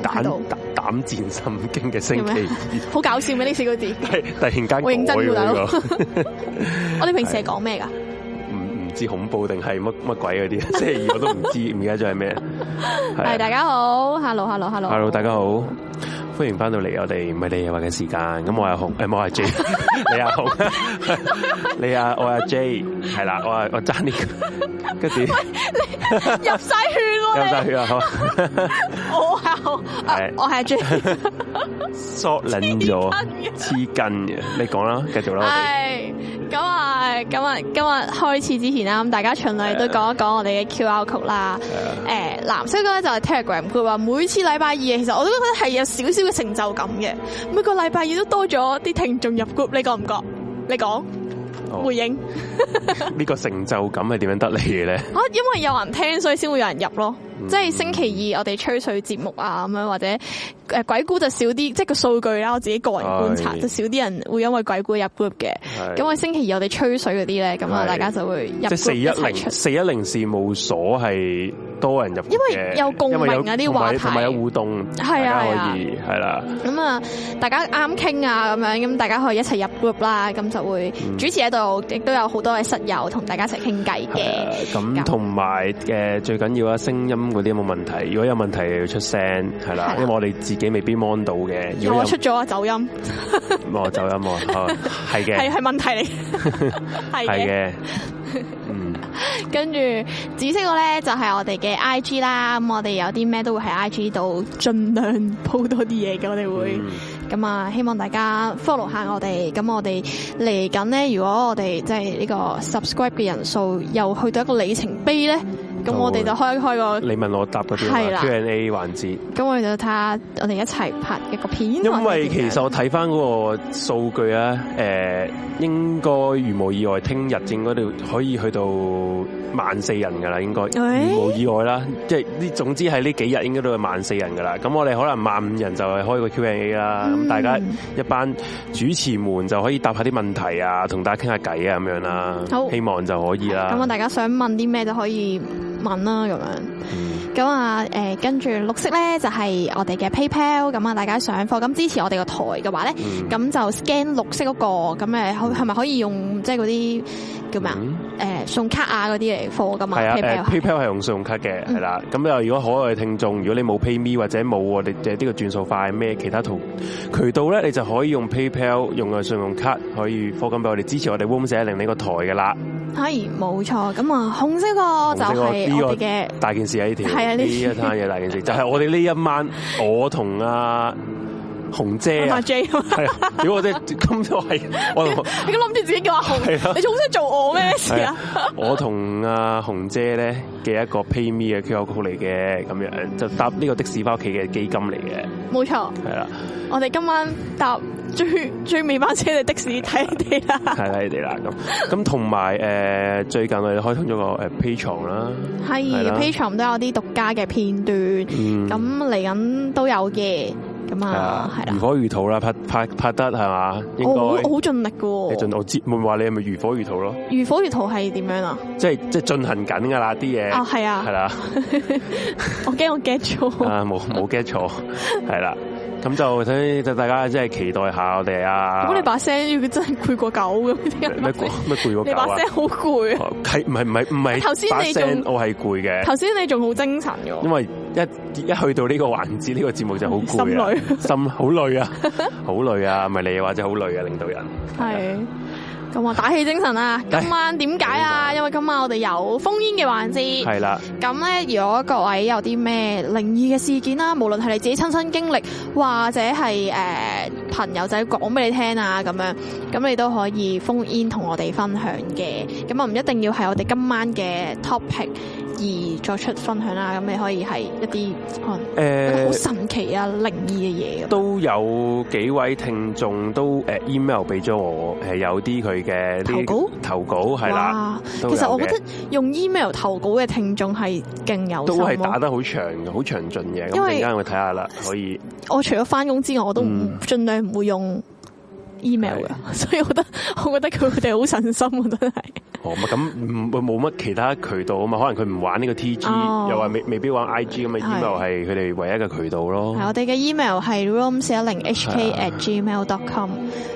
膽膽戰心驚嘅星期二，好 搞笑咩呢四個字？ 突然間講開咗。認真，大佬，我哋平時係講咩噶？唔唔知恐怖定係乜乜鬼嗰啲，星期 二我都唔知，唔記得咗係咩。係大家好，hello hello hello，hello 大家好。Hello, hello, hello, hello, 大家好歡迎翻到嚟，我哋唔係你又話嘅時間，咁我阿紅，誒我阿 J，你阿紅，你阿我阿 J，係啦，我我差啲，你入晒血咯，你，我阿紅，係，我係阿 J，short 撚咗，黐筋嘅，你講啦，繼續啦，我哋。咁啊，咁啊，今日開始之前啦，咁大家循例都講一講我哋嘅 Q R 曲啦。Uh... 藍色咧就係 Telegram group。每次禮拜二，其實我都覺得係有少少嘅成就感嘅。每個禮拜二都多咗啲聽眾入 group，你覺唔覺？你講，oh. 回應。呢 個成就感係點樣得嚟嘅咧？因為有人聽，所以先會有人入咯。Mm. 即係星期二我哋吹水節目啊，咁樣或者。誒，鬼故就少啲，即係個數據啦。我自己個人觀察，就少啲人會因為鬼故入 group 嘅。咁我星期二我哋吹水嗰啲咧，咁啊，大家就會入即係四一零四一零事務所係多人入，因為有共鳴啊啲話題，同埋有互動，係啊，可以係啦。咁啊，大家啱傾啊，咁樣咁，大家可以一齊入 group 啦。咁就會主持喺度，亦、嗯、都有好多嘅室友同大家一齊傾偈嘅。咁同埋誒，最緊要啊，聲音嗰啲冇問題？如果有問題要出聲係啦，因為我哋自幾未必 mon 到嘅，又我出咗啊，走音，冇、 哦、走音冇，係、哦、嘅，係係問題嚟，係 嘅，嗯，跟住紫色個咧就係、是、我哋嘅 I G 啦，咁我哋有啲咩都會喺 I G 度盡量鋪多啲嘢嘅，我哋會，會，咁、嗯、啊，希望大家 follow 下我哋，咁我哋嚟緊咧，如果我哋即係呢個 subscribe 嘅人數又去到一個里程碑咧。嗯咁我哋就開開個你問我答嗰係啦 Q&A 環節。咁我哋就睇下，我哋一齊拍一個片。因為其實我睇翻嗰個數據啊，誒，應該如無意外，聽日應該都可以去到萬四人噶啦，應該如無意外啦。即係呢，總之係呢幾日應該都係萬四人噶啦。咁我哋可能萬五人就係開個 Q&A 啦。咁、嗯、大家一班主持們就可以答下啲問題啊，同大家傾下偈啊，咁樣啦。好，希望就可以啦。咁我大家想問啲咩就可以。問啦，咁樣咁啊誒，跟住綠色咧就係我哋嘅 PayPal，咁啊大家上課咁支持我哋個台嘅話咧，咁、嗯、就 scan 綠色嗰、那個，咁誒，係咪可以用即係嗰啲？就是叫誒，信用卡啊嗰啲嚟貨噶嘛？係啊，PayPal 係用信用卡嘅，係啦。咁又如果海外嘅聽眾，如果你冇 PayMe 或者冇我哋嘅呢個轉數快咩其他途渠道咧你就可以用 PayPal 用嘅信用卡可以課金俾我哋支持我哋 w o r m 社另呢個台噶啦。係，冇錯。咁啊，紅色個就係我哋嘅大件事喺呢條。係啊，呢一單嘢大件事就係我哋呢一,一晚，我同阿。紅姐啊，係如果我即今朝係，我是我我你咁諗住自己叫阿紅，你仲想做我咩事啊？我同阿紅姐咧嘅一個 pay me 嘅 QR Code 嚟嘅，咁樣就搭呢個的士翻屋企嘅基金嚟嘅，冇錯。係啦，我哋今晚搭最最尾班車嘅的，的士睇你哋啦，係睇你哋啦。咁咁同埋誒，最近我哋開通咗個誒 Patreon 啦，係 Patreon 都有啲獨家嘅片段，咁嚟緊都有嘅。咁啊，係啦，如火如荼啦，拍拍拍得係嘛，吧應該我我盡力我好盡力噶，你盡我問，唔係話你係咪如火如荼咯？如火如荼係點樣啊？即係即係進行緊噶啦啲嘢，哦係啊，係啦， 我驚我 get 錯啊，冇冇 get 錯，係啦。咁就睇，就大家真係期待一下我哋啊！如果你把聲要真係攰過狗咁，咩咩攰過狗，你把聲好攰啊！係唔係？唔係唔係？頭先你仲我係攰嘅，頭先你仲好精神嘅。因為一一去到呢個環節，呢個節目就好攰，心好累啊，好累啊，唔係你或者好累啊，領導人係。咁啊，打起精神啊！今晚點解啊？因為今晚我哋有封煙嘅環節。係啦。咁咧，如果各位有啲咩靈異嘅事件啦，無論係你自己親身經歷，或者係誒朋友仔講俾你聽啊，咁樣，咁你都可以封煙同我哋分享嘅。咁啊，唔一定要係我哋今晚嘅 topic。而作出分享啦，咁你可以係一啲誒好神奇啊靈異嘅嘢。都有幾位聽眾都誒 email 俾咗我，係有啲佢嘅投稿，投稿係啦。其實我覺得用 email 投稿嘅聽眾係勁有都係打得好長，好詳盡嘅。咁我陣間會睇下啦，可以。我除咗翻工之外，我都盡量唔會用。email 嘅，所以我覺得，我覺得佢哋好信心啊、 哦，真係。好唔咁，唔冇冇乜其他渠道啊嘛，可能佢唔玩呢個 T G、哦、又話未未必玩 I G，咁啊 email 係佢哋唯一嘅渠道咯。係我哋嘅 email 係 room 四一零 hk at gmail dot com，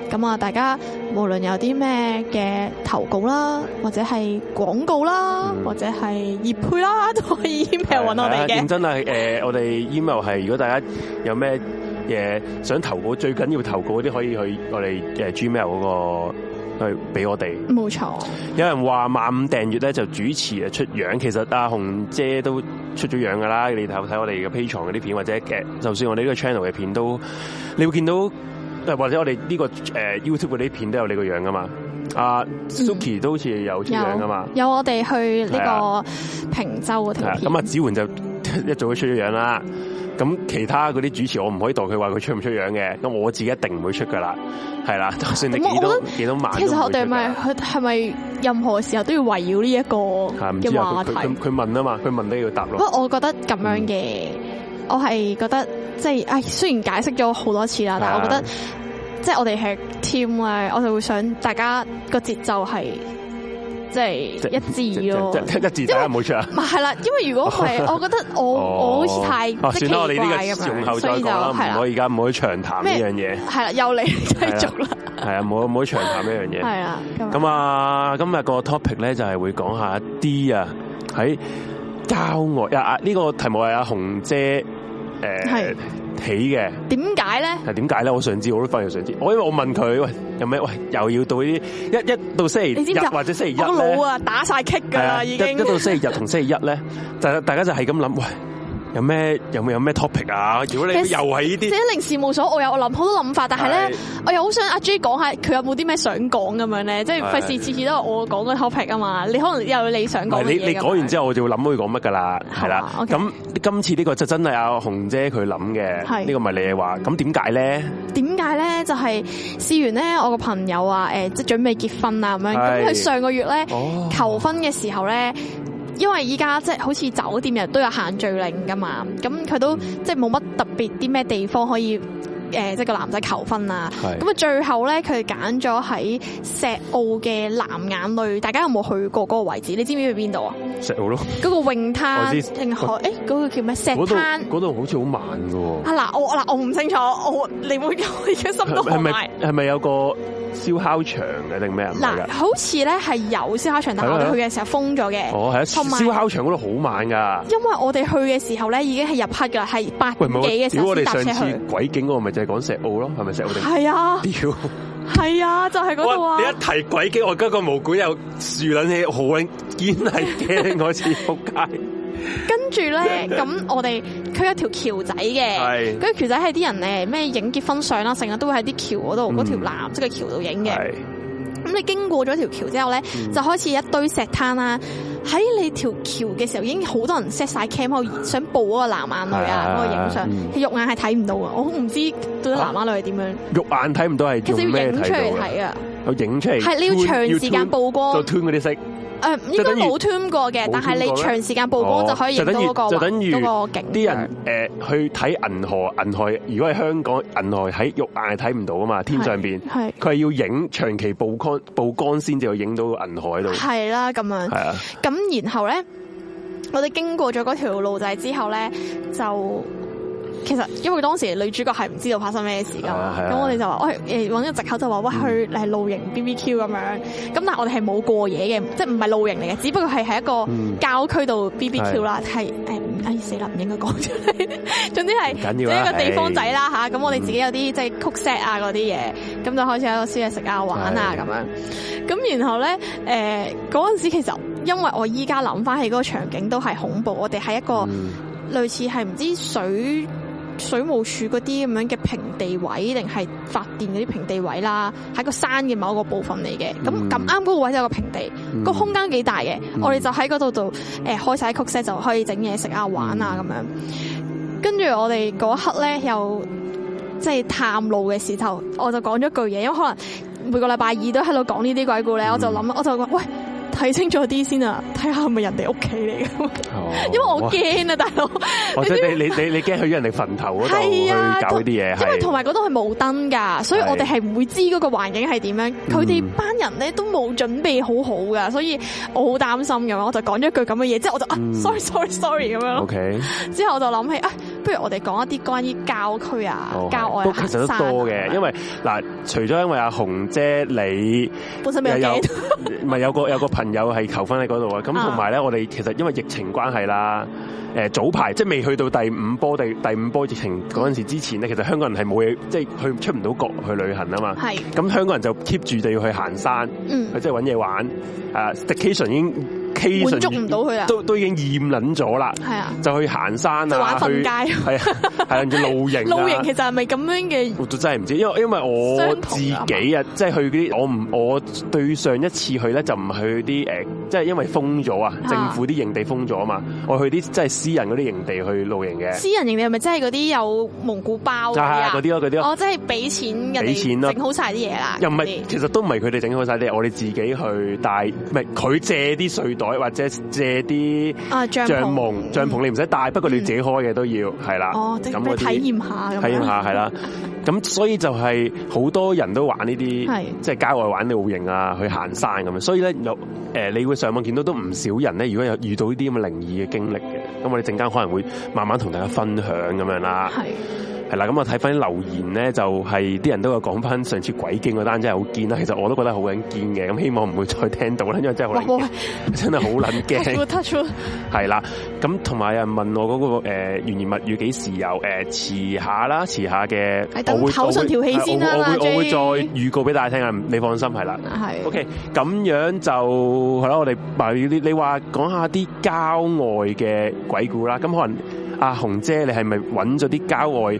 咁啊，大家無論有啲咩嘅投稿啦，或者係廣告啦，或者係業配啦，都可以 email 揾我哋嘅。咁真係，誒、 e，我哋 email 係如果大家有咩？想投稿，最緊要投稿啲可以去我哋 Gmail 嗰個去俾我哋。冇錯。有人話萬五訂閱咧就主持出樣，其實阿紅姐都出咗樣噶啦。你睇睇我哋嘅 Patreon 嗰啲片或者嘅，就算我哋呢個 channel 嘅片都，你會見到或者我哋呢個 YouTube 嗰啲片都有你個樣噶嘛。阿 Suki 都好似有出樣噶嘛、嗯。有我哋去呢個平洲嗰度。咁啊，子媛就一早出咗樣啦。咁其他嗰啲主持我唔可以代佢話佢出唔出樣嘅，咁我自己一定唔會出噶啦，係啦，就算你見到見到萬，其實我哋咪，佢係咪任何時候都要圍繞呢一個嘅話題唔知？佢佢問啊嘛，佢問都要答咯。不過我覺得咁樣嘅，我係覺得即係，唉，雖然解釋咗好多次啦，但係我覺得即係我哋係 team 啊，我就會想大家個節奏係。即係一字咯，即即即一字仔唔好出啊！唔係，係啦，因為如果係，我覺得我我好似太即係奇怪咁，哦、算啦，所以就係啦。我而家唔可以長談呢樣嘢。係啦，又嚟繼續啦。係啊，冇冇長談呢樣嘢。係啦，咁啊，今日個 topic 咧就係會講下一啲啊喺郊外啊啊呢個題目係阿紅姐誒。呃起嘅，點解咧？係點解咧？我上次我都翻嚟上次，我因為我問佢，喂，有咩？喂，又要到呢啲一一到星期日,星期日或者星期一啊，日老打晒棘噶啦，已經一到星期日同星期一咧，大 大家就係咁諗，喂。有咩有冇有咩 topic 啊？如果你又係呢啲，我零時冇所，我有我諗好多諗法，但係咧，我又好想阿 J 講下佢有冇啲咩想講咁樣咧，即係費事次次都係我講嗰 topic 啊嘛。你可能又你想講。你你講完之後，我就會諗可以講乜噶啦，係啦。咁今、okay、次呢個就真係阿紅姐佢諗嘅，okay、呢個唔係你話。咁點解咧？點解咧？就係、是、試完咧，我個朋友啊，誒，即係準備結婚啊咁樣。咁佢上個月咧求婚嘅時候咧。因為而家即係好似酒店人都有限聚令㗎嘛，咁佢都即係冇乜特別啲咩地方可以。誒，即係個男仔求婚啊！咁啊，最後咧，佢揀咗喺石澳嘅藍眼淚。大家有冇去過嗰個位置？你知唔、那個、知去邊度啊？石澳咯，嗰個泳灘定海誒，嗰個叫咩？石灘嗰度好似好慢嘅。啊嗱，我嗱我唔清楚，我你唔好咁開心咯。係咪係咪有個燒烤場嘅定咩嗱，好似咧係有燒烤場，但我哋去嘅時候封咗嘅。哦，燒烤場嗰度好慢噶。因為我哋去嘅時候咧，已經係入黑噶，係八幾嘅時候先搭車去。我鬼景嗰個咪？就係、是、講石澳咯，係咪石澳定？係啊，屌，係啊，就係嗰度啊！你一提鬼機，我而家個毛管又豎捻起，好勁堅係嘅，持次 我似扑街。跟住咧，咁我哋佢有條橋仔嘅，跟住橋仔係啲人誒咩影結婚相啦，成日都會喺啲橋嗰度，嗰條藍色嘅橋度影嘅。咁你經過咗條橋之後咧，就開始一堆石灘啦。喺你條橋嘅時候，已經好多人 set 晒 cam，想曝嗰個藍眼淚啊，嗰個影相。肉眼係睇唔到啊，我唔知對藍眼淚係點樣。肉眼睇唔到係，其實要影出嚟，睇啊。有影出嚟，係你要長時間曝光。就吞嗰啲色。誒，應該冇 tune 過嘅，但係你長時間曝光就可以影到嗰個就等於就等於、嗰個景。啲人誒去睇銀河，銀河如果係香港銀河喺肉眼係睇唔到噶嘛，天上邊，佢係要影長期曝光、曝光先至就影到銀河喺度。係啦，咁樣。係啊。咁然後咧，我哋經過咗嗰條路仔之後咧就。其實因為當時女主角係唔知道發生咩事噶嘛，咁、哦、我哋就話，我係誒搵個籍口就話，喂，去誒露營 B B Q 咁樣。咁但係我哋係冇過夜嘅，即係唔係露營嚟嘅，只不過係喺一個郊區度 B B Q 啦、嗯。係誒，哎死啦，唔應該講出嚟。總之係喺一個地方仔啦吓。咁我哋自己有啲即係曲 set 啊嗰啲嘢，咁、嗯、就開始喺度燒嘢食啊玩啊咁樣。咁然後咧，誒嗰陣時其實因為我依家諗翻起嗰個場景都係恐怖。我哋喺一個類似係唔、嗯、知道水。水務署嗰啲咁樣嘅平地位，定係發電嗰啲平地位啦，喺個山嘅某一個部分嚟嘅。咁咁啱嗰個位有個平地，個、mm -hmm. 空間幾大嘅。Mm -hmm. 我哋就喺嗰度做，誒、呃、開晒曲 u 就可以整嘢食啊玩啊咁樣。跟住我哋嗰一刻咧，又即係、就是、探路嘅時候，我就講咗句嘢，因為可能每個禮拜二都喺度講呢啲鬼故咧、mm -hmm.，我就諗，我就話喂，睇清楚啲先啊！睇下係咪人哋屋企嚟嘅？因為我驚啊，大佬。或者你你你你驚去咗人哋墳頭嗰度啊，搞呢啲嘢？因為同埋嗰度係冇燈噶，所以我哋係唔會知嗰個環境係點樣。佢哋班人咧都冇準備好好噶，所以我好擔心咁樣。我就講咗一句咁嘅嘢，之後我就啊，sorry，sorry，sorry 咁樣。OK，之後我就諗、嗯、起啊，不如我哋講一啲關於郊區啊、郊外啊，其實都多嘅。因為嗱，除咗因為阿紅姐你本身未有嘢，唔係有個有個朋友。朋友係求婚喺嗰度啊！咁同埋咧，我哋其實因為疫情關係啦，誒，早排即係未去到第五波第第五波疫情嗰陣時之前咧，其實香港人係冇嘢，即係去出唔到國去旅行啊嘛。係，咁香港人就 keep 住就要去行山，嗯，去搵嘢，即、嗯、係搵嘢、uh, 玩啊 vacation 已經。滿足唔到佢啊，都都已經厭撚咗啦。係啊，就去行山啊，玩瞓街，係係露營。露營其實係咪咁樣嘅？我真係唔知，因為因為我自己啊，即係去嗰啲，我唔我對上一次去咧就唔去啲誒，即係因為封咗啊，政府啲營地封咗啊嘛，我去啲即係私人嗰啲營地去露營嘅。私人營地係咪真係嗰啲有蒙古包嗰啲咯？嗰啲咯，我即係俾錢俾錢啦，整好晒啲嘢啦。又唔係，其實都唔係佢哋整好晒啲，我哋自己去帶，唔係佢借啲隧道。或者借啲帳帳篷，帳篷你唔使帶，不，嗯、不過你自己開嘅都要，係啦。哦，咁你體驗下咁樣。體驗下，係啦。咁所以就係好多人都玩呢啲，即係郊外玩啲露營啊，去行山咁樣。所以咧，有誒，你會上網見到都唔少人咧，如果有遇到呢啲咁嘅靈異嘅經歷嘅，咁我哋陣間可能會慢慢同大家分享咁樣啦。係。係啦，咁我睇翻留言咧，就係、是、啲人都有講翻上次鬼驚嗰單真係好驚啦。其實我都覺得好撚驚嘅，咁希望唔會再聽到啦，因為真係好撚，真係好撚驚。係係啦，咁同埋有人問我嗰個誒《懸疑物語》幾時有？誒，遲下啦，遲下嘅，我會、啊、我會、J. 我會再預告俾大家聽下，你放心。係啦，係。OK，咁樣就係啦我哋你話講下啲郊外嘅鬼故啦，咁可能。阿、啊、紅姐，你係咪揾咗啲郊外？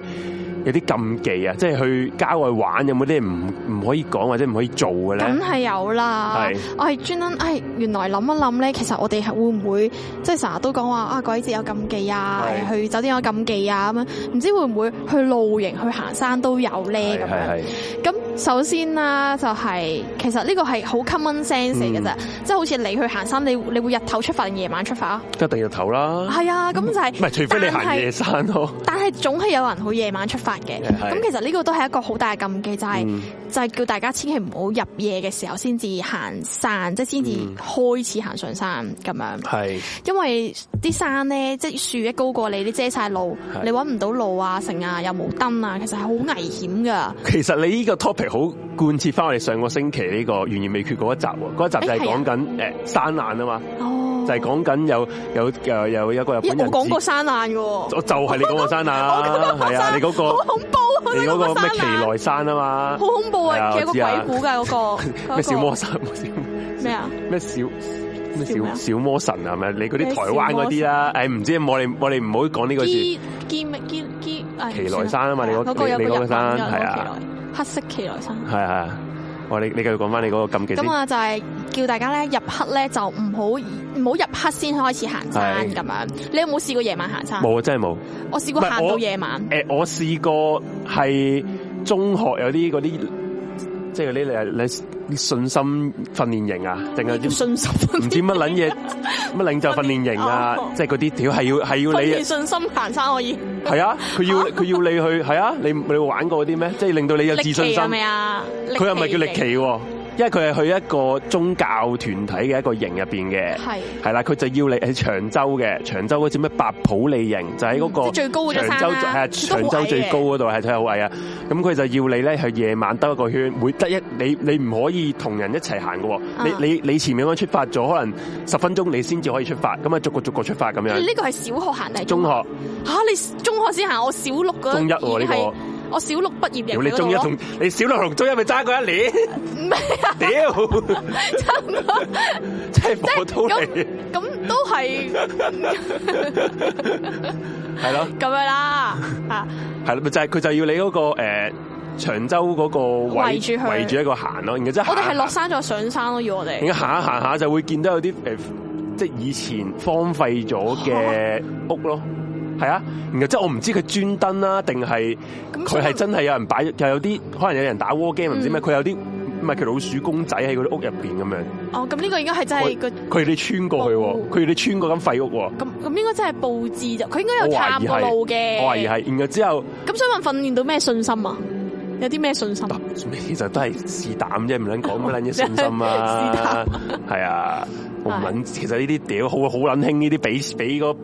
有啲禁忌啊，即係去郊外玩有冇啲唔唔可以講或者唔可以做嘅咧？梗係有啦，我係專登，哎，原來諗一諗咧，其實我哋係會唔會即係成日都講話啊鬼節有禁忌啊，去酒店有禁忌啊咁樣，唔知會唔會去露營去行山都有咧咁樣？咁首先啦，就係，就係其實呢個係好 common sense 嘅啫，嗯、即係好似你去行山，你你會日頭出發定夜晚出發啊？一定日頭啦。係啊，咁就係唔係除非你行夜山咯？但係總係有人好夜晚出發。嘅，咁其實呢個都係一個好大嘅禁忌，就係就係叫大家千祈唔好入夜嘅時候先至行山，即係先至開始行上山咁樣。係、嗯，因為啲山咧，即係樹一高過你，你遮晒路，你搵唔到路啊，成啊，又冇燈啊，其實係好危險噶。其實你呢個 topic 好貫徹翻我哋上個星期呢、這個懸而未決嗰一集，嗰一集就係講緊誒山難啊嘛。就係講緊有有誒有一個有講、欸、過山難嘅、哦，我就係你講、啊、過山難、啊，係啊，啊，你嗰、那個好恐怖，啊、你嗰個咩奇萊山啊嘛、啊，好、啊、恐怖啊，有個鬼古嘅嗰個咩小魔神，咩啊，咩小咩小小，小魔神啊？咪你嗰啲台灣嗰啲啦？誒、哎、唔知，我哋我哋唔好講呢個字，奇咩奇奇誒奇萊山啊嘛，你、啊、嗰、那個你嗰個山係啊，黑色奇萊山、啊，係啊。我哋你繼續講翻你嗰個禁忌。咁啊就係叫大家咧入黑咧就唔好唔好入黑先開始行山咁樣。你有冇試過夜晚行山？冇啊，真係冇。我試過行到夜晚。誒，我、呃、我試過係中學有啲嗰啲。即係呢？你你信心訓練營啊？定係唔知乜捻嘢乜領袖訓練營啊？即係嗰啲屌係要係要你信心行山可以？係啊，佢要佢要你去係啊？你你玩過嗰啲咩？即係令到你有自信心咩啊？佢又唔係叫歷奇喎？因為佢係去一個宗教團體嘅一個營入邊嘅，係，係啦，佢就要你喺長洲嘅長洲嗰支咩白普利營，就喺、是、嗰、嗯、最高洲，係、啊、長洲最高嗰度，係睇好矮啊！咁佢就要你咧，去夜晚兜一個圈，每得一、就是、你你唔可以同人一齊行嘅，你你你前面嗰啲出發咗，可能十分鐘你先至可以出發，咁啊逐，逐個逐個出發咁樣。呢個係小學行嚟，中學？吓、啊、你中學先行，我小六中一喎，呢個。中一我小六畢業嘅，你中一同你小六同中一咪爭過一年？唔係啊，屌， 真真係我都嚟。咁都係，係咯，咁 樣啦，啊、就是，係啦，咪就係佢就要你嗰個誒，長洲嗰個圍住佢，圍住一個行咯。然後即係我哋係落山再上山咯，要我哋。而家行下行下就會見到有啲誒，即係以前荒廢咗嘅屋咯。係啊，然後即係我唔知佢專登啦，定係佢係真係有人擺，又、嗯、有啲可能有人打 war game 唔知咩，佢有啲唔係佢老鼠公仔喺嗰啲屋入邊咁樣。哦、咁、這、呢個應該係真係個佢哋穿過去喎，佢哋穿過間廢屋喎。咁咁應該真係佈置就佢應該有探路嘅。我話而係，然後之後。咁想問訓練到咩信心啊？有啲咩信心？其實都係試膽啫，唔捻講乜撚嘢信心啊！試膽。係 啊，我唔捻，其實呢啲屌，好好捻興呢啲，俾俾個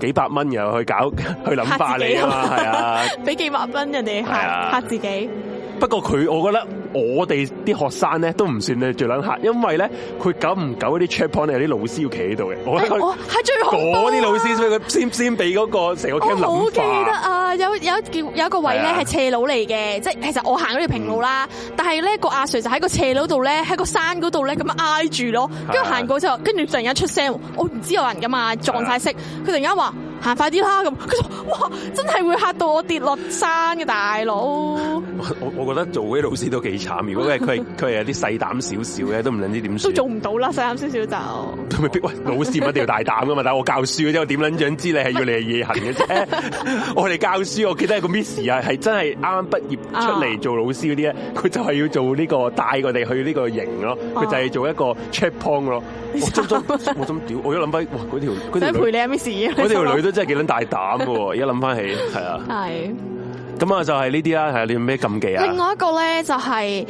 幾百蚊又去搞，去諗翻你啊嘛！係啊，俾幾百蚊人哋吓吓自己。 不過佢，我覺得我哋啲學生咧都唔算係最捻客，因為咧佢久唔久嗰啲 checkpoint 有啲老師要企喺度嘅，我覺得佢，係最恐怖啲老師，所以佢先先俾嗰個成個 cam 諗化。我好記得啊，有有一叫有一個位咧係斜路嚟嘅，即係其實我行嗰條平路啦，但係咧個阿 sir 就喺個斜路度咧喺個山嗰度咧咁挨住咯，跟住行過之後，跟住突然間出聲，我唔知有人㗎嘛撞曬色，佢突然間話。行快啲啦咁，佢話哇真係會嚇到我跌落山嘅大佬。我我覺得做嗰啲老師都幾慘，如果佢係佢係有啲細膽少少嘅，都唔捻知點。都做唔到啦，細膽少少就。咁咪逼？喂，老師一定要大膽噶嘛？ 但係我教書嘅啫，我點捻想知你係要你係夜行嘅啫？ 我哋教書，我記得有個 Miss 啊，係真係啱啱畢業出嚟做老師嗰啲咧，佢、啊、就係要做呢、呢個帶我哋去呢個營咯，佢、啊、就係做一個 check point 咯。我真我屌，我一諗翻哇嗰條嗰條女，我條、啊、女都。真係幾撚大膽嘅而家諗翻起，係啊，係。咁啊，就係呢啲啦，係啊，你有咩禁忌啊？另外一個咧、就是，就係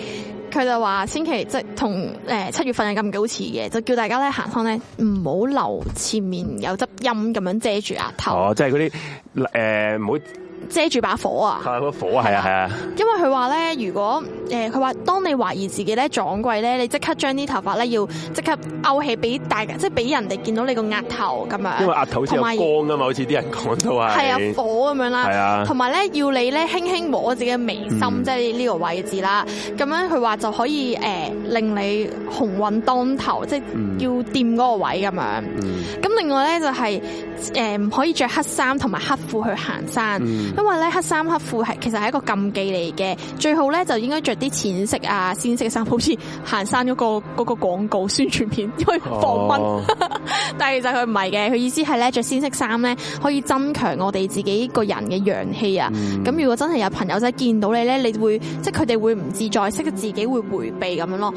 佢就話，先期即係同誒七月份嘅禁忌好似嘅，就叫大家咧行康咧唔好留前面有執陰咁樣遮住額頭。哦，即係嗰啲誒唔好。呃遮住把火啊！係個火，係啊係啊！因為佢話咧，如果誒，佢話當你懷疑自己咧撞鬼咧，你即刻將啲頭髮咧要即刻勾起俾大家，即係俾人哋見到你個額頭咁啊！因為額頭有光噶嘛，好似啲人講到啊，係啊，火咁樣啦。係啊。同埋咧，要你咧輕輕摸自己嘅眉心，嗯、即係呢個位置啦。咁樣佢話就可以誒。呃令你鴻運當頭，即係要掂嗰個位咁樣。咁、嗯、另外咧就係誒唔可以着黑衫同埋黑褲去行山，嗯、因為咧黑衫黑褲係其實係一個禁忌嚟嘅。最好咧就應該着啲淺色啊鮮色嘅衫，好似行山嗰、嗰個嗰、嗰個、廣告宣傳片因為去防蚊。啊、 但係其實佢唔係嘅，佢意思係咧着鮮色衫咧可以增強我哋自己個人嘅陽氣啊。咁、嗯、如果真係有朋友仔見到你咧，你會即係佢哋會唔自在，識得自己會迴避咁樣咯。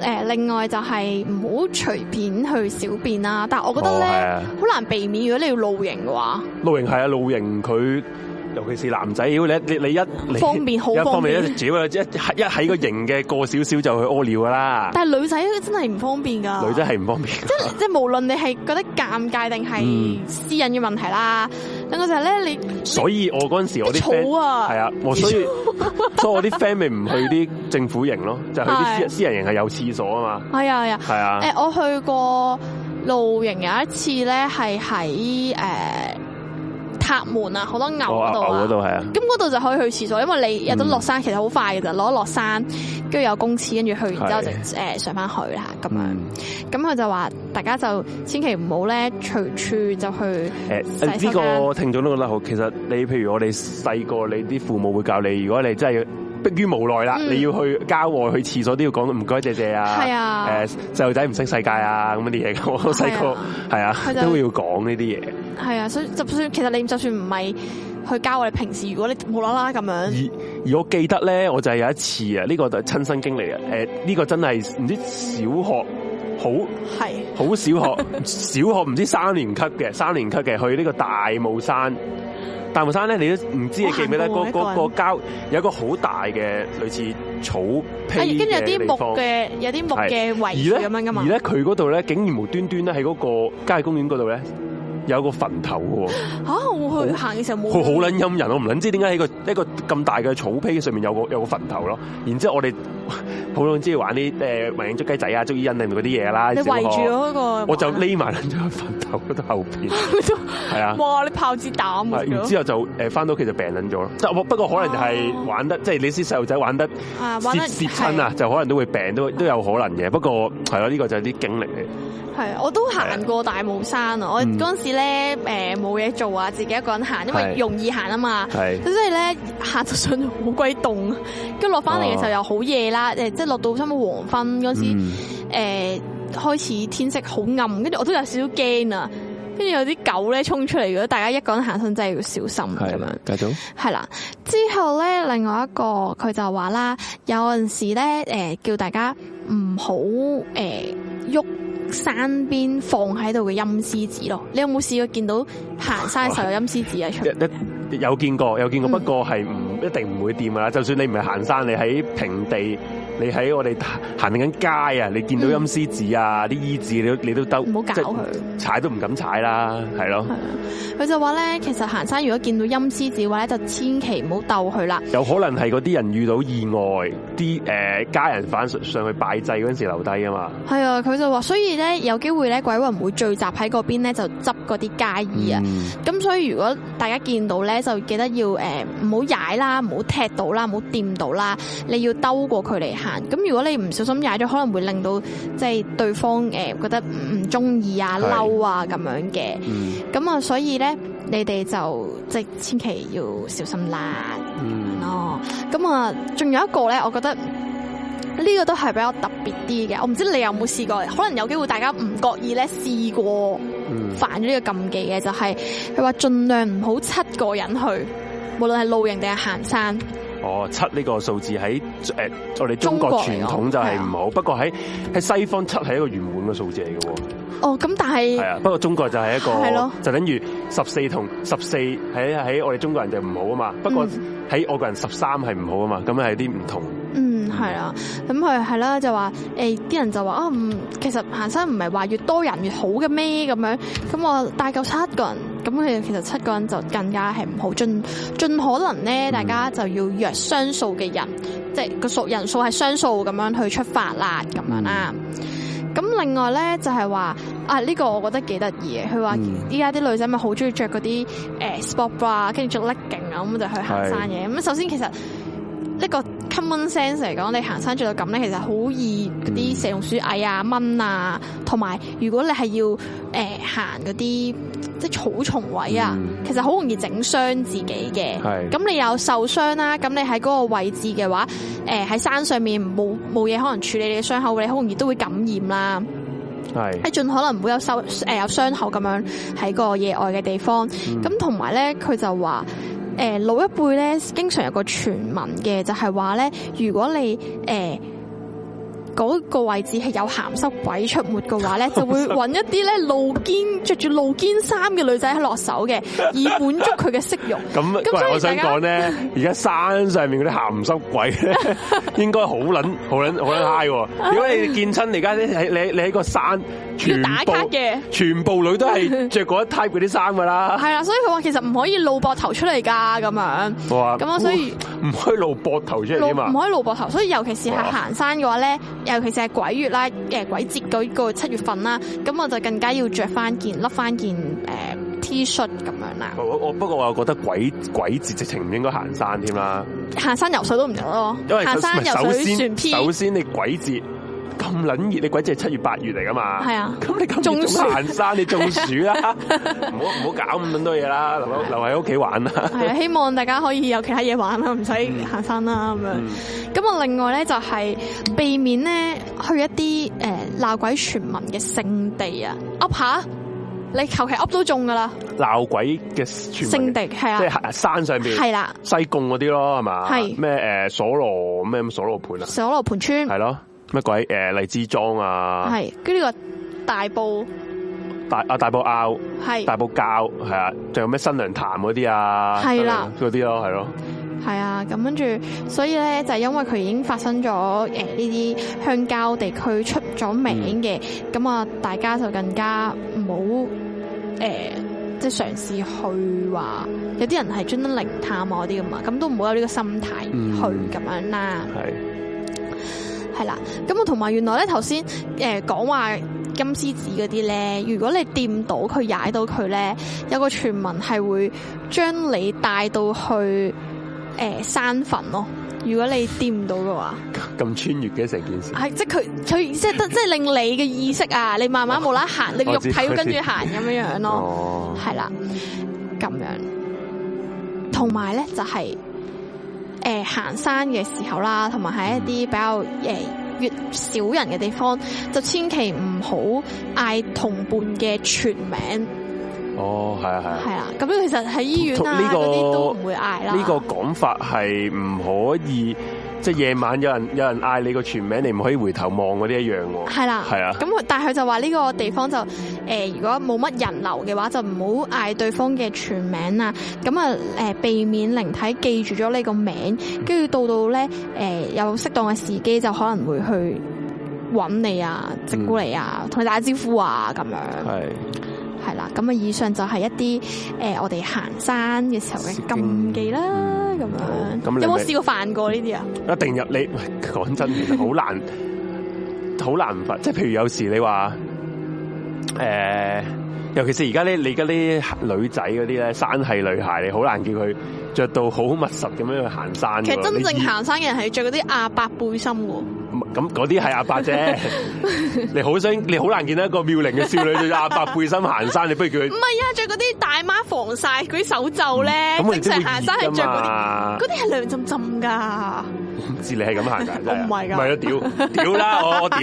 誒，另外就係唔好隨便去小便啦，但係我覺得咧，好難避免。如果你要露營嘅話露營，露營係啊，露營佢。尤其是男仔，你一你一你一方一便好方便一只要一喺一喺個營嘅過少少就去屙尿噶啦。但係女仔真係唔方便噶。女仔係唔方便。即即無論你係覺得尷尬定係私隱嘅問題啦，等、嗯、我咧你，你。所以我嗰陣時我啲 friend 係啊，我所以所以我啲 friend 咪唔去啲政府營咯，就是、去啲私私人營係有廁所啊嘛。係啊係啊。係啊。誒，我去過露營有一次咧，係喺誒。塔門啊，好多牛嗰度，嗰度係啊，咁嗰度就可以去廁所，因為你入到落山其實好快嘅啫，攞落山，跟住有公廁，跟住去，然之後就誒上翻去啦，咁樣。咁佢就話大家就千祈唔好咧，隨處就去。誒，呢個聽眾都覺得好。其實你譬如我哋細個，你啲父母會教你，如果你真係要。迫於無奈啦、嗯，你要去郊外去廁所都要講唔該，謝謝啊，係啊，誒細路仔唔識世界啊，咁啲嘢我細個係啊，都會要講呢啲嘢。係啊，所以就算其實你就算唔係去郊外，你平時如果你無啦啦咁樣而，而而我記得咧，我就係有一次啊，呢、呢個就係親身經歷啊，呢、呃呢個真係唔知小學好係好小學，小學唔 知三年級嘅三年級嘅去呢個大霧山。大帽山咧，你都唔知你記唔記得嗰、嗰個一個郊有個好大嘅類似草皮嘅地方，有啲木嘅，有啲木嘅圍住咁樣噶嘛。而咧佢嗰度咧，竟然無端端咧喺嗰個郊野公園嗰度咧。有個墳頭嘅吓、啊，我去行嘅時候冇。好捻陰人，我唔捻知點解喺個一個咁大嘅草坯上面有個有個墳頭咯。然之後我哋普通之玩啲誒埋影捉雞仔啊、捉伊人啊嗰啲嘢啦。你圍住嗰、那個，我就匿埋喺墳頭嗰度後邊。係啊，哇！你炮子彈、啊，然之後就誒翻到屋企就病撚咗咯。不過過可能係玩得，啊、即係你啲細路仔玩得涉涉親啊，就可能都會病，都都有可能嘅。不過係咯，呢、這個就係啲經歷嚟。係啊，我都行過大帽山啊，我嗰陣時。咧，誒，冇嘢做啊，自己一個人行，因為容易行啊嘛。係，咁所以咧，行到上好鬼凍，跟落翻嚟嘅時候又好夜啦，誒，即係落到差唔多黃昏嗰時，誒、嗯，開始天色好暗，跟住我都有少少驚啊。跟住有啲狗咧衝出嚟，如果大家一個人行山真係要小心係咁樣。繼續。係啦，之後咧，另外一個佢就話啦，有陣時咧，誒，叫大家唔好，誒，喐。山邊放喺度嘅陰獅子咯，你有冇試過見到行山時候陰獅子啊出嚟？ 有見過，有見過，不過係唔一定唔會掂噶啦。就算你唔係行山，你喺平地。你喺我哋行緊街啊，你見到陰司紙啊，啲、嗯、衣紙你都你都兜，唔好搞佢，踩都唔敢踩啦，係咯。佢就話咧，其實行山如果見到陰司紙嘅話咧，就千祈唔好鬥佢啦。有可能係嗰啲人遇到意外，啲誒家人返上去拜祭嗰陣時留低啊嘛。係啊，佢就話，所以咧有機會咧鬼魂會聚集喺嗰邊咧，就執嗰啲街衣啊。咁所以如果大家見到咧，就記得要誒唔好踩啦，唔好踢到啦，唔好掂到啦，你要兜過佢嚟。咁如果你唔小心踩咗，可能會令到即係對方誒覺得唔中意啊、嬲啊咁樣嘅。咁啊，所以咧，你哋就即係千祈要小心啦。哦，咁啊，仲有一個咧，我覺得呢個都係比較特別啲嘅。我唔知你有冇試過，可能有機會大家唔覺意咧試過犯咗呢個禁忌嘅，就係佢話盡量唔好七個人去，無論係露營定係行山。哦，七呢個數字喺誒，我哋中國傳統就係唔好，不過喺喺西方七係一個圓滿嘅數字嚟嘅。哦，咁但係係啊，不過中國就係一個，就等於十四同十四喺喺我哋中國人就唔好啊嘛，不過喺外國人十三係唔好啊嘛，咁係啲唔同。係啦，咁佢係啦，欸、就話誒，啲人就話啊，唔，其實行山唔係話越多人越好嘅咩？咁樣，咁我帶夠七個人，咁佢其實七個人就更加係唔好，盡盡可能咧，大家就要約雙數嘅人，嗯、即係個數人數係雙數咁樣去出發啦，咁樣啦。咁另外咧就係話啊，呢、這個我覺得幾得意嘅，佢話依家啲女仔咪好中意着嗰啲誒 sport 啊，跟住着 legging 啊，咁就去行山嘅。咁首先其實呢、這個。common sense 嚟講，你行山着到咁咧，其實好易嗰啲蛇蟲鼠蟻啊、蚊啊，同埋如果你係要誒行嗰啲即係草叢位啊，嗯、其實好容易整傷自己嘅。係咁，你有受傷啦，咁你喺嗰個位置嘅話，誒、呃、喺山上面冇冇嘢可能處理你嘅傷口，你好容易都會感染啦。係，你盡可能唔好有受誒、呃、有傷口咁樣喺個野外嘅地方。咁同埋咧，佢就話。誒老一輩咧，經常有個傳聞嘅，就係話咧，如果你誒，呃嗰、那個位置係有鹹濕鬼出沒嘅話咧，就會揾一啲咧露肩、着住露肩衫嘅女仔喺落手嘅，以滿足佢嘅色欲。咁，不我想講咧，而家山上面嗰啲鹹濕鬼咧， 應該好捻、好捻、好捻嗨 i g h 嘅。因為見親而家咧，你在在你喺個山全要打卡嘅，全部女都係着嗰 type 嗰啲衫噶啦。係啦，所以佢話其實唔可以露膊頭出嚟噶，咁樣。咁啊，所以唔可以露膊頭出嚟啊嘛。唔可以露膊頭，所以尤其是係行山嘅話咧。尤其是係鬼月啦，誒鬼節嗰個七月份啦，咁我就更加要着翻件，笠翻件誒 T 恤咁樣啦。我我不過我又覺得鬼鬼節直情唔應該行山添啦，行山游水都唔得咯。因為行山游水船偏，首先，算首先你鬼節。咁捻熱，你鬼知係七月八月嚟噶嘛？係啊。咁你咁鍾意行山，你中暑啦！唔好唔好搞咁多嘢啦，留留喺屋企玩啦。係啊，希望大家可以有其他嘢玩啦，唔使行山啦咁樣。咁啊，嗯、另外咧就係避免咧去一啲誒鬧鬼傳聞嘅聖地啊！噏吓你求其噏都中噶啦！鬧鬼嘅聖地係啊，即係山上面係啦，西貢嗰啲咯係嘛，係咩誒鎖羅咩鎖羅盤啊？鎖羅盤村係咯。乜鬼？誒荔枝莊啊！係，跟住呢個大埔大，大啊大埔坳，係大埔滘係啊！仲有咩新娘潭嗰啲啊？係啦，嗰啲咯，係咯。係啊，咁跟住，所以咧就係因為佢已經發生咗誒呢啲鄉郊地區出咗名嘅，咁、嗯、啊大家就更加唔好誒，即、呃、係、就是、嘗試去話有啲人係專登嚟靈探我啲啊嘛，咁都唔好有呢個心態去咁樣啦、嗯。係。係啦，咁我同埋原來咧頭先誒講話金獅子嗰啲咧，如果你掂到佢踩到佢咧，有個傳聞係會將你帶到去誒、呃、山墳咯、哦。如果你掂唔到嘅話，咁穿越嘅成件事係、啊、即係佢佢即係即係令你嘅意識啊，你慢慢冇啦行， 你個肉體跟住行咁樣樣 咯，係啦，咁樣，同埋咧就係、是。誒行山嘅時候啦，同埋喺一啲比較誒越，越少人嘅地方，就千祈唔好嗌同伴嘅全名。哦，係啊，係啊，係啊，咁樣其實喺醫院啊，呢嗰啲都唔會嗌啦。呢、呢個講法係唔可以。即係夜晚有人有人嗌你個全名，你唔可以回頭望嗰啲一樣喎。係啦，係啊。咁但係佢就話呢個地方就誒，如果冇乜人流嘅話，就唔好嗌對方嘅全名啦。咁啊誒，避免靈體記住咗你個名，跟住到到咧誒，有適當嘅時機就可能會去揾你啊，照顧你啊，同你，你打招呼啊，咁樣。係。係啦，咁啊，以上就係一啲誒，我哋行山嘅時候嘅禁忌啦，咁樣、嗯嗯、有冇試過犯過呢啲啊？一定入，你講真，其實好難，好難犯。即、就、係、是、譬如有時你話誒、呃，尤其是而家咧，你而家啲女仔嗰啲咧，山系女孩，你好難叫佢着到好密實咁樣去行山。其實真正行山嘅人係着嗰啲阿伯背心喎。咁嗰啲係阿伯啫，你好想你好難見到一個妙齡嘅少女着阿伯背心行山，你不如叫佢唔係呀？着嗰啲大媽防曬嗰啲手袖咧，正、嗯、常行山係着嗰啲，嗰啲係涼浸浸噶。唔知你係咁行噶，真唔係噶，咪咯屌，屌啦，我屌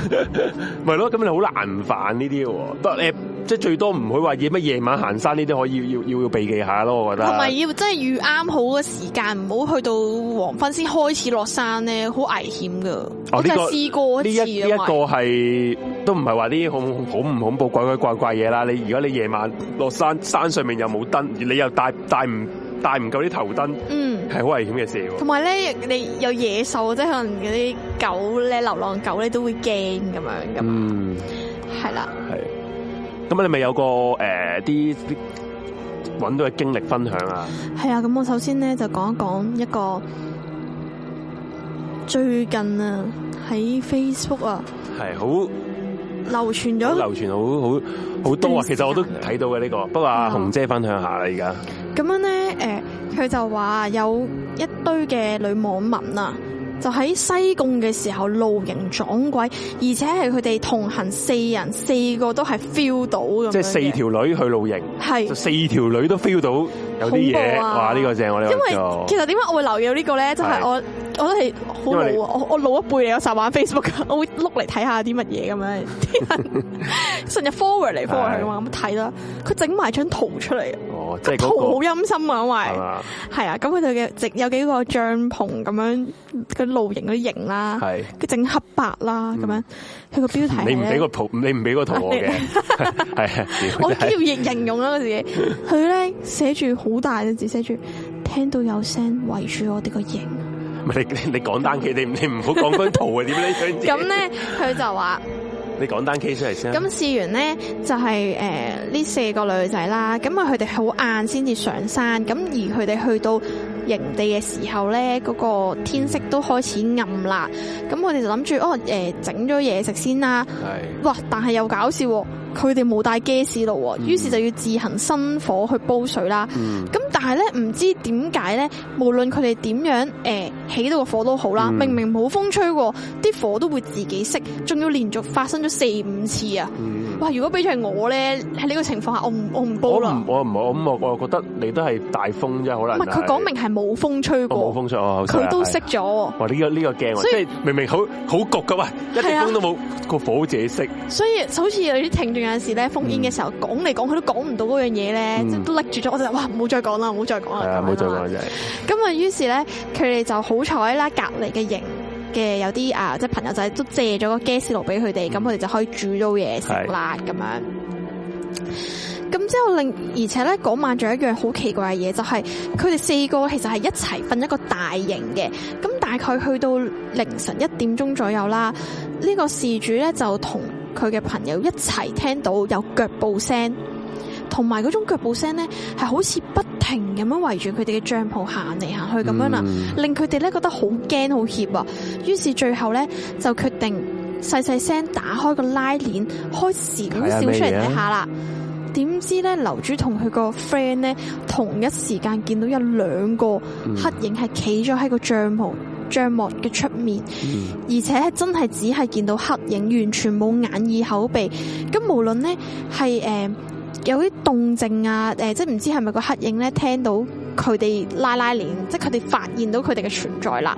你 ，咪咯，咁你好難煩呢啲喎。不過誒、呃，即係最多唔會話以乜夜晚行山呢啲可以要要要避忌下咯，我覺得。同埋要真係預啱好嘅時間，唔好去到黃昏先開始落山咧，好危險噶、哦這個。我試過呢一呢一個係都唔係話啲恐恐唔恐怖鬼鬼怪怪嘢啦。你如果你夜晚落山，山上面又冇燈，你又帶帶唔？戴唔夠啲頭燈，是很嗯，係好危險嘅事喎。同埋咧，你有野獸，即係可能嗰啲狗咧，流浪狗咧都會驚咁樣噶嘛，係啦。係，咁你咪有個誒啲搵到嘅經歷分享啊？係啊，咁我首先咧就講一講一個最近啊喺 Facebook 啊係好。流傳咗，流傳好好好多啊。其實我都睇到嘅呢個，不過阿紅姐分享下啦，而家咁樣咧，誒，佢就話有一堆嘅女網民啊。就喺西貢嘅時候露營撞鬼，而且係佢哋同行四人，四個都係 feel 到咁，即係四條女去露營，係四條女都 feel 到有啲嘢，哇！呢、呢個正我哋因為其實點解我會留意到呢個咧？就係、是、我我係好老啊，我我老一輩有成玩 Facebook 我會碌嚟睇下啲乜嘢咁樣，啲人成日 forward 嚟 forward 去嘛，咁睇啦。佢整埋張圖出嚟。即係圖好陰森啊，因為係啊，咁佢哋嘅直有幾個帳篷咁樣，佢露營嗰啲營啦，佢整黑白啦咁樣，佢、嗯、個標題你唔俾個圖，你唔俾個圖我嘅，係、 就是、我都要形容啦，我自己佢咧寫住好大嘅字，寫住聽到有聲，圍住我哋個營。唔係你講講單你你唔好講圖，圖啊，點咧？咁咧佢就話。你講單 case 出嚟先。咁試完咧就係誒，呢四個女仔啦，咁啊佢哋好晏先至上山，咁而佢哋去到營地嘅時候咧，嗰個天色都開始暗啦，咁我哋就諗住哦、誒整咗嘢食先啦，哇！但係又搞笑喎。佢哋冇帶 gas 爐，於是就要自行生火去煲水啦。咁、嗯嗯嗯、但係咧，唔知點解咧，無論佢哋點樣誒、呃、起到個火都好啦，明明冇風吹過，啲火都會自己熄，仲要連續發生咗四五次啊！哇、嗯嗯，如果俾住係我咧喺呢在這個情況下，我唔我唔煲啦。我唔好，咁我我又覺得你都係大風真係好難。唔係佢講明係冇風吹過，冇風佢都熄咗。了哇！呢、這個呢、這個鏡即係明明好好焗噶嘛，一啲風都冇，個火自己熄。所以好似有啲停住。有陣時咧封煙嘅時候，講嚟，講去都講唔到嗰樣嘢咧，即、嗯、係都拎住咗，我就話唔好再講啦，唔好再講啦。係啊，唔好再講啦，咁啊，於是咧，佢哋就好彩啦，隔籬嘅營嘅有啲啊，即係朋友仔都借咗個 gas 爐俾佢哋，咁佢哋就可以煮到嘢食啦，咁樣。咁之後另而且咧，嗰晚仲有一樣好奇怪嘅嘢，就係佢哋四個其實係一齊瞓一個大型嘅，咁大概去到凌晨一點鐘左右啦，呢、這個事主咧就同。佢嘅朋友一齊聽到有腳步聲，同埋嗰種腳步聲呢，係好似不停咁樣圍住佢哋嘅帳篷行嚟行去咁樣啦，嗯、令佢哋咧覺得好驚好怯，於是最後呢，就決定細細聲打開個拉鏈，開始少少出嚟睇下啦。點知呢，樓主同佢個 friend 呢，同一時間見到有兩個黑影係企咗喺個帳篷。嗯帳幕嘅出面，嗯、而且係真係只係見到黑影，完全冇眼耳口鼻。咁無論呢係誒有啲動靜啊，誒、呃、即係唔知係咪個黑影咧聽到佢哋拉拉鏈，即係佢哋發現到佢哋嘅存在啦。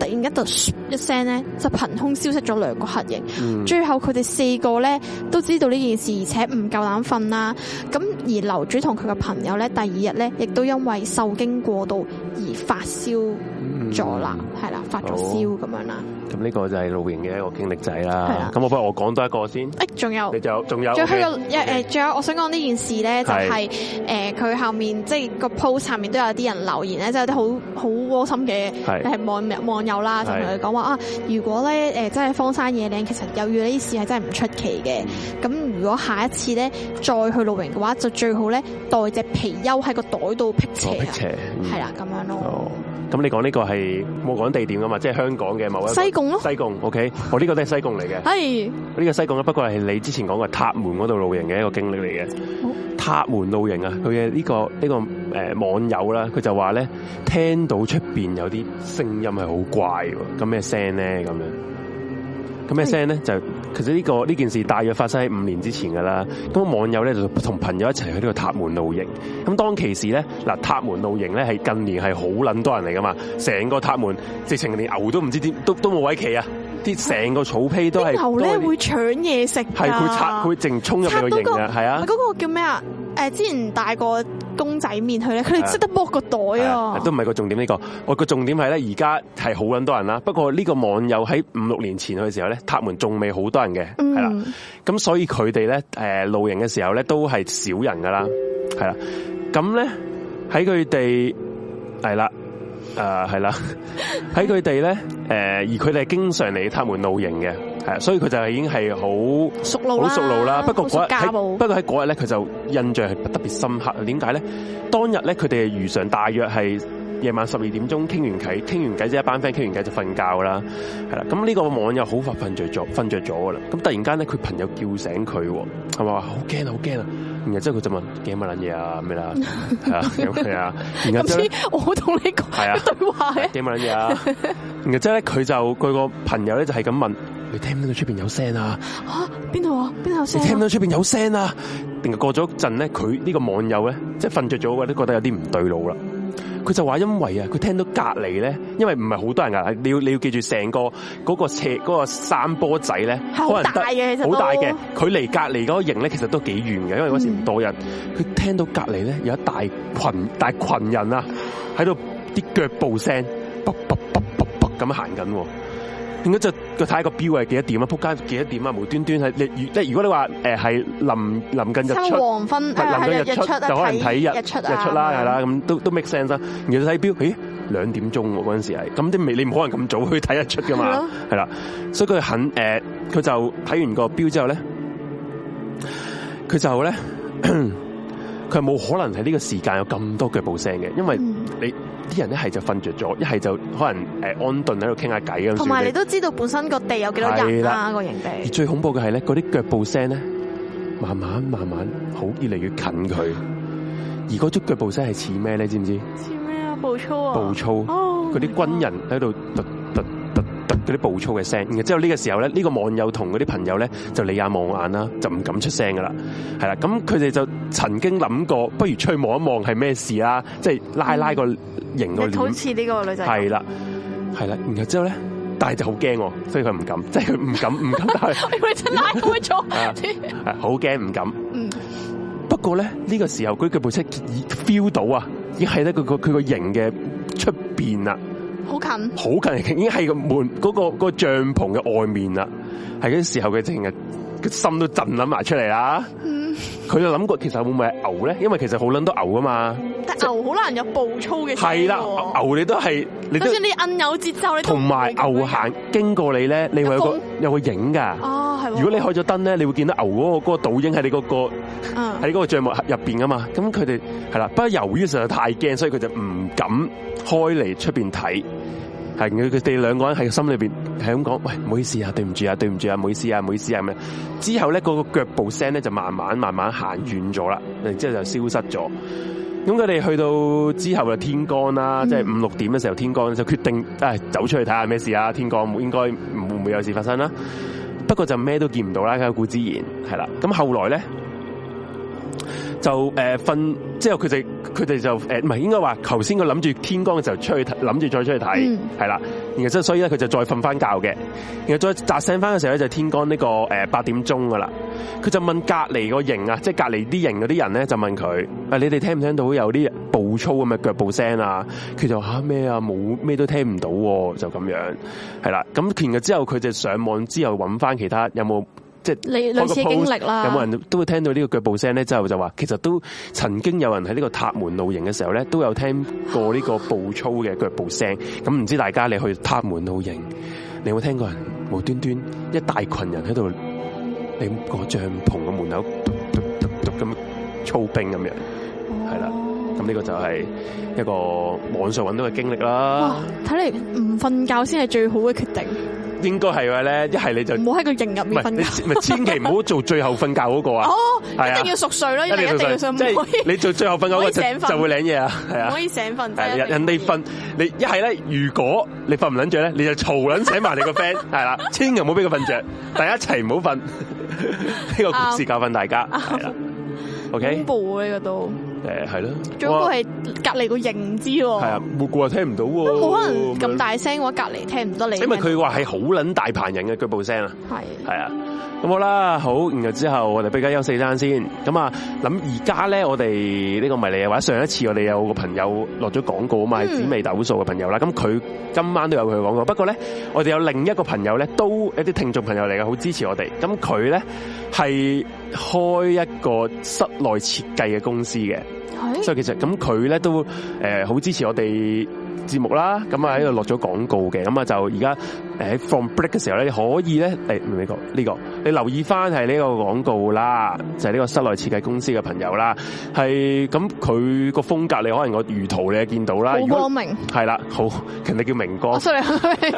突然間就一聲呢就憑空消失咗兩個黑影。嗯、最後佢哋四個咧都知道呢件事，而且唔夠膽瞓啦。咁而樓主同佢嘅朋友咧，第二日咧亦都因為受驚過度。而發燒咗啦，係、嗯、啦，發咗燒咁、哦、樣啦。咁呢個就係露營嘅一個經歷仔啦。咁我不如我講多一個先。仲、欸、有，仲有，仲有。誒，仲有，我想講呢件事咧、就是，就係誒佢後面即係、那個 post 下面都有啲人留言咧，就是、有啲好好窩心嘅係網網友啦，同佢講話啊，如果咧真係荒山野嶺，其實有遇呢啲事係真係唔出奇嘅。咁如果下一次咧再去露營嘅話，就最好咧帶隻貔貅喺個袋度辟邪。係啦咁樣。OK? 哦，咁你講呢個係冇講地點㗎嘛，即係香港嘅某一個西貢咯，西貢，OK，我呢個都係西貢嚟嘅。係，呢個西貢啊，不過係你之前講嘅塔門嗰度露營嘅一個經歷嚟嘅。塔門露營啊，佢嘅呢個呢、這個誒、這個、網友啦，佢就話咧聽到出邊有啲聲音係好怪，咁咩聲咧咁樣，咁咩聲咧就。其實呢個呢件事大約發生喺五年之前噶啦，咁網友咧就同朋友一齊去呢個塔門露營。咁當其時咧，嗱塔門露營咧係近年係好捻多人嚟噶嘛，成個塔門直情連牛都唔知點都都冇位企啊！啲成個草坯都係牛咧會搶嘢食，係佢拆佢淨衝入去營嘅，係啊，嗰個叫咩啊？誒，之前帶個公仔麵去咧，佢哋識得剝個袋啊！都唔係個重點呢，這個，我個重點係咧，而家係好撚多人啦。不過呢個網友喺五六年前去嘅時候咧，塔門仲未好多人嘅，係、嗯、啦。咁所以佢哋咧，誒，露營嘅時候咧，都係少人噶啦，係啦。咁咧喺佢哋係啦。誒，係啦，喺佢哋咧，誒，而佢哋係經常嚟塔門露營嘅，係啊，所以佢就已經係好熟路啦，好熟路啦。不過嗰日，不過喺嗰日咧，佢就印象係特別深刻。點解咧？當日咧，佢哋如常大約係。夜晚十二點鐘傾完偈，傾完偈之後一班 friend 傾完偈就瞓覺啦，係啦。咁呢個網友好快瞓着咗，瞓着咗噶啦。咁突然間咧，佢朋友叫醒佢，係 話好驚好驚啊！ 然後之後佢就問驚乜撚嘢啊？咩啦？係啊，係啊。唔知我同你講對話嘅驚乜撚嘢啊？然後之後咧，佢就佢個朋友咧就係咁問，你聽唔聽到出邊有聲啊？嚇，邊度啊？邊度有聲？你聽唔到出邊有聲啊？定 後過咗陣咧，佢呢、呢個網友咧即係瞓着咗，都覺得有啲唔對路啦。佢就話：因為啊，佢聽到隔離咧，因為唔係好多人噶，你要你要記住成個嗰個斜嗰個山坡仔咧，可能好大嘅，好大嘅。佢離隔離嗰個營咧，其實都幾遠嘅，因為嗰時唔多人。佢聽到隔離咧有一大群大群人啊，喺度啲腳步聲，卜卜卜卜卜咁行緊。應該點解就佢睇個表係幾多點啊？仆街幾多點啊？無端端係你，即係、就是、如果你話誒係臨臨近日出，黃昏係係日出睇日，日，日，日出啦，係、嗯、啦，咁都都 make sense 啦。然後睇表，咦，兩點鐘喎、啊，嗰陣時係，咁啲未你唔可能咁早去睇日出噶嘛，係、啊、啦。所以佢肯誒，佢、呃、就睇完個表之後咧，佢就咧，佢冇可能喺呢個時間有咁多腳步聲嘅，因為你。嗯啲人一係就瞓着咗，一係就可能安頓喺度傾下偈咁。同埋你都知道本身個地有幾多人啦、啊，個營地。而最恐怖嘅係咧，嗰啲腳步聲咧，慢慢慢慢好越嚟越近佢。而嗰隻腳步聲係似咩咧？知唔知？似咩啊？步操啊！步操哦。嗰啲軍人喺度突突。嗰啲暴躁嘅聲，然之後呢個時候咧，呢、這個網友同嗰啲朋友咧就你眼望眼啦，就唔敢出聲噶啦，係啦，咁佢哋就曾經諗過，不如出去望一望係咩事啦，即係拉拉個型個臉，好似呢個女仔，係啦，係啦，然後之後咧，但係就好驚，所以佢唔敢，即係佢唔敢唔敢，但佢拉壞咗，好驚唔敢。 不過咧呢、這個時候佢嘅、那個、部車已飆到啊，已喺咧佢個佢個型嘅出邊啦。好近好近已經係、那個門個個帳篷嘅外面啦，係嗰時候嘅聽日佢心都震，諗埋出嚟啦，佢就諗過，其實會唔會係牛咧？因為其實好捻多都牛㗎嘛，但牛好難有暴躁嘅，係啦，牛你都係，你都，就算你摁有節奏，你同埋牛行經過你咧，你會有個有，有個影噶，哦係，如果你開咗燈咧，你會見到牛嗰個個倒影喺你嗰、嗰個，喺嗰個帳幕入邊㗎嘛，咁佢哋係啦，不過由於實在太驚，所以佢就唔敢開嚟出邊睇。係佢哋兩個人喺心裏邊係咁講，喂，唔好意思啊，對唔住啊，對唔住啊，唔好意思啊，唔好意思啊。咁之後咧，嗰個腳步聲咧，就慢慢慢慢行遠咗啦，之後就消失咗。咁佢哋去到之後的天就天光啦，即係五六點嘅時候天光就決定誒，走出去睇下咩事啊。天光應該唔會唔會有事發生啦。不過就咩都見唔到啦。梗古之言係啦。咁後來咧，就誒瞓、呃，之後佢哋佢哋就誒唔係應該話，頭先佢諗住天光嘅時候出去睇，諗住再出去睇，係、嗯、啦。然後之後所以咧，佢就再瞓翻覺嘅，然後再扎醒翻嘅時候咧，就天光呢個誒八點鐘噶啦。佢就問隔籬個營啊，即係隔籬啲營嗰啲人咧，就問佢，啊，你哋聽唔聽到有啲暴躁咁嘅腳步聲啊？佢就話咩啊，冇咩都聽唔到，就咁樣，係啦。咁其實之後，佢就上網之後揾翻其他有冇？即係類類似經歷啦。有冇人都會聽到呢個腳步聲咧？之後就話其實都曾經有人喺呢個塔門露營嘅時候咧，都有聽過呢個步操嘅腳步聲。咁唔知大家你去塔門露營，你有冇聽過人無端端一大群人喺度？喺個帳篷嘅門口，嘟嘟嘟嘟咁操兵咁樣，係啦。咁呢個就係一個網上揾到嘅經歷啦。哇！睇嚟唔瞓覺先係最好嘅決定。應該係話咧，一係你就唔好喺佢形入面瞓覺，唔千祈唔好做最後瞓覺嗰個啊！哦，一定要熟睡啦，一定要熟睡，即係、就是就是、你做最後瞓覺個醒就就會領嘢啊，係啊，可以醒瞓，人哋瞓你一係咧，如果你瞓唔捻著咧，你就嘈捻醒埋你個 friend，係啦，千祈唔好俾佢瞓着！大家一齊唔好瞓，呢 個故事教訓大家，係啦，OK？恐怖呢個都。誒，係咯，仲有係隔籬個認知喎，係啊，沒過聽唔到喎，冇可能咁大聲我隔籬聽唔到你，因為佢話係好撚大棚人嘅腳步聲啊，係，係啊。咁好啦，好，然後之後我哋比較休息一陣先。咁啊，諗而家咧，我哋呢個迷你啊，或者上一次我哋有個朋友落咗廣告啊嘛，係紫微斗數嘅朋友啦。咁佢今晚都有佢嘅廣告。不過咧，我哋有另一個朋友咧，都一啲聽眾朋友嚟嘅，好支持我哋。咁佢咧係開設一個室內設計嘅公司嘅，所以其實咁佢咧都誒好支持我哋節目啦。咁啊喺度落咗廣告嘅，咁啊就而家。誒 from break 嘅時候咧，你可以咧誒，明唔明個呢個？你留意翻係呢個廣告啦，就係、是、呢個室內設計公司嘅朋友啦。係咁，佢個風格你可能我如圖你係見到啦。好光明。係啦，好，佢哋叫明哥。sorry，係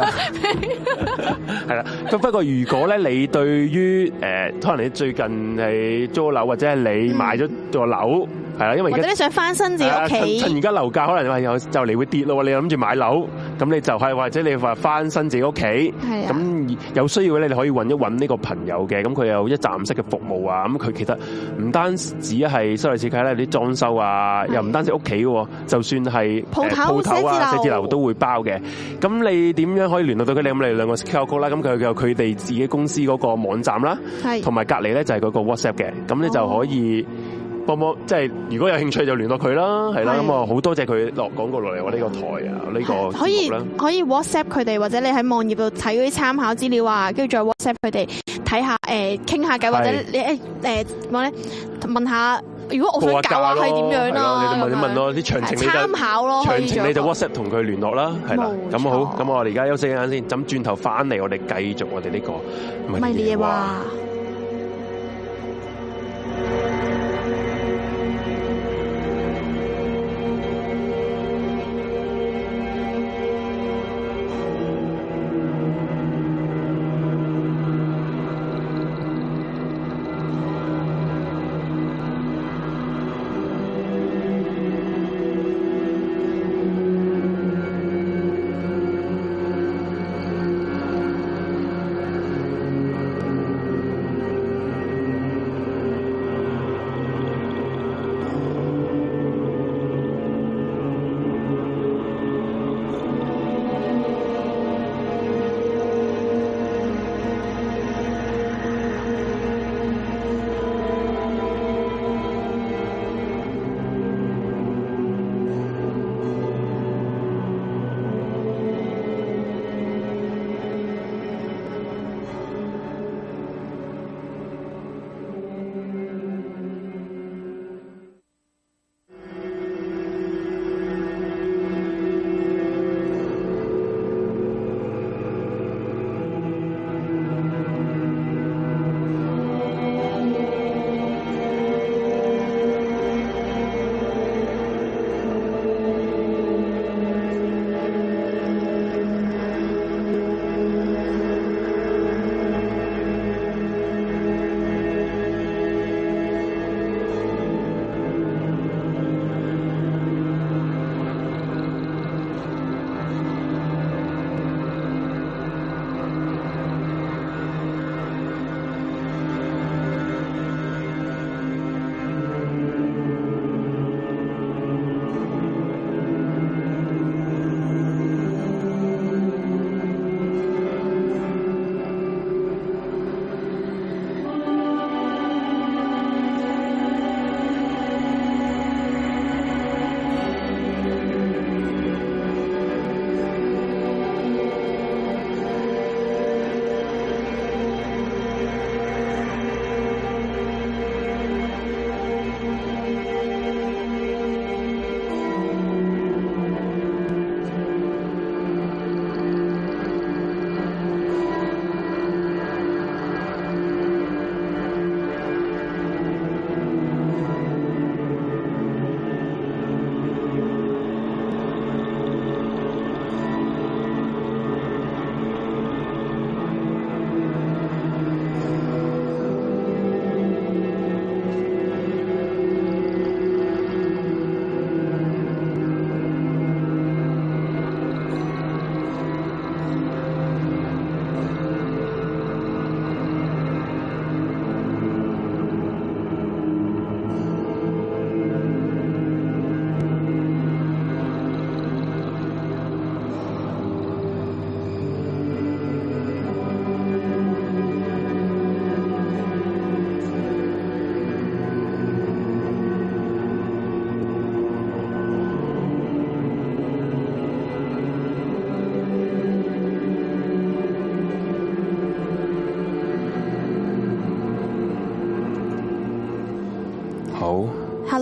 啦，係 不過如果咧，你對於誒，可能你最近係租樓，或者係你買咗座樓，係啦，因為或者你想翻新自己屋企、呃。趁而家樓價可能話有就嚟會跌咯，你又諗住買樓，咁你就係、是、或者你話，翻新自己屋企，咁、啊、有需要嘅咧，你可以揾一揾呢個朋友嘅，咁佢有一站式嘅服務啊。咁佢其實唔單止係室內設計啦，啲裝修啊，又唔單止屋企喎，就算係鋪頭鋪頭啊、寫字、寫字樓都會包嘅。咁你點樣可以聯絡到佢？ 你咁嚟兩個 call 啦，咁佢有佢哋自己公司嗰個網站啦，同埋隔籬咧就係嗰個 WhatsApp 嘅，咁你就可以、oh。幫幫，即係如果有興趣就聯絡佢啦，係啦。咁啊，好多謝佢落廣告落嚟我呢個台啊，呢、這個節目啦。可以可以 WhatsApp 佢哋，或者你喺網頁度睇嗰啲參考資料啊，跟住再 WhatsApp 佢哋睇下誒，傾下偈或者你誒誒、呃，問下如果我想搞啊，係點樣咯？問一問咯，啲詳情你就參考咯，詳情你就 WhatsApp 同佢聯絡啦。係啦，咁好，咁我哋而家休息一陣先，咁轉頭翻嚟我哋繼續我哋呢、這個唔係你嘅話。話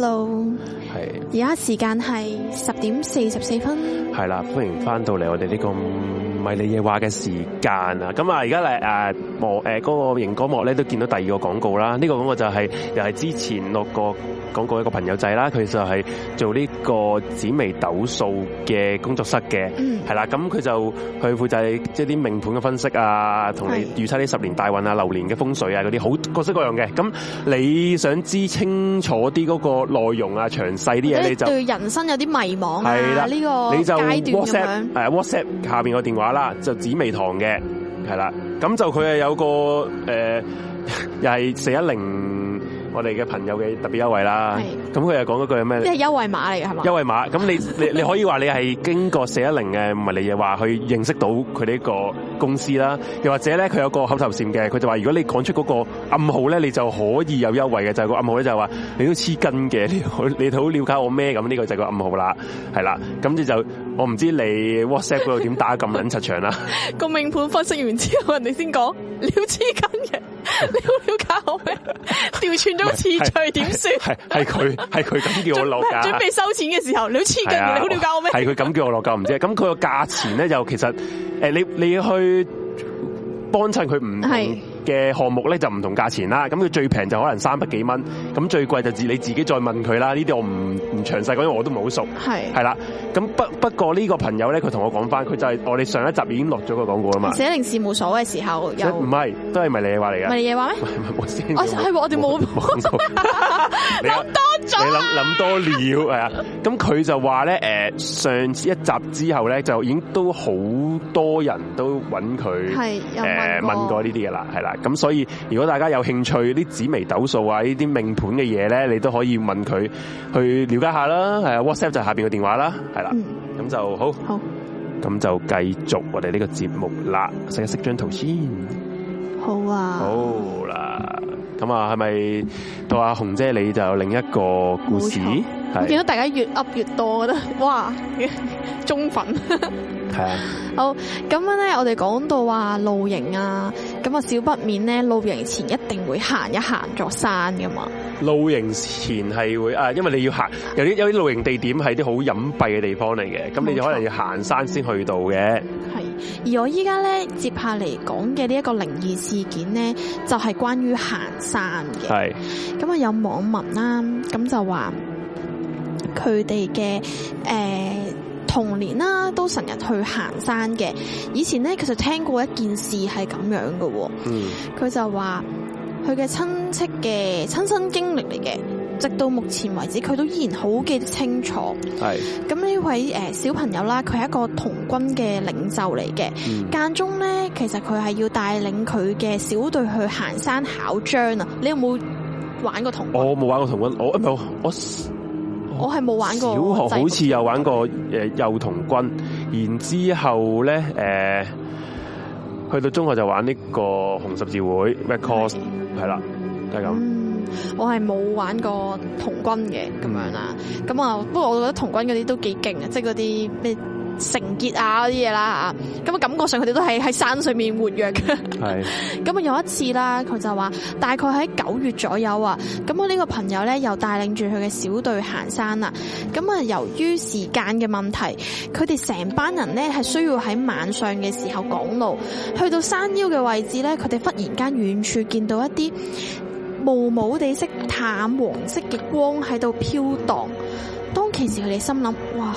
hello，係而家時間係十點四十四分，係啦，歡迎翻到嚟我哋、這個那個、呢個迷你夜話嘅時間啊！咁啊，而家嚟誒幕誒嗰個熒光幕咧都見到第二個廣告啦，呢、這個廣告就係、是、又係之前落過。講過一個朋友仔啦，佢就係做呢個紫微斗數嘅工作室嘅，係啦，咁佢就去負責即係啲命盤嘅分析啊，同你預測呢十年大運啊、流年嘅風水啊嗰啲好各式各樣嘅。咁你想知清楚啲嗰、這個內容啊、詳細啲嘢，你就對人生有啲迷茫啊呢個你就 WhatsApp，誒 WhatsApp 下邊個電話啦，就是、紫微堂嘅，係啦，咁就佢係有個誒、呃、又係四一零。我哋嘅朋友嘅特別優惠啦，咁佢又講嗰句係咩？呢係優惠碼嚟嘅係嘛？優惠碼咁 你你你可以話你係經過四一零嘅，唔係你又話去認識到佢呢個公司啦，又或者咧佢有個口頭禪嘅，佢就話如果你講出嗰個暗號咧，你就可以有優惠嘅，就係、是、個暗號咧就係話你都黐筋嘅，你好了解我咩咁？呢個就係個暗號啦，係啦，咁你就我唔知你 WhatsApp 嗰度點打咁撚七長啦。個 命盤分析完之後，人哋先講你黐筋嘅，你好了解我咩？ 好刺趣點算？係係佢係佢咁叫我落價，是準備收錢嘅時候你好黐筋，啊，你好了解我咩？係佢咁叫我落價唔知，咁佢個價錢咧就其實誒，你你去幫襯佢唔係。嘅項目咧就唔同價錢啦，咁佢最平就可能三百幾蚊，咁最貴就自你自己再問佢啦。呢啲我唔唔詳細講，因為我都唔係好熟。係係啦，咁不不過呢個朋友咧，佢同我講翻，佢就係我哋上一集已經落咗個廣告啊嘛。寫零時冇所謂嘅時候唔係都係咪 你嘅話嚟㗎？咪你嘢話咩？係咪我哋冇。你諗多咗你諗諗多了啊！咁 佢就話咧上次一集之後咧，就已經都好多人都揾佢問過呢啲㗎啦，係啦。咁所以，如果大家有興趣啲紫微斗數啊，呢啲命盤嘅嘢咧，你都可以問佢去了解下啦。WhatsApp 就下邊嘅電話啦，係啦，咁、嗯、就好。好，咁就繼續我哋呢個節目啦。先識張圖先。好啊好。好啦，咁啊，係咪到阿紅姐你就另一個故事？我見到大家越 up 越多，我覺得哇，中粉。係啊。好，咁樣咧，我哋講到話露營啊，咁啊，少不免咧露營前一定會行一行座山噶嘛。露營前係會啊，因為你要行，有啲有啲露營地點係啲好隱蔽嘅地方嚟嘅，咁你就可能要行山先去到嘅。係。而我依家咧接下嚟講嘅呢一個靈異事件咧，就係關於行山嘅。係。咁啊，有網民啦，咁就話。佢哋嘅誒童年啦、啊，都成日去行山嘅。以前咧，其實聽過一件事係咁樣嘅。嗯，佢就話佢嘅親戚嘅親身經歷嚟嘅，直到目前為止，佢都依然好記得清楚。係咁呢位誒小朋友啦，佢係一個童軍嘅領袖嚟嘅。間、嗯、中咧，其實佢係要帶領佢嘅小隊去行山考章啊。你有冇玩過童？我冇玩過童軍，我唔係我。我係冇玩過，小學好似有玩過誒幼童軍，童軍，然之後咧誒，去到中學就玩呢個紅十字會 Red Cross 係啦，係咁。就是，這樣嗯，我係冇玩過童軍嘅咁、嗯、樣啦，咁啊，不過我覺得童軍嗰啲都幾勁啊，即係嗰啲咩。成結啊嗰啲嘢啦啊，咁啊感覺上佢哋都係喺山上面活躍嘅。咁啊有一次啦，佢就話大概喺九月左右啊，咁我呢個朋友咧又帶領住佢嘅小隊行山啦。咁啊由於時間嘅問題，佢哋成班人咧係需要喺晚上嘅時候趕路，去到山腰嘅位置咧，佢哋忽然間遠處見到一啲霧霧哋色淡黃色嘅光喺度飄蕩。當其時佢哋心諗，哇！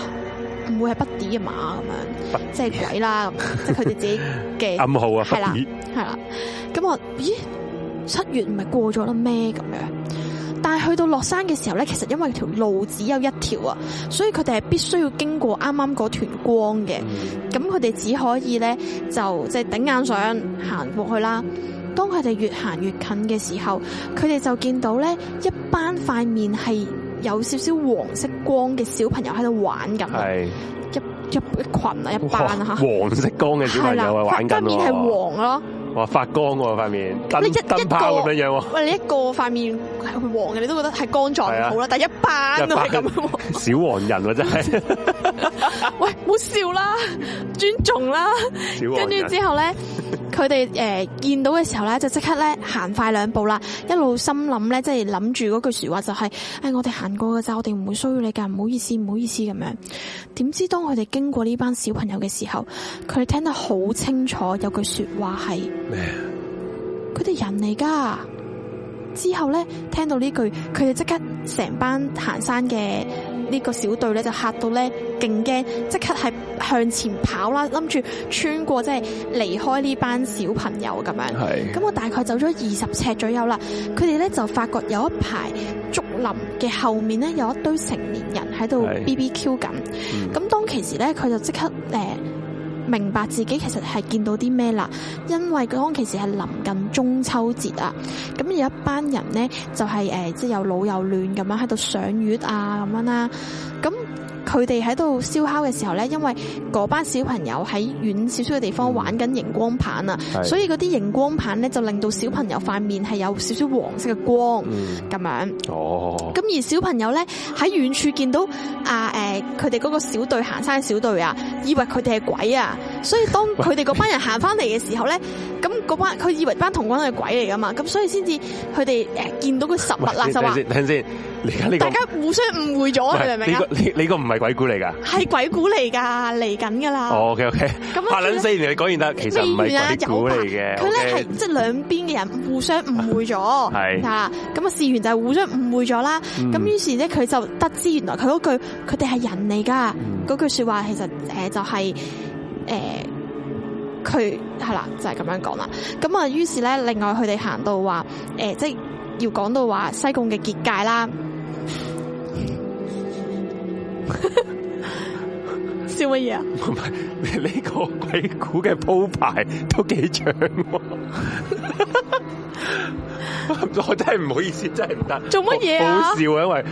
會係不敵嘅嘛，咁樣，即係鬼啦，即係佢哋自己嘅暗號啊，係啦，係啦。咁我咦，七月唔係過咗啦咩咁樣？但係去到落山嘅時候咧，其實因為條路只有一條啊，所以佢哋係必須要經過啱啱嗰團光嘅。咁佢哋只可以咧就即係頂硬上行過去啦。當佢哋越行越近嘅時候，佢哋就見到咧一班塊面係有少少黃色光嘅小朋友喺度玩咁，一一群啊，一班啊，黃色光嘅小朋友在玩緊咯。哇！發光喎塊面，燈燈泡咁樣喎。喂，你一個塊面係黃嘅，你都覺得係乾燥唔好啦，但係一班都係咁、啊，小黃人喎，真係 。喂，冇笑啦，尊重啦。跟住之後咧，佢 哋見到嘅時候咧，就即刻咧行快兩步啦，一路心諗咧，即係諗住嗰句說話就係、是：誒我哋行過嘅就，我哋唔會騷擾你㗎，唔好意思，唔好意思咁樣。點知當佢哋經過呢班小朋友嘅時候，佢哋聽得好清楚，有句説話係。咩？佢哋人嚟噶。之後咧，聽到呢句，佢哋即刻成班行山嘅呢個小隊咧，就嚇到咧，勁驚，即刻係向前跑啦，諗住穿過即係離開呢班小朋友咁樣。係。咁我大概走咗二十尺左右啦。佢哋咧就發覺有一排竹林嘅後面咧，有一堆成年人喺度 B B Q 咁。咁當其時咧，佢就即刻誒。明白自己其實係見到啲咩啦，因為當其時係臨近中秋節啊，咁有一班人呢，就係誒即係又老又亂咁樣喺度賞月啊咁樣啦，咁。佢哋喺度燒烤嘅時候咧，因為嗰班小朋友喺遠少少嘅地方玩緊熒光棒啊，是是所以嗰啲熒光棒咧就令到小朋友塊面係有少少黃色嘅光咁、嗯、樣。哦，咁而小朋友咧喺遠處見到啊，誒，佢哋嗰個小隊行山小隊啊，以為佢哋係鬼啊，所以當佢哋嗰班人行翻嚟嘅時候咧，咁嗰班佢以為班同軍係鬼嚟噶嘛，咁所以先至佢哋誒見到個實物啦，就話。等等等等這個、大家互相誤會咗，明咪？你你個唔係鬼故嚟噶，係鬼故嚟噶，嚟緊噶啦。Oh, OK OK，咁吓四年你，講完得，其實唔係鬼故嚟嘅。佢咧係即係兩邊嘅人互相誤會咗，係咁啊，事緣就係互相誤會咗啦。咁、嗯、於是咧，佢就得知原來佢嗰句佢哋係人嚟噶，嗰、嗯、句說話其實誒就係、是、誒，佢係啦就係、是、咁樣講啦。咁啊，於是咧，另外佢哋行到話誒、呃，即係要講到話西貢嘅結界啦。笑乜嘢啊？唔係你呢個鬼故嘅鋪排都幾長， 我真係唔好意思，真係唔得。做乜嘢好笑啊？因為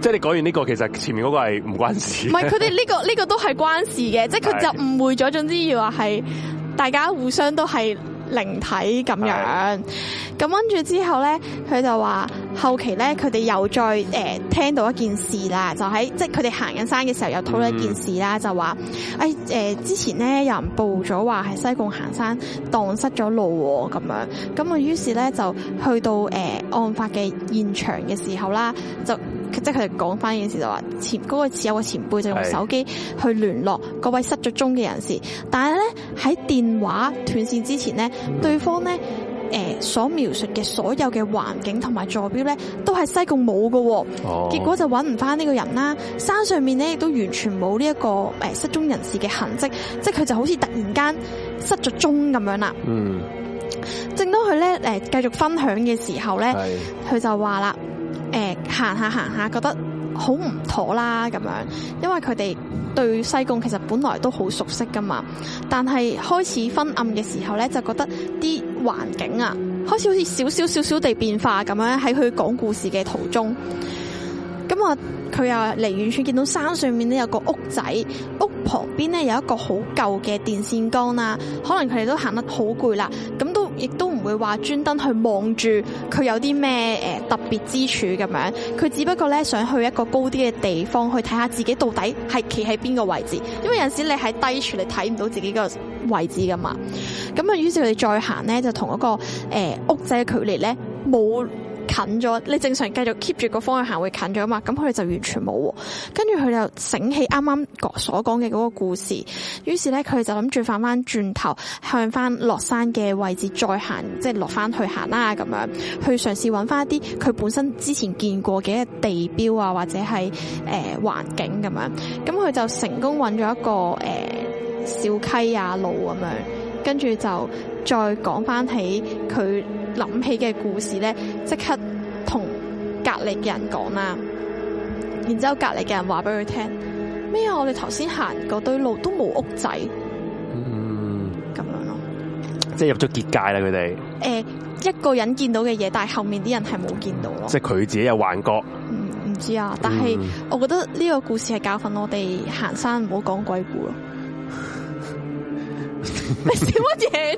即係你講完呢、這個，其實前面嗰個係唔關事。唔係、這個，佢哋呢個呢個都係關事嘅，即係佢就誤、是、會咗。總之要話係大家互相都係。靈體咁樣，咁跟住之後咧，佢就話後期咧，佢哋又再誒、呃、聽到一件事啦，就喺即係佢哋行緊山嘅時、嗯哎呃呃、時候，又討論一件事啦，就話誒誒，之前咧有人報咗話喺西貢行山蕩失咗路咁樣，咁我於是咧就去到誒案發嘅現場嘅時候啦，就。即係佢講翻件事就話、是、前嗰、那個似有個前輩就用手機去聯絡嗰位失咗蹤嘅人士，但係咧喺電話斷線之前呢，嗯、對方咧誒所描述嘅所有嘅環境同埋坐標咧，都係西貢冇嘅，結果就揾唔翻呢個人啦。山上面咧亦都完全冇呢一個誒失蹤人士嘅痕迹，即係佢就好似突然間失咗蹤咁樣啦。嗯，正當佢咧誒繼續分享嘅時候咧，佢就話啦。誒、呃，行下行下，覺得好唔妥啦咁樣，因為佢哋對西貢其實本來都好熟悉噶嘛，但係開始昏暗嘅時候呢，就覺得啲環境啊，開始好似少少少少地變化咁樣，喺佢講故事嘅途中。咁啊，佢又離遠處見到山上面呢有個屋仔，屋旁邊呢有一個好舊嘅電線桿啦，可能佢哋都行得好攰啦。亦都唔會話專登去望住佢有啲咩誒，特別之處咁樣，佢只不過咧，想去一個高啲嘅地方去睇下自己到底係企喺邊個位置，因為有陣時你喺低處你睇唔到自己個位置噶嘛。咁啊，於是佢哋再行咧，就同一個誒，屋仔嘅距離咧冇。近咗，你正常繼續 keep 住個方向行會近咗嘛？咁佢哋就完全冇，跟住佢就醒起啱啱所講嘅嗰個故事。於是咧，佢就諗住翻翻轉頭向翻落山嘅位置再行，即係落翻去行啦咁樣，去嘗試揾翻一啲佢本身之前見過嘅一啲地標啊，或者係誒環境咁樣。咁佢就成功揾咗一個誒、呃、小溪啊路咁樣，跟住就再講翻起佢。諗起嘅故事咧，即刻同隔籬嘅人講啦，然之後隔籬嘅人話俾佢聽咩啊？我哋頭先行嗰堆路都冇屋仔，嗯，咁樣咯，即係入咗結界啦佢哋。誒、呃，一個人見到嘅嘢，但係後面啲人係冇見到咯。即係佢自己有幻覺。唔、嗯、唔知啊，但係我覺得呢個故事係教訓我哋行山唔好講鬼故咯。你笑乜嘢？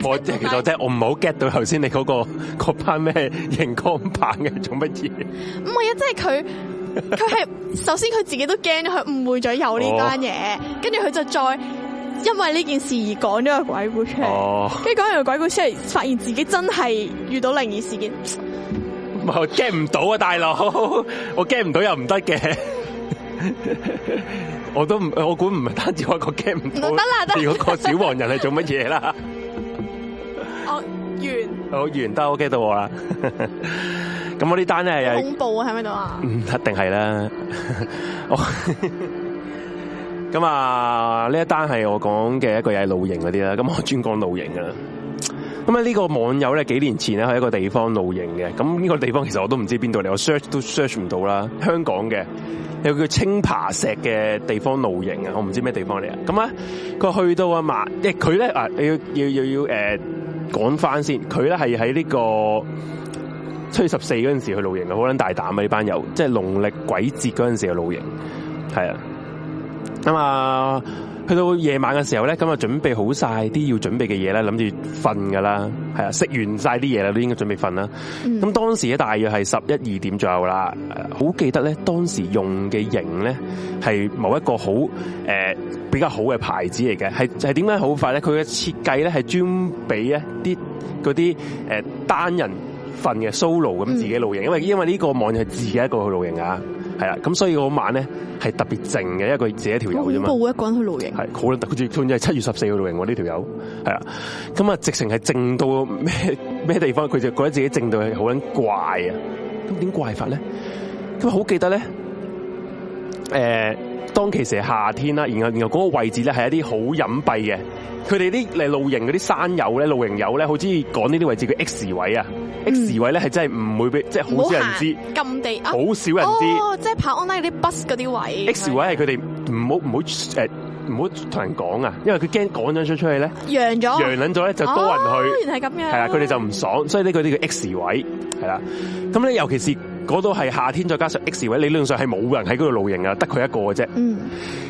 我即係，其實我即係、那個，我唔好 get 到頭先你嗰個嗰班咩熒光棒嘅做乜嘢？唔係啊，即係佢，佢係首先佢自己都驚，佢誤會咗有呢單嘢，跟住佢就再因為呢件事而講咗個鬼故出嚟，跟住講完個鬼故出嚟，發現自己真係遇到靈異事件。唔係，我 get 唔到啊，大佬，我 get 唔到又唔得嘅。 我都唔，我估唔係單止、那個、我一個 game 唔好，如果嗰個小黃人係做乜嘢啦？了到我完，我完，得，係我 get 到啦。咁我呢單咧係恐怖啊，喺咪度啊？嗯，一定係啦。咁啊，呢一單係我講嘅一個嘢，露營嗰啲啦。咁我專講露營啊。咁啊！呢個網友咧幾年前咧喺一個地方露營嘅，咁、這、呢個地方其實我都唔知邊度嚟，我 search 都 search 唔到啦。香港嘅，有個叫青爬石嘅地方露營啊，我唔知咩地方嚟啊。咁、嗯、啊，佢去到啊嘛，即佢咧啊，要要要要趕翻先。佢咧係喺呢個七月十四嗰陣時去露營啊，好撚大膽啊！呢班友，即係農曆鬼節嗰陣時去露營，係啊，咁、嗯、啊。呃去到夜晚嘅時候咧，咁啊準備好晒啲要準備嘅嘢咧，諗住瞓噶啦，係啊，食完晒啲嘢啦，都應該準備瞓啦。咁、嗯、當時咧大約係十一二點左右啦，好記得咧，當時用嘅型咧係某一個好誒、呃、比較好嘅牌子嚟嘅，係就係點解好快咧？佢嘅設計咧係專俾一啲嗰啲誒單人瞓嘅 solo 咁自己露營、嗯、因為因為呢個網係自己一個去露營㗎。係啦，咁所以嗰晚咧係特別靜嘅一個自己條友啫嘛。一個人去露營，係好啦。佢住佢就係七月十四去露營喎，呢條友。係啦，咁啊直情係靜到咩咩地方？佢就覺得自己靜到係好撚怪啊！咁點怪法咧？咁好記得咧，誒、呃。當其時係夏天啦，然後然後嗰個位置咧係一啲好隱蔽嘅，佢哋啲嚟露營嗰啲山友咧，露營友咧好中意講呢啲位置叫 X 位啊，X 位咧係、嗯、真係唔會俾，即係好少人知，咁地，好少人知，哦，即係跑 online 啲 bus 嗰啲位。X 位係佢哋唔好唔好誒唔好同人講啊，因為佢驚講咗出出去咧，揚咗，揚捻咗咧就多人去，哦，原來係咁樣，係啊，佢哋就唔爽，所以呢個呢個 X 位係啦，咁咧尤其是。嗰度係夏天，再加上 X 位，理論上係冇人喺嗰度露營啊，得佢一個嘅啫。嗯，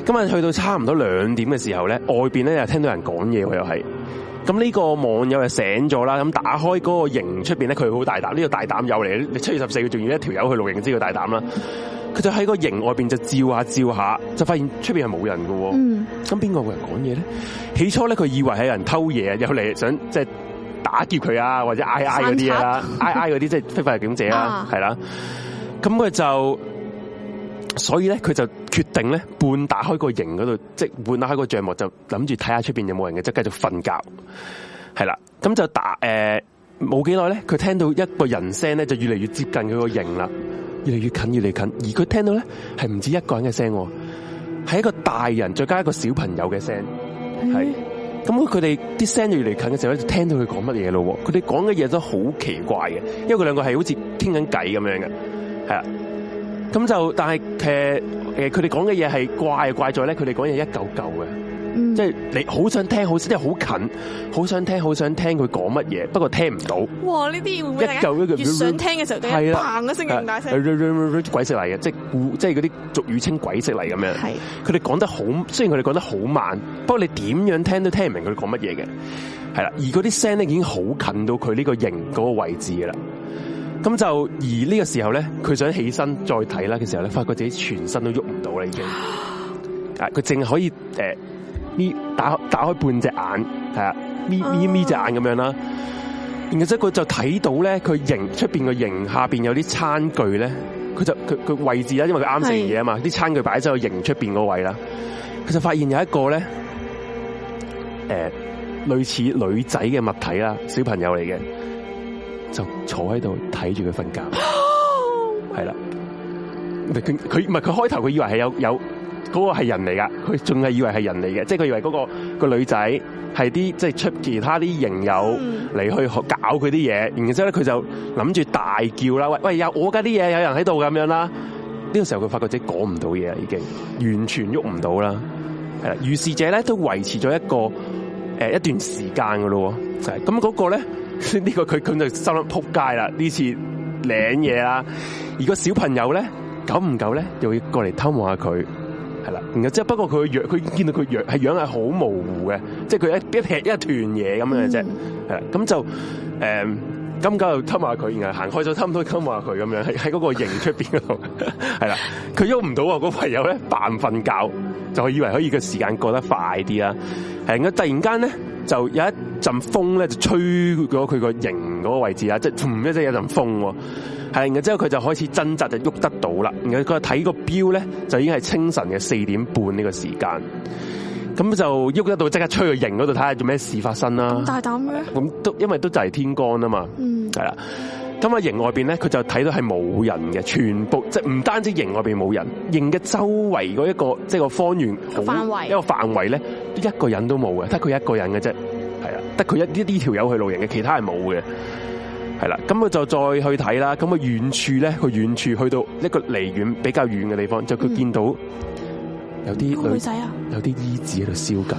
今日去到差唔多兩點嘅時候咧，外邊咧又聽到人講嘢喎，又係。咁呢個網友就醒咗啦，咁打開嗰個營出邊咧，佢好大膽，呢個大膽又嚟。七月十四，佢仲要一條友去露營，知道大膽啦。佢就喺個營外邊就照下照下，就發現出邊係冇人嘅。嗯，咁邊個會人講嘢咧？起初咧，佢以為係有人偷嘢，又嚟想即係。就是打劫佢啊，或者 I I 嗰啲啊，I I 嗰啲即係非法入境者啊，係、啊、啦、啊。咁佢就所以咧，佢就決定咧，半打開個營嗰度，即、就、係、是、半打開個帳幕就看看有有，就諗住睇下出邊有冇人嘅，即係繼續瞓覺。係啦、啊，咁就打誒，冇幾耐咧，佢聽到一個人聲咧，就越嚟越接近佢個營啦，越嚟越，越近，越嚟近。而佢聽到咧係唔止一個人嘅聲，係一個大人再加一個小朋友嘅聲，係、嗯。咁佢哋啲聲越嚟，近嘅時候咧，就聽到佢講乜嘢咯。佢哋講嘅嘢都好奇怪嘅，因為佢兩個係好似傾緊偈咁樣嘅，係啊。咁就但係其實誒，佢哋講嘅嘢係怪就怪在咧，佢哋講嘢一嚿嚿嘅。即係你好想聽，好即係好近，好想聽，好想聽佢講乜嘢？不過聽唔到聽。哇！呢啲會唔會越想聽嘅時候，係啦，嘭嘅聲咁大聲，鬼食嚟嘅，即係古，即係嗰啲俗語稱鬼食嚟咁樣。係佢哋講得好，雖然佢哋講得好慢，不過你點樣聽都聽唔明佢哋講乜嘢嘅。係啦，而嗰啲聲咧已經好近到佢呢個型嗰個位置嘅啦。咁就而呢個時候咧，佢想起身再睇啦嘅時候咧，發覺自己全身都喐唔到啦，已經。啊！佢淨係可以誒。呃眯打開打開半隻眼，係啊，眯眯眯隻眼咁樣啦。然後即佢就睇到咧，佢形出邊個形下邊有啲餐具咧，佢就佢佢位置咧，因為佢啱食完嘢啊嘛，啲餐具擺喺咗個形出邊個位啦。佢就發現有一個咧，誒，類似女仔嘅物體啦，小朋友嚟嘅，就坐喺度睇住佢瞓覺了。係啦，佢佢唔係佢開頭佢以為係有有。有嗰、那個係人嚟噶，佢仲係以為係人嚟嘅，即係佢以為嗰、那個、那個女仔係啲即係出其他啲營友嚟去搞佢啲嘢，然之後咧佢就諗住大叫啦，喂喂有我家啲嘢，有人喺度咁樣啦。呢、這個時候佢發覺自己講唔到嘢啦，已經完全喐唔到啦。係啦，如是者咧都維持咗一個誒、呃、一段時間噶咯，那個呢這個、他他就係咁嗰個咧呢個佢佢就收得撲街啦，呢次領嘢啦。而個小朋友咧久唔久咧又會過嚟偷望下佢。係啦、嗯嗯嗯，然後即係不過佢嘅樣，佢見到佢樣係樣係好模糊嘅，即係佢一一一團嘢咁樣嘅啫，係咁就誒，咁久又吞下佢，然後行開咗差唔多吞下佢咁樣，喺喺嗰個營出邊嗰度，係啦，佢喐唔到啊，個朋友咧扮瞓覺，就以為可以個時間過得快啲啦，係，然後突然間咧就有一陣風咧就吹咗佢個營。嗰、那個位置啊，即係突然之間有陣風，係，然後之後佢就開始掙扎，就喐得到啦。然後佢睇個錶咧，就已經係清晨嘅四點半呢個時間，咁就喐得到，即刻出去營嗰度睇下做咩事發生啦。大膽嘅，咁都因為都就係天光啊嘛，嗯，係啦。咁啊，營外邊咧，佢就睇到係冇人嘅，全部即係唔單止營外邊冇人，營嘅周圍嗰一個即係、就是、個方圓範圍一個範圍咧，一個人都冇嘅，得佢一個人嘅啫。得佢一呢呢條友去露營嘅，其他人冇嘅，係啦。咁佢就再去睇啦。咁啊，遠處咧，佢遠處去到一個離遠比較遠嘅地方，就佢見到有啲女仔啊、那個，有啲衣紙喺度燒緊，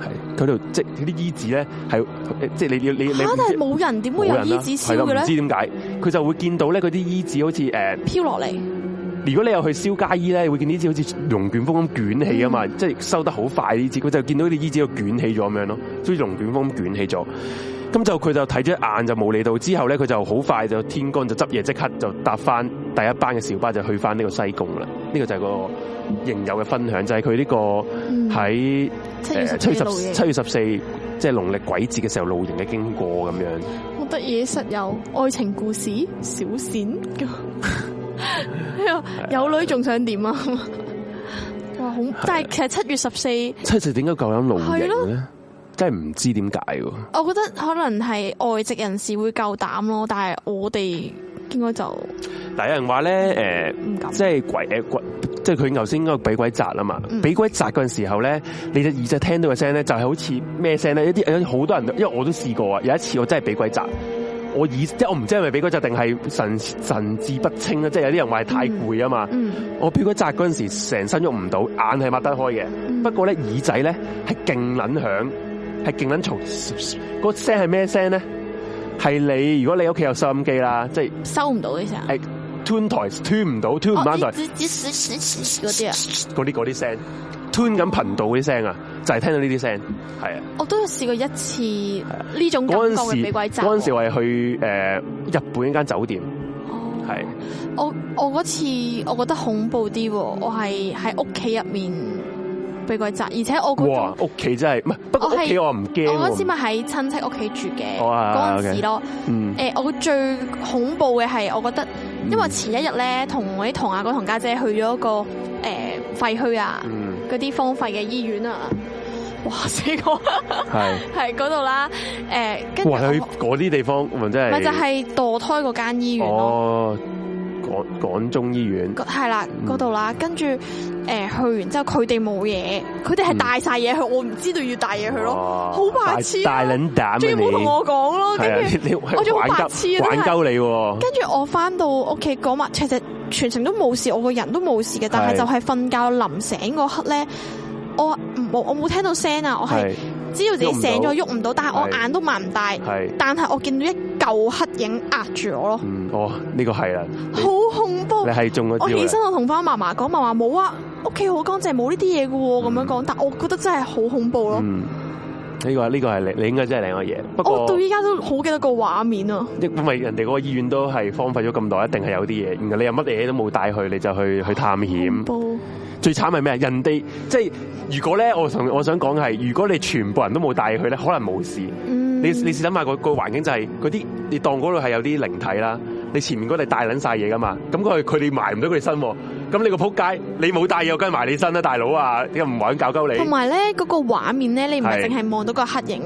係佢度即係啲衣紙咧，係即係你要你你吓，但係冇人，點會有衣紙燒嘅咧？唔知點解，佢就會見到咧，嗰啲衣紙好似誒飄落嚟。如果你又去燒街衣咧，會見啲紙好似龍捲風咁捲起啊嘛，嗯，即係收得好快呢支佢就見到啲紙就捲起咗咁樣咯，所以龍捲風咁捲起咗。咁就佢就睇咗一眼就冇理到，之後咧佢就好快就天光，就執嘢，即刻就搭翻第一班嘅小巴就去翻呢個西貢啦。呢，這個就係個營友嘅分享，就係佢呢個喺七，嗯，月十四，呃，七月十四即係農曆鬼節嘅時候露營嘅經過咁樣。好得意實有愛情故事小閃。 有女仲想點啊？好， 但係其實七月十四，十四點解夠膽露營嘅咧？真係唔知點解。我覺得可能係外籍人士會夠膽咯，但係我哋應該就。但有人話咧，誒、呃呃，即係鬼誒、嗯、鬼，即係佢頭先應該俾鬼砸啊嘛，俾鬼砸嗰陣時候咧，你隻耳仔聽到嘅聲咧，就係好似咩聲咧？一啲好多人都，因為我都試過啊，有一次我真係俾鬼砸。我耳即係我唔知係咪俾嗰扎定係神神智不清即係有啲人話係太攰啊嘛我。我俾嗰扎嗰陣時，成身喐唔到，眼係擘得開嘅，不過咧耳仔咧係勁捻響，係勁捻嘈。個聲係咩聲咧？係你如果你屋企有收音機啦，即係收唔到嗰聲，誒，tune 台 tune 唔到 tune 唔返台，嗰啲啊，嗰啲嗰啲聲。吞緊頻道啲聲啊，就係聽到呢啲聲，係啊。我都有試過一次呢種。嗰陣時，嗰陣時我係去誒日本一間酒店。哦，係。我我嗰次我覺得恐怖啲，我係喺屋企入面俾鬼抓，而且我。哇！屋企真係唔係，不過屋企我唔驚。嗰陣時咪喺親戚屋企住嘅，嗰、哦、陣、啊、時咯。嗯。誒，我最恐怖嘅係，我覺得，因為前一日咧，嗯、和我同我啲同阿哥同家姐去咗個誒廢墟啊。嗯嗰啲荒廢嘅醫院啊，哇死過係嗰度啦，誒跟住去嗰啲地方，唔真係咪就係、是、墮胎嗰間醫院、哦港中醫院係啦，嗰度啦，跟住誒去完之後，佢哋冇嘢，佢哋係帶晒嘢去，我唔知道要帶嘢去咯，好白痴、啊、大膽，仲要冇同我講咯，我仲好白痴啊！真係，跟住我翻到屋企嗰晚，其實全程都冇事，我個人都冇事嘅，但係就係瞓覺臨醒嗰刻咧，我冇我冇聽到聲啊，我係。知道自己醒咗喐唔到，但係我眼都擘唔大，但係我見到一舊黑影壓住我咯、嗯。哦，呢、這個係啦，好恐怖！你係中咗，我起身我同翻嫲嫲講，嫲嫲話冇啊，屋企好乾淨，冇呢啲嘢嘅喎，咁、嗯、樣講，但我覺得真係好恐怖咯。呢、嗯這個呢、這個係你，你應該真係另一個嘢。我到依家都好記得個畫面啊！因為人哋嗰個醫院都係荒廢咗咁耐，一定係有啲嘢。然後你又乜嘢都冇帶去，你就去去探險。最慘係咩？人哋即係如果咧，我同我想講係，如果你全部人都冇帶佢咧，可能冇事。嗯、你你試諗下，個環境就係嗰啲你當嗰度係有啲靈體啦，你前面嗰度帶捻晒嘢噶嘛，咁佢佢哋埋唔到佢哋身。咁你個扑街，你冇帶嘢又跟埋你身啦，大佬啊，你又唔玩搞鳩你。同埋咧，嗰個畫面咧，你唔係淨係望到個黑影。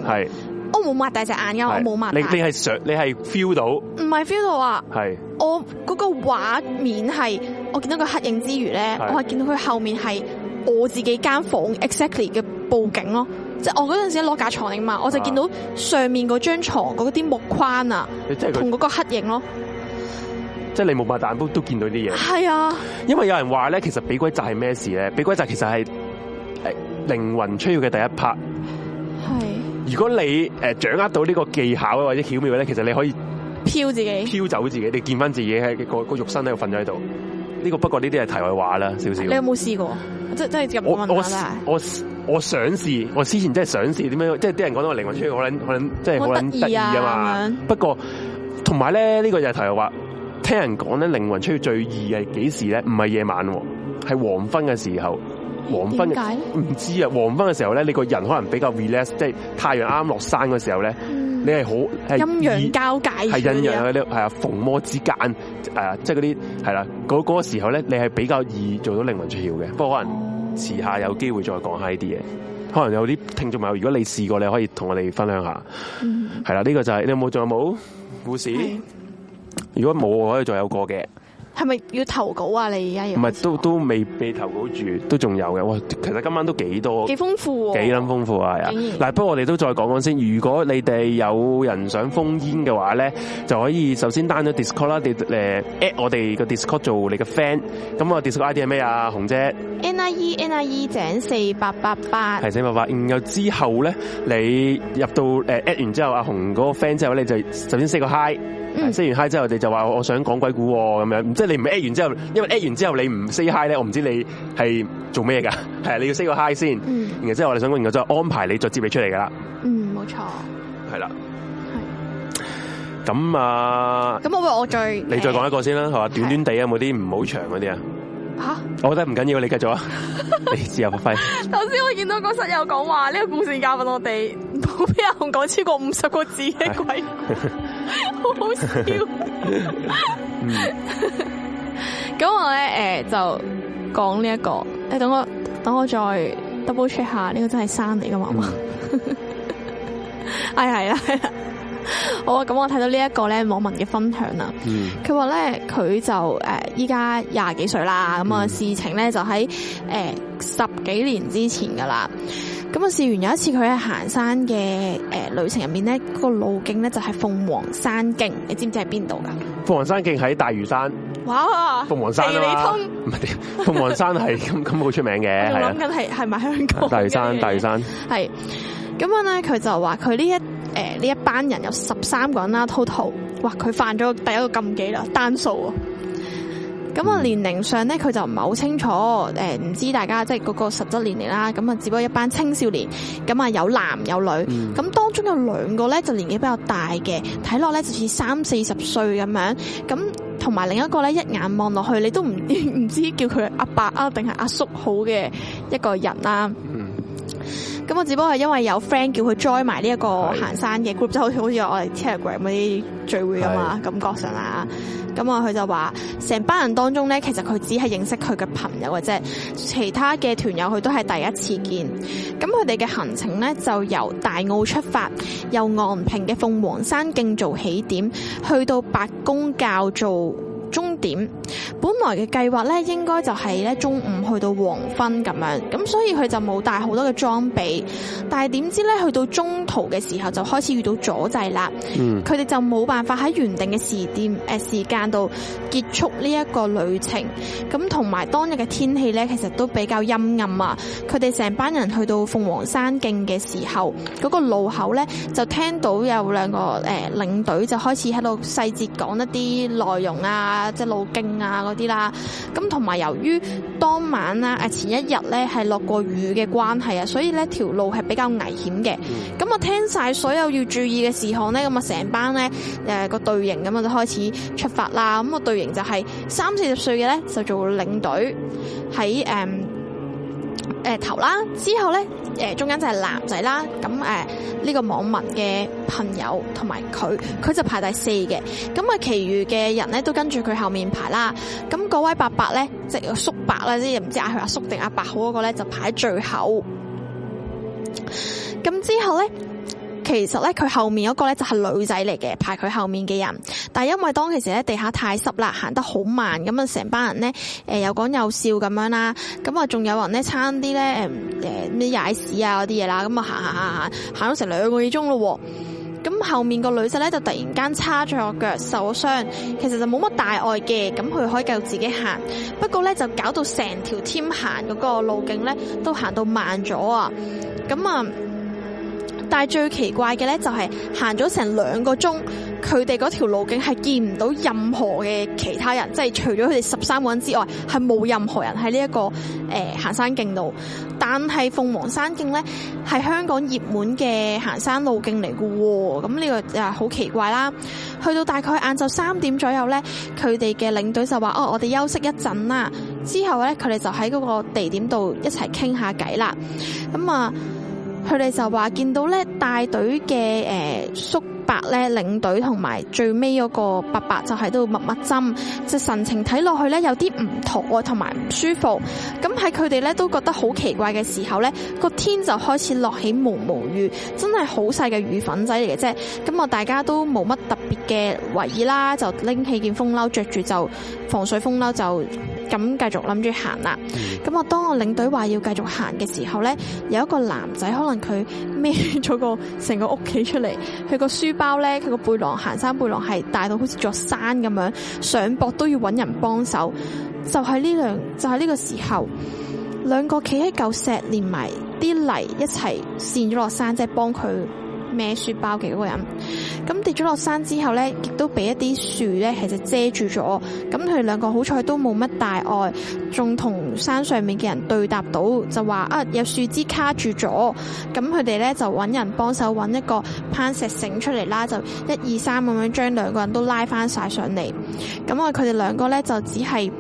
我冇擘大隻眼嘅，我冇擘你你係想你係 feel 到？唔係 feel 到啊！係我嗰個畫面係，我見到個黑影之餘咧，我係見到佢後面係我自己間房 exactly 嘅布景咯。即係、就是、我嗰陣時攞架床嚟嘛，我就見到上面嗰張床嗰啲木框啊，同嗰個黑影咯。即係你冇擘大眼都都見到啲嘢。係啊，因為有人話咧，其實俾鬼責係咩事咧？俾鬼責其實係靈魂出竅嘅第一 part。係。如果你誒掌握到呢個技巧或者巧妙咧，其實你可以飄自己，飄走自己，你見翻自己喺個、嗰個肉身喺度瞓咗喺度。呢個不過呢啲係題外話啦，少少。你有冇試過？真真係入靈魂我我，我，我想試，我之前真係想試。點樣？即係啲人講到我靈魂出，我諗我諗即係好得意啊嘛。不過同埋咧，還有呢、呢個就係題外話，聽人講咧，靈魂出最易係幾時咧？唔係夜晚，係黃昏嘅時候。黃昏唔知啊，黃昏嘅時候咧，你個人可能比較 relax，即係太陽啱落山嘅時候咧、嗯，你係好陰陽交界是陰陽的，係陰陽呢，係啊，逢魔之間，誒、啊，即係嗰啲係啦，嗰嗰、啊那個那個時候咧，你係比較容易做到靈魂出竅嘅。不過可能遲下有機會再講下呢啲嘢，可能有啲聽眾朋友，如果你試過，你可以同我哋分享一下。係、嗯、啦，呢、啊這個就係、是、你有冇仲有冇故事？如果冇，我可以再有個嘅。係咪要投稿啊？你而家要？唔係都都未被投稿住，都仲有嘅。哇，其實今晚都幾多，幾豐富，幾咁豐富啊！係啊，嗱，不過我哋都再講講先。如果你哋有人想封煙嘅話咧，就可以首先 down 咗 Discord 啦，誒 at 我哋個 Discord 做你嘅 friend。咁我 Discord ID 係咩啊？紅姐 n i e n i e 井四八八八係四八八。然後之後咧你入到誒 at 完之後，阿紅嗰個 friend 之後你就首先 say 個 hi。say、嗯、完 hi 之後，我哋就話我想講鬼故咁樣，即係你唔 at 完之後，因為 at 完之後你唔 say hi 咧，我唔知你係做咩噶，係你要 say 個 hi 先、嗯，然後即係我哋想講，然後就安排你再接你出嚟噶啦。嗯，冇錯。係啦。係。咁啊，咁我話我最，你再講一個先啦，係嘛，短短地啊，冇啲唔好長嗰啲啊。吓，我覺得唔緊要，你繼續啊，你自由發揮。頭先 我見到個室友講話呢個故事教訓我哋，冇邊人講超過五十個字嘅鬼。 好好笑，咁我咧誒就講呢一個，等我等我再 double check 下，呢、呢個真係山嚟噶嘛嘛，唉，係啦係好啊，咁我睇到呢一個咧網民嘅分享啦，佢話咧佢就誒依家廿幾歲啦，咁啊事情咧就喺誒十幾年之前噶啦，咁啊試完有一次佢喺行山嘅誒旅程入面咧，嗰個路徑咧就係鳳凰山徑，你知唔知喺邊度噶？鳳凰山徑喺大嶼山，哇！鳳凰山啦，地理通，鳳凰山係咁咁好出名嘅，係啊，係係咪香港？大嶼山，大嶼山係。咁啊咧，佢就話佢呢一誒呢、欸、一班人有十三個人啦，total。哇，佢犯咗第一個禁忌啦，單數、啊。咁啊年齡上咧，佢就唔係好清楚，誒、欸、唔知大家即係嗰個實質年齡啦。咁啊，只不過一班青少年。咁啊有男有女，咁、嗯、當中有兩個咧就年紀比較大嘅，睇落咧就似三四十歲咁樣。咁同埋另一個咧一眼望落去，你都唔唔知叫佢阿伯啊定係阿叔好嘅一個人啦。咁我只不過係因為有 friend 叫佢 join 埋呢一個行山嘅 group，就好似好似我哋 Telegram 嗰啲聚會啊嘛，感覺上啦。咁啊，佢就話成班人當中咧，其實佢只係認識佢嘅朋友嘅啫，或者其他嘅團友佢都係第一次見。咁佢哋嘅行程咧就由大澳出發，由昂坪嘅鳳凰山徑做起點，去到伯公坳做終。點本來嘅計劃咧，應該就係咧中午去到黃昏咁樣，咁所以佢就冇帶好多嘅裝備。但係點知咧，去到中途嘅時候就開始遇到阻滯啦。嗯，佢哋就冇辦法喺原定嘅時點誒時間度結束呢一個旅程。咁同埋當日嘅天氣咧，其實都比較陰暗啊。佢哋成班人去到鳳凰山徑嘅時候，嗰個路口咧就聽到有兩個誒領隊就開始喺度細節講一啲內容啊，即路徑啊，嗰啲啦，咁同埋由於當晚啊，誒前一日咧係落過雨嘅關係啊，所以咧條路係比較危險嘅。咁、嗯、我聽晒所有要注意嘅事項咧，咁啊成班咧誒個隊形咁啊就開始出發啦。咁啊隊形就係三四十歲嘅咧就做領隊喺誒。誒、呃，頭啦，之後咧，誒，中間就係男仔啦，咁誒，呢、呃這個網民嘅朋友同埋佢，佢就排第四嘅，咁啊，其餘嘅人咧都跟住佢後面排啦，咁、那、嗰、個、位伯伯咧，即係叔伯啦，即唔知嗌佢阿叔定阿伯好嗰個咧，就排喺最後，咁之後咧。其實咧，佢後面嗰個咧就係女仔嚟嘅，排佢後面嘅人。但係因為當其時咧地下太濕啦，行得好慢，咁啊成班人咧誒有講有笑咁樣啦，咁啊仲有人咧差啲咧誒誒咩踩屎啊嗰啲嘢啦，咁啊行行行行行咗成兩個幾鐘咯。咁後面個女仔咧就突然間叉住我腳受傷，其實就冇乜大礙嘅，咁佢可以繼續自己行。不過咧就搞到成條天行嗰個路徑咧都行到慢咗啊，咁啊。但係最奇怪嘅呢，就是，就係行咗成兩個鐘，佢哋嗰條路徑係見唔到任何嘅其他人，即係除咗佢哋十三個人之外，係冇任何人喺呢一個誒、呃、行山徑度。但係鳳凰山徑呢，係香港熱門嘅行山路徑嚟噶，咁呢個就好奇怪啦。去到大概晏晝三點左右呢，佢哋嘅領隊就話：哦，我哋休息一陣啦。之後呢，佢哋就喺嗰個地點度一齊傾下偈啦。咁啊。呃佢哋就話見到咧，帶隊嘅誒叔伯，咧，領隊同埋最尾嗰個伯伯就喺度密密斟，就神情睇落去咧有啲唔妥喎，同埋唔舒服。咁喺佢哋咧都覺得好奇怪嘅時候咧，個天就開始落起毛毛雨，真係好細嘅雨粉仔嚟嘅啫。咁啊，大家都冇乜特別嘅為意啦，就拎起件風褸着住，就防水風褸就。咁繼續諗住行啦，咁我當我領隊話要繼續行嘅時候呢，有一個男仔可能佢孭咗個成個屋企出嚟，佢個書包呢，佢個背囊行山背囊係大到好似座山咁樣，上駁都要揾人幫手。就喺呢兩，就喺呢個時候，兩個企喺嚿石連埋啲泥一齊跣咗落山，即係幫佢。孭書包嘅嗰個人，咁跌咗落山之後呢，亦都俾一啲樹呢，其實遮住咗，咁佢哋兩個好彩都冇乜大礙，仲同山上面嘅人對答到，就話啊有樹枝卡住咗，咁佢哋呢，就揾人幫手揾一個攀石繩出嚟啦，就一二三咁樣將兩個人都拉翻晒上嚟，咁啊佢哋兩個呢，就只係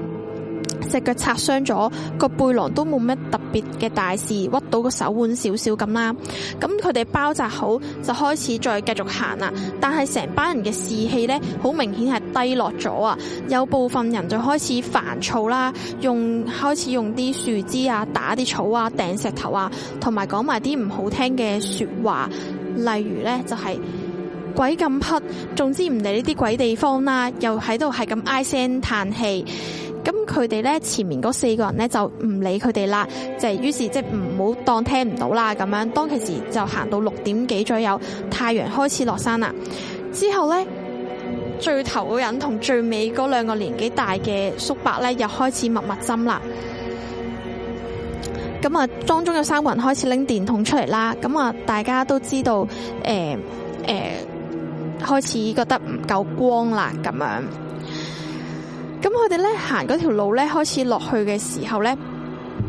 隻腳擦傷咗，個背囊都冇乜特別嘅大事，屈到個手腕少少咁啦。咁佢哋包紮好，就開始再繼續行啦。但係成班人嘅士氣呢，好明顯係低落咗啊！有部分人就開始煩躁啦，用開始用啲樹枝啊，打啲草啊，掟石頭啊，同埋講埋啲唔好聽嘅說話，例如呢就係、是。鬼咁黑，總之唔理呢啲鬼地方啦，又喺度係咁唉聲嘆氣。咁佢哋呢，前面嗰四個人呢，就唔理佢哋啦，就於是即係唔好當聽唔到啦咁樣。當其時就行到六點幾左右，太陽開始落山啦。之後呢，最頭嘅人同最尾嗰兩個年紀大嘅叔伯呢，又開始密密斟啦。咁啊，當中有三個人開始拎電筒出嚟啦。咁啊，大家都知道誒誒。欸欸開始覺得唔夠光啦，咁樣，咁佢哋咧行嗰條路咧開始落去嘅時候咧，誒、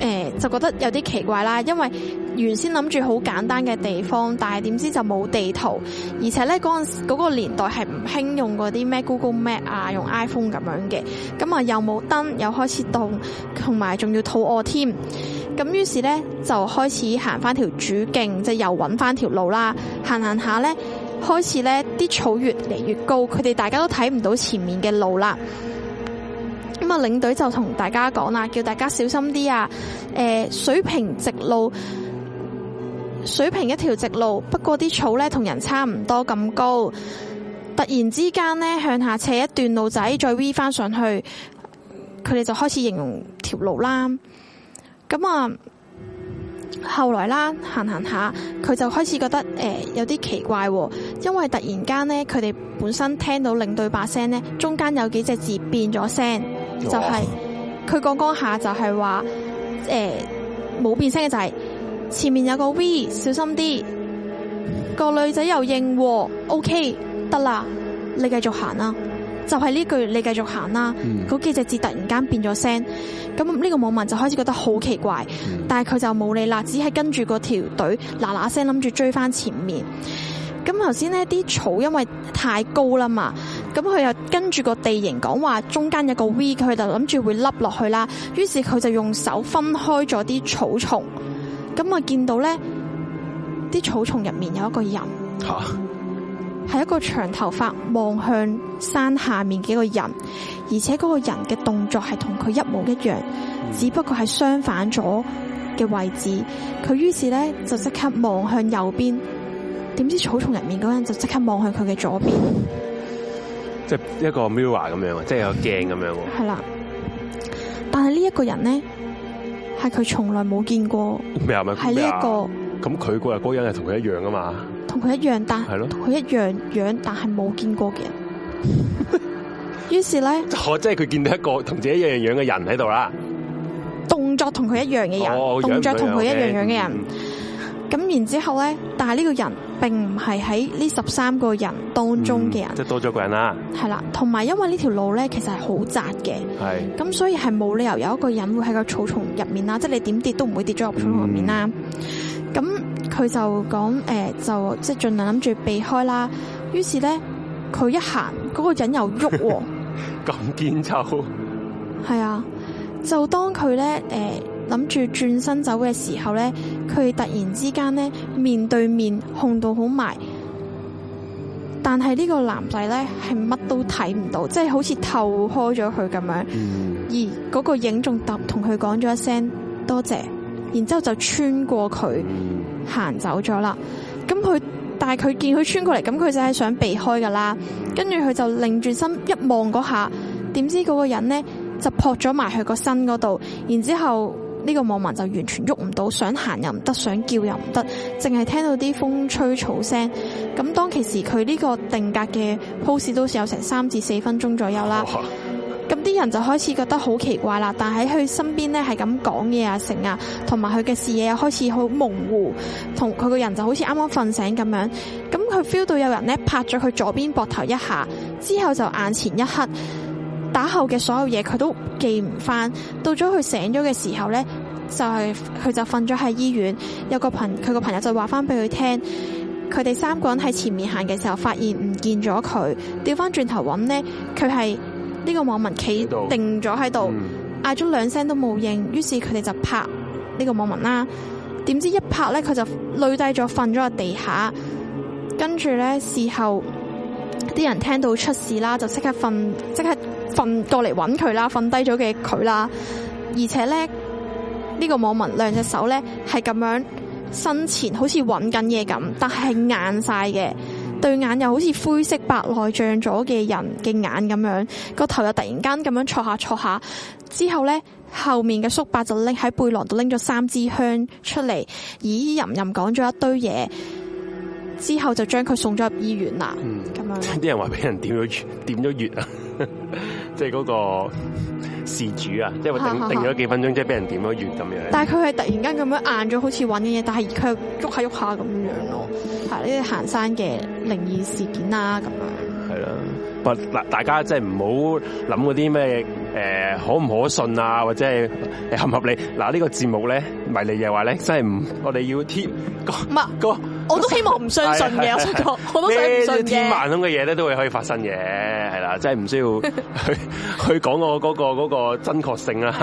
呃、就覺得有啲奇怪啦，因為原先諗住好簡單嘅地方，但係點知就冇地圖，而且咧嗰陣嗰個年代係唔興用嗰啲咩 Google Map 啊，用 iPhone 咁樣嘅，咁啊又冇燈，又開始凍，同埋仲要肚餓添，咁於是咧就開始行翻條主徑，即、就、係、是、又搵翻條路啦，行行下咧。開始呢啲草越嚟越高，佢哋大家都睇唔到前面嘅路啦。咁啊，領隊就同大家講啦，叫大家小心啲啊。誒，水平直路，水平一條直路，不過啲草呢同人差唔多咁高。突然之間呢，向下斜一段路仔，再 V 返上去，佢哋就開始形容條路啦。咁啊。後來啦，行行下，佢就開始覺得誒、呃、有啲奇怪，因為突然間呢，佢哋本身聽到領隊把聲呢，中間有幾隻字變咗聲，就係佢講講下就係、是、話，誒、呃、冇變聲嘅就係前面有個 V，小心啲，個女仔又應喎，OK 得啦，你繼續行啦。就係、是、呢句，你繼續行啦。嗰幾隻字突然間變咗聲，咁、嗯、呢個網民就開始覺得好奇怪，嗯、但係佢就冇理啦，只係跟住個條隊嗱嗱聲諗住追翻前面。咁頭先呢啲草因為太高啦嘛，咁佢又跟住個地形講話，中間有個 V，佢就諗住會凹落去啦。於是佢就用手分開咗啲草叢，咁啊見到呢啲草叢入面有一個人。啊係一個長頭髮望向山下面嘅個人，而且嗰個人嘅動作係同佢一模一樣，只不過係相反咗嘅位置。佢於是咧就即刻望向右邊，點知草叢入面嗰人就即刻望向佢嘅左邊，即係一個 mirror 咁樣，即係有鏡咁樣。係啦，但係呢一個人咧，係佢從來冇見過這，係呢一個。咁佢嗰日嗰人係同佢一樣啊嘛，同佢一樣，但係咯，同佢一樣樣，但係冇見過嘅人。 於是咧，我即係佢見到一個同自己一樣樣嘅人喺度啦，動作同佢一樣嘅人，動作同佢一樣樣嘅人。咁、嗯嗯、然之後咧，但係呢個人並唔係喺呢十三個人當中嘅人、嗯，即、就、係、是、多咗一個人啦。係啦，同埋因為呢條路咧，其實係好窄嘅，係咁所以係冇理由有一個人會喺個草叢入面啦，嗯、即係你點跌都唔會跌咗入草叢入面啦。嗯咁佢就講誒、呃，就即係盡量諗住避開啦。於是呢，佢一行嗰、那個人又喐、啊，咁見丑係啊！就當佢呢，誒諗住轉身走嘅時候呢，佢突然之間呢，面對面控到好埋，但係呢個男仔呢，係乜都睇唔到，即、就、係、是、好似透開咗佢咁樣，嗯、而嗰個影仲突同佢講咗一聲多謝，謝。然之後就穿過佢行走咗啦。咁佢，但係佢見佢穿過嚟，咁佢就係想避開噶啦。跟住佢就擰轉身一望嗰下，點知嗰個人呢就撲咗埋佢個身嗰度。然之後呢個網民就完全喐唔到，想行又唔得，想叫又唔得，淨係聽到啲風吹草聲。咁當其時佢呢個定格嘅 pose 都係有成三至四分鐘左右啦。咁啲人就開始覺得好奇怪啦，但喺佢身邊呢，係咁講嘢啊、成啊，同埋佢嘅視野又開始好模糊，同佢個人就好似啱啱瞓醒咁樣。咁佢 feel 到有人呢拍咗佢左邊膊頭一下，之後就眼前一黑，打後嘅所有嘢佢都記唔翻。到咗佢醒咗嘅時候呢，就係佢就瞓咗喺醫院。有個朋佢個朋友，朋友就話翻俾佢聽，佢哋三個人喺前面行嘅時候發現唔見咗佢，調翻轉頭揾呢，佢係。呢、這個網民企定咗喺度，嗌、嗯、咗兩聲都冇應，於是佢哋就拍呢個網民啦。點知一拍呢，佢就累低咗，瞓咗喺地下。跟住呢，事後，啲人聽到出事啦，就即刻瞓，即刻瞓過嚟揾佢啦，瞓低咗嘅佢啦。而且呢，呢、這個網民兩隻手呢，係咁樣伸前，好似揾緊嘢咁，但係硬晒嘅。對眼又好似灰色白內障咗嘅人嘅眼咁樣，個頭又突然間咁樣坐下坐下。之後呢，後面嘅叔伯就拎喺背囊度拎咗三支香出嚟，咦吟吟講咗一堆嘢，之後就將佢送咗入醫院啦。嗯，咁樣。啲人話俾人點咗穴點咗穴啊，即係嗰個。事主啊，即係定定咗幾分鐘，即係俾人點咗完咁樣，但樣了。但係佢係突然間咁樣硬咗，好似揾啲嘢，但係佢喐下喐下咁樣咯。係呢啲行山嘅靈異事件啦，咁樣。係啦，不嗱，大家即係唔好諗嗰啲咩。誒，可唔可信啊？或者係合唔合理？嗱，呢個節目咧，迷你又話咧，真係唔，我哋要貼講，乜我都希望唔相信嘅，我覺我都想唔相信嘅。呢啲天嘅嘢咧，都會可以發生嘅，係啦，真係唔需要去 去講我嗰個嗰個真確性啦。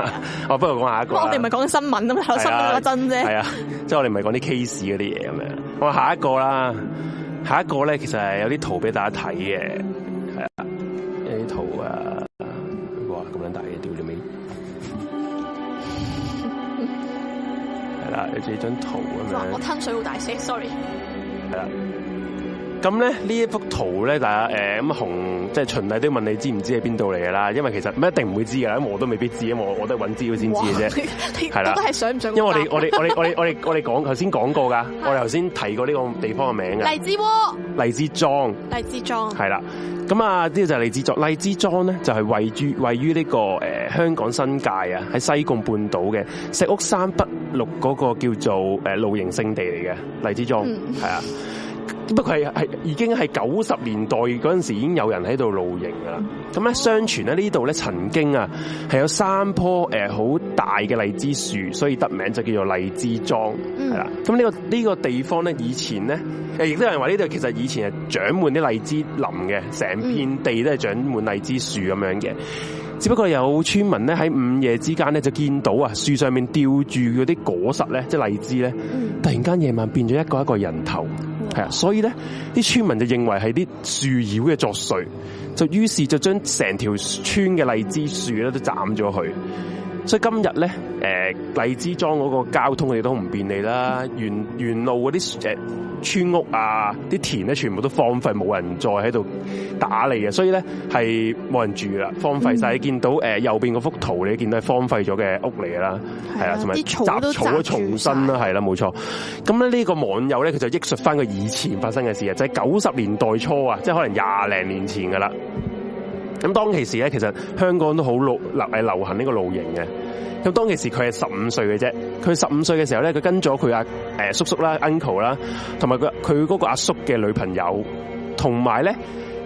我不如講下一個我不。我哋唔係講新聞咁啊，我新聞真啫。係啊，即係我哋唔係講啲 case 嗰啲嘢咁樣。我下一個啦，下一個咧，其實係有啲圖俾大家睇嘅，係啊。你自己張圖咁樣，我吞水好大聲，sorry，係喇。咁咧呢一幅圖咧，大家誒咁、嗯嗯嗯、紅，即係循例都要問你知唔知喺邊度嚟噶啦？因為其實唔一定唔會知噶啦，想想因為我都未必知，因為我我都係揾資料先知嘅啫，係啦，都係想唔想？因為我哋我哋我哋我哋我哋我哋講頭先講過噶，我哋頭先提過呢個地方嘅名嘅。荔、嗯、枝窩、荔枝莊、荔枝莊，莊，係啦。咁啊，呢個就係荔枝莊。荔枝莊咧就係位於位於呢、呢個誒、呢個、香港新界啊，喺西貢半島嘅石屋山北麓嗰個叫做誒露營聖地嚟嘅荔枝莊，係啊。不過係係已經係九十年代嗰陣時，已經有人喺度露營噶啦。咁咧，相傳咧呢度咧曾經啊係有三棵誒好大嘅荔枝樹，所以得名就叫做荔枝莊，係啦。咁呢個呢個地方咧以前咧，誒亦都有人話呢度其實以前係長滿啲荔枝林嘅，成片地都係長滿荔枝樹咁樣嘅。只不過有村民咧喺午夜之間咧就見到啊樹上面吊住嗰啲果實咧，即係荔枝咧，突然間夜晚變咗一個一個人頭。係啊，所以咧，啲村民就認為係啲樹妖嘅作祟，就於是就將成條村嘅荔枝樹咧都斬咗佢。所以今日咧，誒荔枝莊嗰個交通亦都唔便利啦，沿路嗰啲誒村屋啊，啲田咧全部都荒廢，冇人再喺度打理嘅，所以咧係冇人住啦，荒廢晒，嗯、你見到誒右邊嗰幅圖，你見到係荒廢咗嘅屋嚟啦，係啊，同埋雜草都叢生啦，係啦，冇錯。咁咧呢個網友咧，佢就憶述翻佢以前發生嘅事啊，就係九十年代初啊，即係可能廿零年前噶啦。咁當其時咧，其實香港都好露流流行呢個露營嘅。咁當其時佢係十五歲嘅啫。佢十五歲嘅時候咧，佢跟咗佢阿誒叔叔啦、uncle 啦，同埋佢佢嗰個阿叔嘅女朋友，同埋咧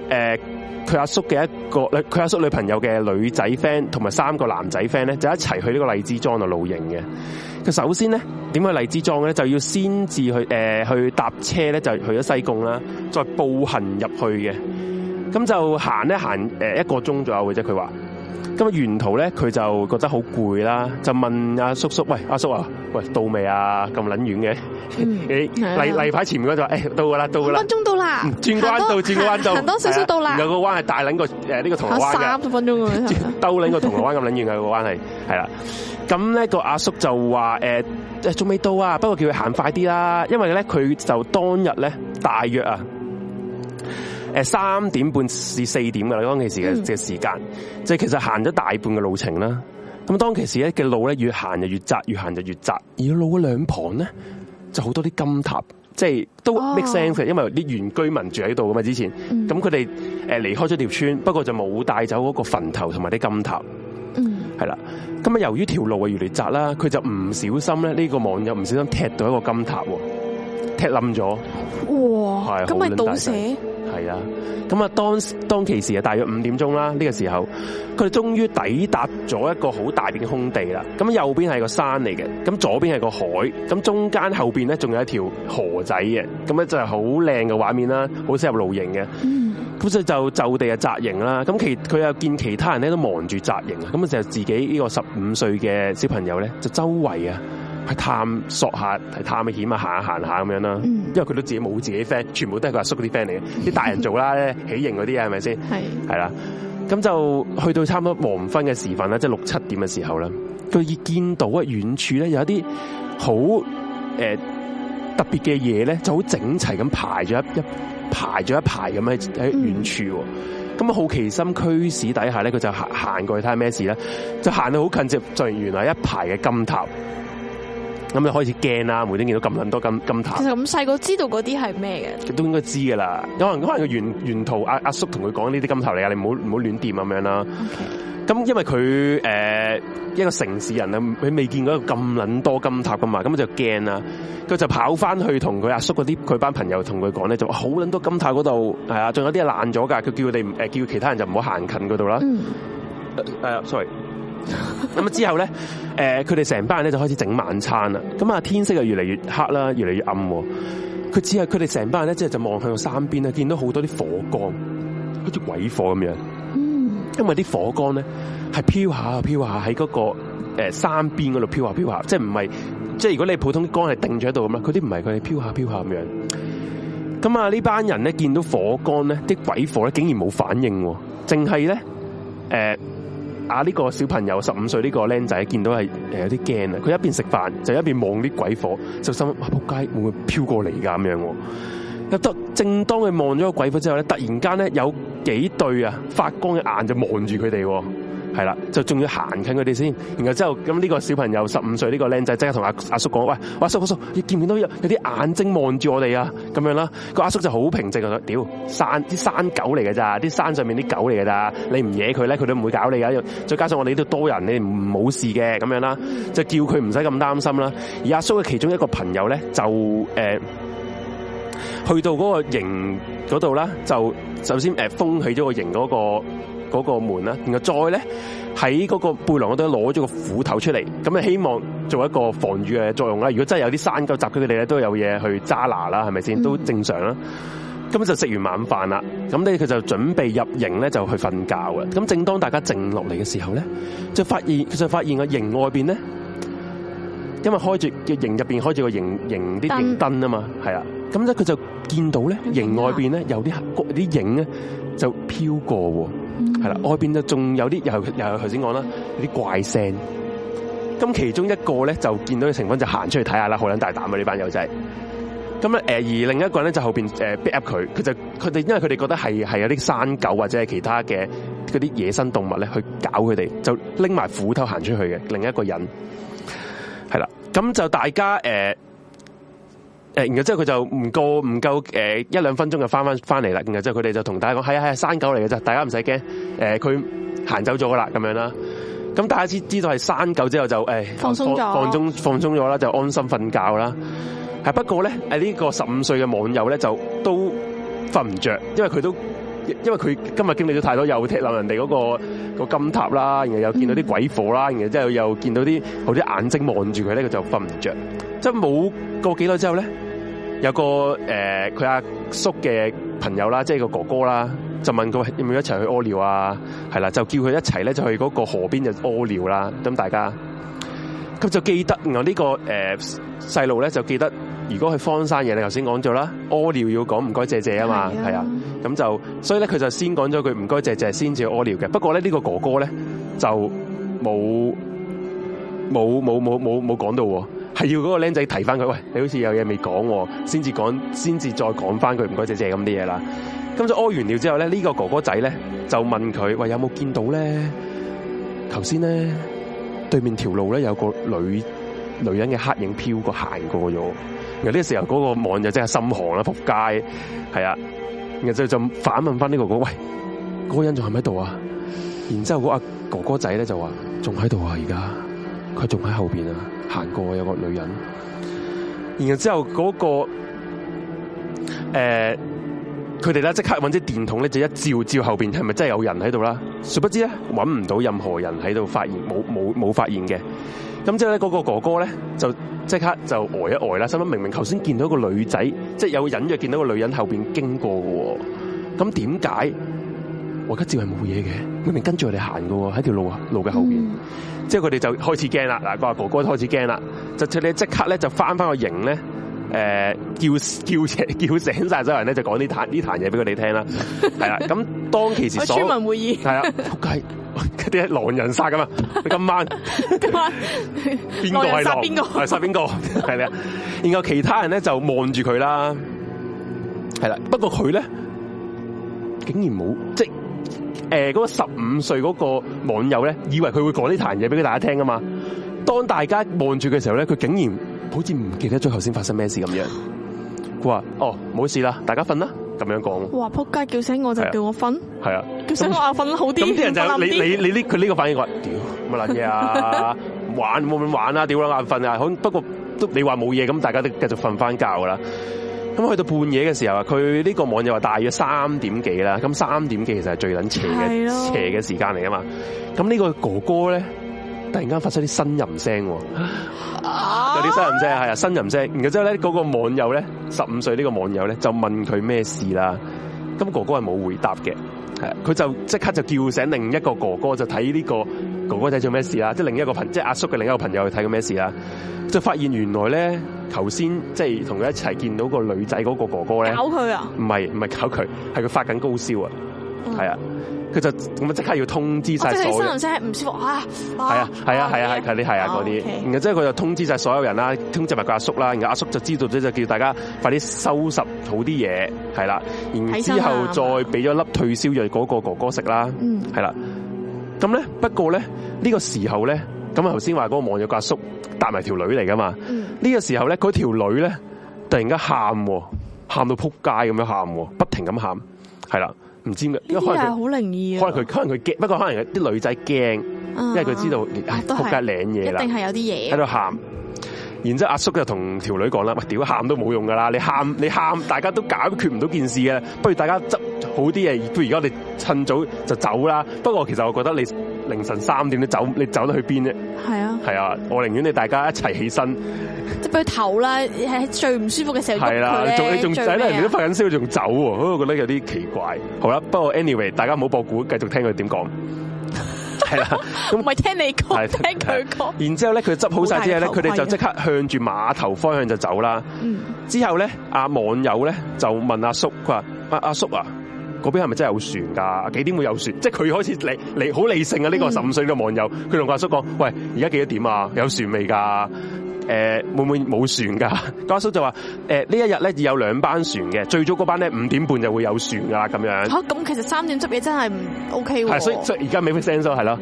誒佢阿叔嘅一個佢阿叔女朋友嘅女仔 friend，同埋三個男仔 friend 咧，就一齊去呢個荔枝莊度露營嘅。佢首先咧點去荔枝莊咧？就要先至去誒、呃、去搭車咧，就去咗西貢啦，再步行入去嘅。咁就行咧，行誒一個鐘左右嘅啫。佢話，咁沿途咧，佢就覺得好攰啦，就問阿叔叔，喂，阿叔啊，喂，到未啊？咁撚遠嘅？誒，嚟嚟排前面嗰度話，誒，到噶啦，到噶啦，分鐘到啦，轉個彎到，轉個彎到，行多少少到啦。有個彎係大撚個誒呢個銅鑼灣嘅，走三十分鐘咁樣，兜撚個銅鑼灣咁撚遠嘅個彎係，係啦。咁咧個阿叔就話，誒，誒仲未到啊，不過叫佢行快啲啦，因為咧佢就當日咧大約啊。三點半至四點噶啦，當其時嘅嘅時間，即、嗯、係其實行咗大半嘅路程啦。咁當其時咧嘅路咧越行就越窄，越行就越窄。而路嘅兩旁咧就好多啲金塔，即係都 make sense 嘅，哦、因為啲原居民住喺度噶嘛。之前咁佢哋離開咗條村，不過就冇帶走嗰個墳頭同埋啲金塔。係啦。咁啊，由於條路啊越嚟窄啦，佢就唔小心咧呢、呢個網友唔小心踢到一個金塔喎，踢冧咗。哇！係咁咪倒係咁啊，當當其時啊，大約五點鐘啦，呢、這個時候佢哋終於抵達咗一個好大片嘅空地啦。咁右邊係個山嚟嘅，咁左邊係個海，咁中間後邊咧仲有一條河仔嘅，咁咧就係好靚嘅畫面啦，好適合露營嘅。咁、嗯、所以就就地啊紮營啦。咁其佢又見其他人咧都忙住紮營啊，咁啊就自己呢個十五歲嘅小朋友咧就周圍啊。去探索下，去探下險啊，行下行下咁樣啦。因為佢都自己冇自己 friend，全部都係佢阿叔啲 friend 嚟嘅。啲大人做啦， 起營嗰啲啊，係咪先？係係啦。咁就去到差唔多黃昏嘅時分咧，即係六七點嘅時候咧，佢已見到啊遠處咧有一啲好誒特別嘅嘢咧，就好整齊咁排咗一,一排咗一排咁喺喺遠處。咁 啊好奇心驅使底下咧，佢就行行過去睇下咩事咧，就行到好近接就原來一排嘅金塔。咁就開始驚啦！無端端見到咁撚多金金塔，其實咁細個知道嗰啲係咩嘅？都應該知噶啦。有可能可能佢沿沿途阿阿叔同佢講呢啲金塔嚟啊，你唔好唔好亂掂咁樣啦。咁、okay. 因為佢誒、呃、一個城市人咧，佢未見過咁撚多金塔噶嘛，咁就驚啦。佢就跑翻去同佢阿叔嗰啲佢班朋友同佢講咧，mm. 就話好撚多金塔嗰度，係啊，仲有啲爛咗噶。佢叫佢哋誒叫其他人就唔好行近嗰度啦。誒、mm. 呃呃、，sorry。咁 啊，之後咧，誒，佢哋成班人咧就開始整晚餐啦。咁啊，天色啊越嚟越黑啦，越嚟越暗。佢只係佢哋成班人咧，即係就望向山邊咧，見到好多啲火光，好似鬼火咁樣。因為啲火光咧係飄下飄下喺嗰個誒山邊嗰度飄下飄下，即係唔係，即係如果你是普通啲光係定咗喺度咁樣，佢啲唔係，佢哋飄下飄下咁樣。咁啊呢班人咧見到火光咧，啲鬼火咧竟然冇反應，淨係咧誒。呃啊！呢個小朋友十五歲，呢個僆仔見到係誒有啲驚啊！佢一邊食飯就一邊望啲鬼火，就心話：仆街會唔會飄過嚟噶咁樣？入得正當佢望咗個鬼火之後咧，突然間咧有幾對啊發光嘅眼就望住佢哋。係啦，就仲要行近佢哋先，然後之後咁呢個小朋友十五歲呢個靚仔，即刻同阿阿叔講：喂，阿叔，阿叔，你見唔見到有有啲眼睛望住我哋啊？咁樣啦，個阿叔就好平靜，話：屌山啲山狗嚟嘅咋，啲山上面啲狗嚟嘅咋，你唔惹佢咧，佢都唔會搞你啊！再加上我哋呢度多人，你唔冇事嘅咁樣啦，就叫佢唔使咁擔心啦。而阿叔嘅其中一個朋友咧，就誒、呃、去到嗰個營嗰度啦，就首先誒、呃、封起咗個營嗰個。嗰、那個門啦，然後再咧喺嗰個背囊嗰度攞咗個斧頭出嚟，咁啊希望做一個防禦嘅作用啦。如果真係有啲山狗襲擊佢哋咧，都有嘢去揸拿啦，係咪先？都正常啦。咁、嗯、就食完晚飯啦，咁咧佢就準備入營咧就去瞓覺啦。咁正當大家靜落嚟嘅時候咧，就發現就發現個營外面咧，因為開住個營入面，開住個營營啲燈啊嘛，係啊，咁咧佢就見到咧營外面咧有啲啲影就飄過喎，係啦，嗯、外面就仲有啲又又頭先講啦，有啲怪聲。咁其中一個咧就見到嘅情況就行出去睇下啦，好撚大膽啊呢班友仔。咁咧誒、而另一個人咧就後邊誒逼 up 佢，佢、呃、就佢哋因為佢哋覺得係係有啲山狗或者係其他嘅嗰啲野生動物咧去搞佢哋，就拎埋斧頭行出去嘅另一個人。係啦，咁就大家、呃誒，然後之後佢就唔夠唔夠誒一兩分鐘就翻翻翻嚟啦。然後之後佢哋就同大家講：係啊係啊，山狗嚟嘅啫，大家唔使驚。誒、呃，佢行走咗噶啦，咁樣啦。咁大家知知道係山狗之後就、哎、放鬆、放鬆、放鬆咗啦，就安心瞓覺啦。係不過咧，呢、呢個十五歲嘅網友咧就都瞓唔着，因為佢都因為佢今日經歷咗太多，又踢漏人哋嗰個個金塔啦，然後又見到啲鬼火啦、嗯，然後之後又見到啲好啲眼睛望住佢咧，佢就瞓唔着。即係冇過幾耐之後咧。有個誒，佢、呃、阿、啊、叔嘅朋友啦，即係個哥哥啦，就問佢要唔要一齊去屙尿啊？係啦，就叫佢一齊咧，就去嗰個河邊就屙尿啦。咁大家咁就記得，然後呢個誒細路咧就記得，如果係荒山嘢，你頭先講咗啦，屙尿要講唔該借借啊嘛，係啊，咁就所以咧，佢就先講咗句唔該借借先至屙尿嘅。不過咧，呢個哥哥咧就冇冇冇冇冇冇講到。係要嗰個僆仔提翻佢，喂，你好似有嘢未講，先至講，先至再講翻佢，唔該，謝謝咁啲嘢啦。咁就屙完尿之後咧，呢個哥哥仔咧就問佢，喂，有冇見到咧？頭先咧，對面條路咧有個女女人嘅黑影飄過行過咗。然後呢時候嗰個網友就真係心寒啦，仆街，係啊，然後就，就反問翻呢個哥哥，喂，嗰個人仲喺唔喺度啊？然之後嗰阿哥哥仔咧就話仲喺度啊，而家。佢仲喺後邊啊，行過有個女人，然後之後嗰個誒，佢哋咧即刻揾隻電筒咧就一照照後邊，係咪真係有人喺度啦？殊不知咧，揾唔到任何人喺度，發現冇冇冇發現嘅。咁之後咧，嗰個哥哥咧就即刻就呆一呆啦，心諗，明明頭先見到個女仔，即係有隱約見到個女人後邊經過嘅，咁點解？我而家照係冇嘢嘅，明明跟住我哋行嘅喎，喺條路啊路嘅後邊，即係佢哋就開始驚啦。嗱，個阿哥哥都開始驚啦，就即你即刻咧就翻翻個營咧，誒、呃、叫叫醒叫醒晒所有人咧，就講呢壇呢壇嘢俾佢哋聽啦。係 啦，咁當其時村民會議係啊，仆街嗰啲狼人殺噶嘛？今晚今晚邊個係狼？係殺邊個？係你啊！然後其他人咧就望住佢啦，係啦。不過佢咧竟然冇即。誒，嗰個十五歲嗰個網友咧，以為佢會講呢單嘢俾大家聽㗎嘛。當大家望住嘅時候咧，佢竟然好似唔記得最後先發生咩事咁樣。佢話：哦，冇事啦，大家瞓啦。咁樣講。哇！扑街，叫醒我就叫我瞓。係啊。叫醒我啊，瞓好啲。咁啲人就你你你呢？佢呢個反應我屌，乜撚嘢啊！ 玩冇咁玩啦，屌我眼瞓啊！好、啊啊，不過，不過都你話冇嘢，咁大家都繼續瞓翻覺啦。咁去到半夜嘅時候啊，佢呢個網友話大約三點幾啦。咁三點幾其實係最撚邪嘅邪嘅時間嚟啊嘛。咁呢個哥哥咧，突然間發出啲呻吟聲，有啲呻吟聲係啊，呻吟聲。然之後咧，嗰個網友咧，十五歲呢個網友咧，就問佢咩事啦。咁哥哥係冇回答嘅。係，佢就即刻就叫醒另一個哥哥，就睇呢個哥哥仔做咩事啦，即係另一個朋，即係阿叔嘅另一個朋友去睇咗咩事啦，就發現原來咧，頭先即係同佢一齊見到個女仔嗰個哥哥咧，搞佢啊？唔係，唔係搞佢，係佢發緊高燒啊，係啊。佢就咁啊！即刻要通知晒，啊，即係你呻聲唔舒服啊！係啊係啊係啊係嗰啲係啊嗰啲，okay. 啊啊啊啊 okay. 啊啊 okay，然後即係佢就通知晒所有人啦，通知埋個阿叔啦。然後阿叔就知道咗，就叫大家快啲收拾好啲嘢，係啦，啊。然後之後再俾咗粒退燒藥嗰個哥哥食啦，係啦，啊。咁、嗯、咧、啊，不過咧呢、呢個時候咧，咁啊頭先話嗰個網友個阿叔，叔帶埋條女嚟噶嘛？呢、嗯呢個時候咧，佢條女咧突然間喊，喊到撲街咁樣喊，不停咁喊，係啦，啊。唔知嘅，呢啲係好靈異啊！可能佢，可能佢驚，不過可能啲女仔驚、啊，因為佢知道撲街領嘢啦，哎、一定係有啲嘢喺度喊。然之後阿叔就同條女講啦，喂，屌，喊都冇用噶啦，你喊你喊，大家都解決唔到件事嘅，不如大家執好啲嘢，不如而家你趁早就走啦。不過其實我覺得你凌晨三點都走，你走得去邊啫？係啊，係啊，我寧願你大家一齊起身，即俾佢瞓啦，係最唔舒服嘅時候仲捉佢咧。人哋都發緊燒仲走喎，我都覺得有啲奇怪。好啦，不過 anyway，大家唔好博股，繼續聽佢點講。係啦，唔係聽你講，聽佢講。然之後咧，佢執好晒之後咧，佢哋就即刻向住碼頭方向就走啦。之後咧，阿、嗯啊、網友咧就問阿叔，佢話阿阿叔啊。嗰邊係咪真係有船噶？幾點會有船？即係佢開始嚟，理好理性啊！呢、這個十五歲嘅網友，佢同阿叔講，喂，而家幾多點啊？有船未？噶？誒，會唔會冇船噶？家叔，叔就話，誒、呃，呢一日咧有兩班船嘅，最早嗰班咧五點半就會有船噶啦，咁樣、哦。咁其實三點執嘢真係唔 OK。係，所以而家 make sense 咯，係啦。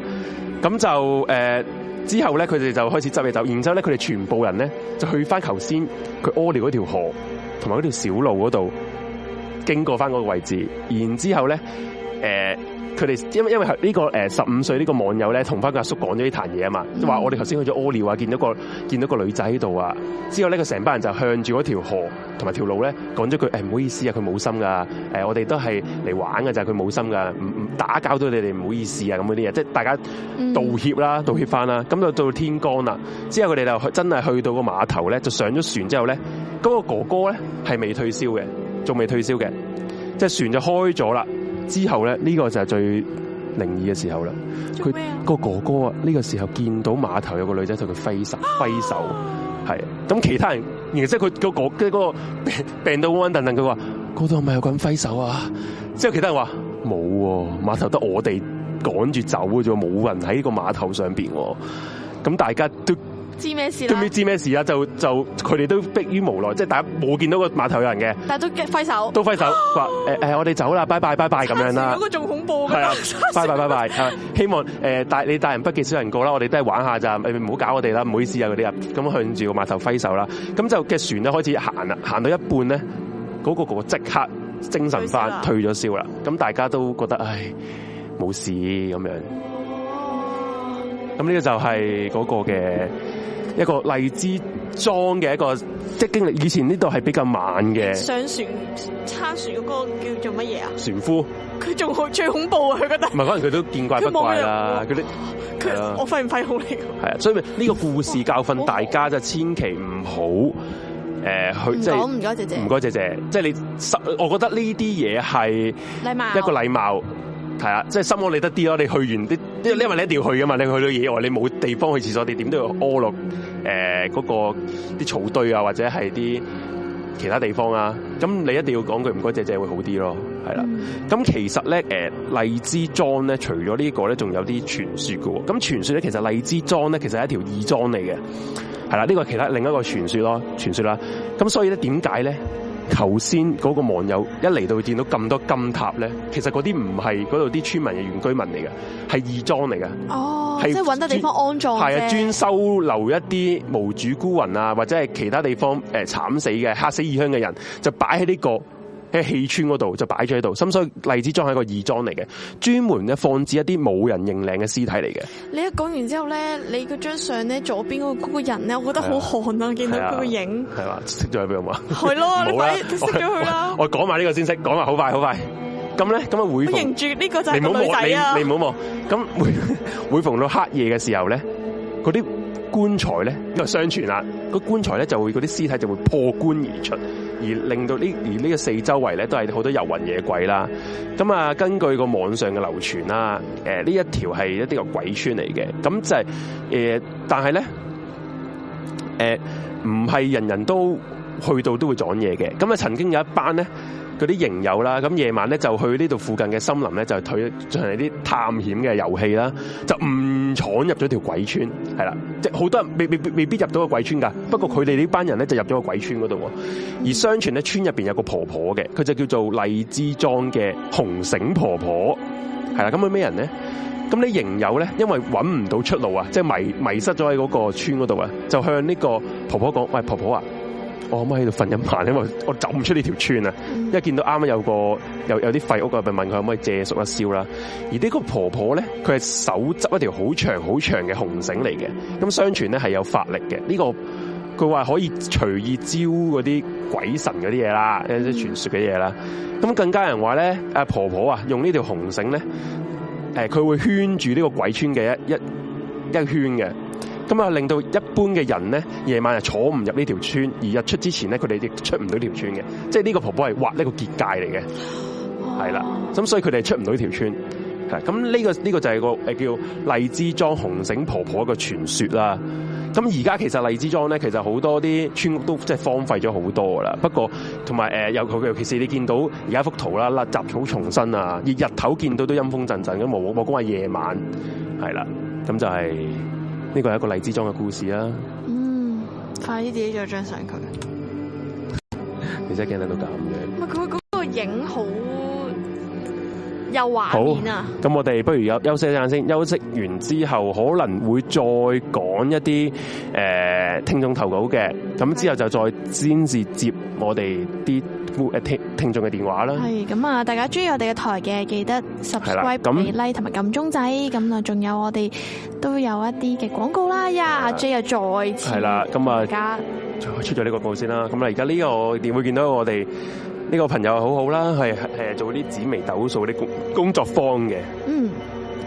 咁就誒、呃、之後咧，佢哋就開始執嘢走，然之後咧，佢哋全部人咧就去翻頭先佢屙尿嗰條河同埋嗰條小路嗰度。經過翻嗰個位置，然之後咧，誒佢哋因為因為呢個誒十五歲呢個網友咧，同翻阿叔講咗呢單嘢啊嘛，話、嗯、我哋頭先去咗屙尿啊，見到個見到個女仔喺度啊，之後咧佢成班人就向住嗰條河同埋條路咧講咗句誒唔、哎、好意思啊，佢冇心噶，誒、呃、我哋都係嚟玩嘅，就係佢冇心噶，唔唔打攪到你哋唔好意思啊，咁嗰啲嘢，即係大家道歉啦，道歉翻啦，咁就到天光啦，之後佢哋就真係去到個碼頭咧，就上咗船之後咧，咁、嗰個哥哥咧係未退燒嘅。仲未退燒嘅，即係船就開咗啦。之後咧呢、這個就係最靈異嘅時候啦。佢個哥哥啊，呢個時候見到碼頭有個女仔同佢揮手揮手，係、啊、咁其他人，而即係佢個哥哥，嗰個、嗰個嗰個、病到穩穩頓頓，佢話嗰度係咪有個人揮手啊？之後其他人話冇，碼、啊、頭得我哋趕住走嘅啫，冇人喺個碼頭上邊。咁大家都。知咩事？最尾知咩事啊？就就佢哋都迫於無奈，即係大家冇見到個碼頭有人嘅，但係都揮手，手，都揮手，話誒誒，我哋走啦，拜拜拜拜咁樣啦。嗰個仲恐怖，恐怖。拜拜拜拜， 希望誒、呃、你大人不記小人過啦，我哋都係玩下咋，你唔好搞我哋啦，唔好意思啊嗰啲啊，咁向住個碼頭揮手啦，咁就嘅船咧開始行啦，行到一半咧，嗰、那個、那個即、那個、刻精神返，退咗燒啦，咁大家都覺得唉冇事咁樣。咁、那、呢個就係嗰個嘅。一個荔枝莊嘅一個，即係經歷，以前呢度係比較猛嘅。上船叉船嗰個叫做乜嘢啊？船夫。佢仲好最恐怖啊！佢覺得是。唔係，可能佢都見怪不怪啦。佢啲，佢、啊、我廢唔廢好你。係啊，所以呢個故事教訓大家就千祈唔好誒去。唔好，唔該，謝謝，唔該，謝謝。即係你我覺得呢啲嘢係禮貌，一個禮貌。係啊，即係心安理得啲咯。你去完啲，因為你一定要去噶嘛。你去到野外，你冇地方去廁所，你點都要屙落誒嗰個啲草堆啊，或者係啲其他地方啊。咁你一定要講句唔該，借借會好啲咯。係啦，咁其實咧，誒荔枝莊咧，除咗呢個咧，仲有啲傳說噶。咁傳說咧，其實荔枝莊咧，其實係一條義莊嚟嘅。係啦，呢個係其他另一個傳說咯，傳說啦。咁所以咧，點解咧？頭先嗰個網友一嚟到見到咁多金塔咧，其實嗰啲唔係嗰度啲村民嘅原居民嚟嘅，係義莊嚟嘅，即係揾得地方安葬啫。係啊，專收留一啲無主孤魂啊，或者係其他地方誒慘死嘅、嚇死異鄉嘅人，就擺喺呢個。喺棄村嗰度就擺咗喺度，深水荔枝莊係一個義莊嚟嘅，專門咧放置一啲冇人認領嘅屍體嚟嘅。你一講完之後咧，你嗰張相咧，左邊嗰個人咧，我覺得好寒是啊，見到佢個影。係嘛？啊，啊、識咗喺邊啊嘛？係 咯，你識咗佢啦。我講埋呢個先識，講埋好快好快。咁咧，咁啊會。我認住呢個就係女仔啊。你唔好望，咁會會逢到黑夜嘅時候咧，嗰啲。棺材咧，因為相傳啦，個棺材咧，就會嗰啲屍體就會破棺而出，而令到呢而呢個四周圍咧都係好多遊魂野鬼啦。咁啊，根據個網上嘅流傳啦，誒、呃、呢一條係一啲個鬼村嚟嘅，咁就係、是、誒、呃，但係咧，誒唔係人人都去到都會撞嘢嘅。咁啊，曾經有一班咧。嗰啲營友啦，咁夜晚咧就去呢度附近嘅森林咧，就退進行啲探險嘅遊戲啦，就誤闖入咗條鬼村，係啦，即係好多人未未未必入到個鬼村㗎。不過佢哋呢班人咧就入咗個鬼村嗰度，而相傳咧村入面有個婆婆嘅，佢就叫做荔枝莊嘅紅繩婆婆，係啦。咁佢咩人咧？咁啲營友咧，因為揾唔到出路啊，即係迷迷失咗喺嗰個村嗰度啊，就向呢個婆婆講，喂，婆婆啊！我可唔可以喺度瞓一晚，因為我走唔出呢條村啊！一見到啱啱有個有有啲廢屋啊，咪問佢可唔可以借宿一宵啦？而呢個婆婆咧，佢係手執一條好長好長嘅紅繩嚟嘅，咁相傳咧係有法力嘅。呢個佢話可以隨意招嗰啲鬼神嗰啲嘢啦，一啲傳說嘅嘢啦。咁更加人話咧，阿婆婆啊，用呢條紅繩咧，誒，佢會圈住呢個鬼村嘅一一一圈嘅。咁啊，令到一般嘅人咧，夜晚係坐唔入呢條村，而日出之前咧，佢哋亦出唔到呢條村嘅。即係呢個婆婆係劃呢個結界嚟嘅，係、oh. 啦。咁所以佢哋出唔到呢條村。咁呢個呢個就係個誒叫荔枝莊紅繩婆婆嘅傳說啦。咁而家其實荔枝莊咧，其實好多啲村屋都即係荒廢咗好多噶啦。不過同埋誒，又尤其是你見到而家幅圖啦，雜草叢生啊，而日頭見到都陰風陣陣咁，我我講係夜晚係啦，咁就係、是。呢個係一個荔枝莊嘅故事啊！嗯，快啲自己再張相佢， 你真係驚得到咁嘅。唔係佢嗰個影好。又畫面啊！咁我哋不如休休息一陣先，休息完之後可能會再講一啲誒聽眾投稿嘅，咁之後就再先至接我哋啲聽聽眾嘅電話啦。係咁啊！大家中意我哋嘅台嘅，記得 subscribe、like 同埋撳鐘仔咁啊！仲有我哋都有一啲嘅廣告啦呀！阿 J 又再次係啦！咁啊，而家出咗呢個廣告先啦。咁啊，而家呢個點會見到我哋？呢個朋友好好啦，係誒做啲紫微斗數啲工工作坊嘅。嗯，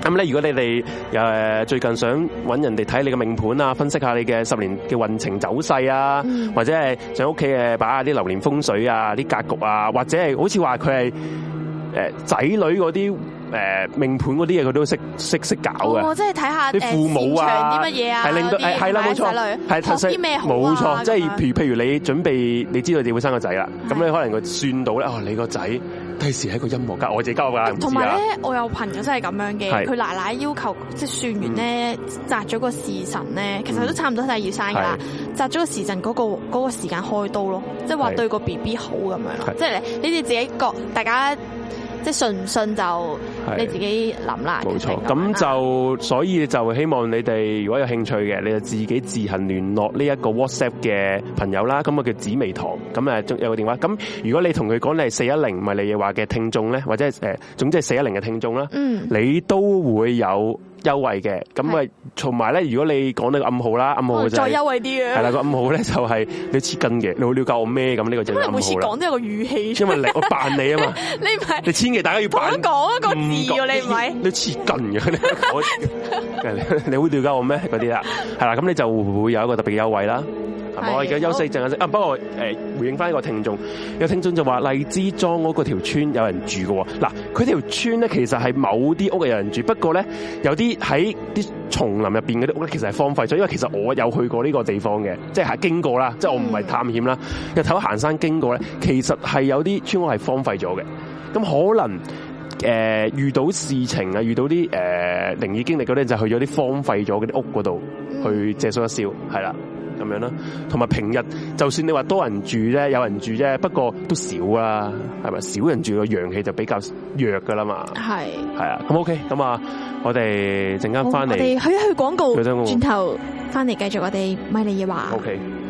咁咧如果你哋誒最近想搵人哋睇你嘅命盤啊，分析下你嘅十年嘅運程走勢啊，或者係想屋企誒擺下啲流年風水啊、啲格局啊，或者係好似話佢係誒仔女嗰啲。誒，命盤嗰啲嘢佢都識識識搞嘅，哦。我真係睇下啲父母啊，啲乜嘢啊，係令到係係啦，冇錯，係睇實冇錯，即係譬如譬如你準備，你知道你會生個仔啦，咁你可能佢算到咧，哦，你個仔第時喺個音樂家，我自己交噶。同埋咧，我有朋友真係咁樣嘅，佢奶奶要求即係算完咧，擇、嗯、咗個時辰咧，其實都差唔多第二生噶，擇咗個時辰嗰、那個、那個時間開刀咯，即係話對個 B B 好咁樣，即係你哋自己覺大家。即係信唔信就你自己諗啦。冇錯，咁就所以就希望你哋如果有興趣嘅，你就自己自行聯絡呢一個 WhatsApp 嘅朋友啦。咁我叫紫薇堂，咁啊有個電話。咁如果你同佢講你係四一零唔係你嘅話嘅聽眾咧，或者係誒，總之係四一零嘅聽眾啦，你都會有。優惠嘅，咁咪同埋咧，如果你講呢個暗號啦，暗號就係、再優惠啲嘅，係、那、啦個暗號咧就係你黐筋嘅，你好了解我咩？咁呢、呢個就係。我每次講都有個語氣， 因為我扮你啊嘛。你唔係你千祈大家要扮講一個字啊，你唔係你黐筋嘅，你會了解我咩？嗰啲啦，係啦，咁你就會有一個特別優惠啦。我而家休息陣間啊，不過誒，回應翻一個聽眾，有聽眾就話荔枝莊嗰條村有人住嘅喎。嗱，佢條村咧其實係某啲屋嘅有人住，不過咧有啲喺啲叢林入面嗰啲屋咧，其實係荒廢咗。因為其實我有去過呢個地方嘅，即係經過啦，即係我唔係探險啦、嗯，日頭行山經過咧，其實係有啲村屋係荒廢咗嘅。咁可能誒遇到事情啊，遇到啲誒、呃、靈異經歷嗰啲，就去咗啲荒廢咗嗰啲屋嗰度去借宿一宵，係啦。咁樣啦，同埋平日就算你話多人住啫，有人住啫，不過都少啊，係咪少人住個陽氣就比較弱噶啦嘛？係係啊，咁 OK，咁啊，我哋陣間翻嚟，我哋去一去廣告，轉頭翻嚟繼續我哋咪你嘅話。OK。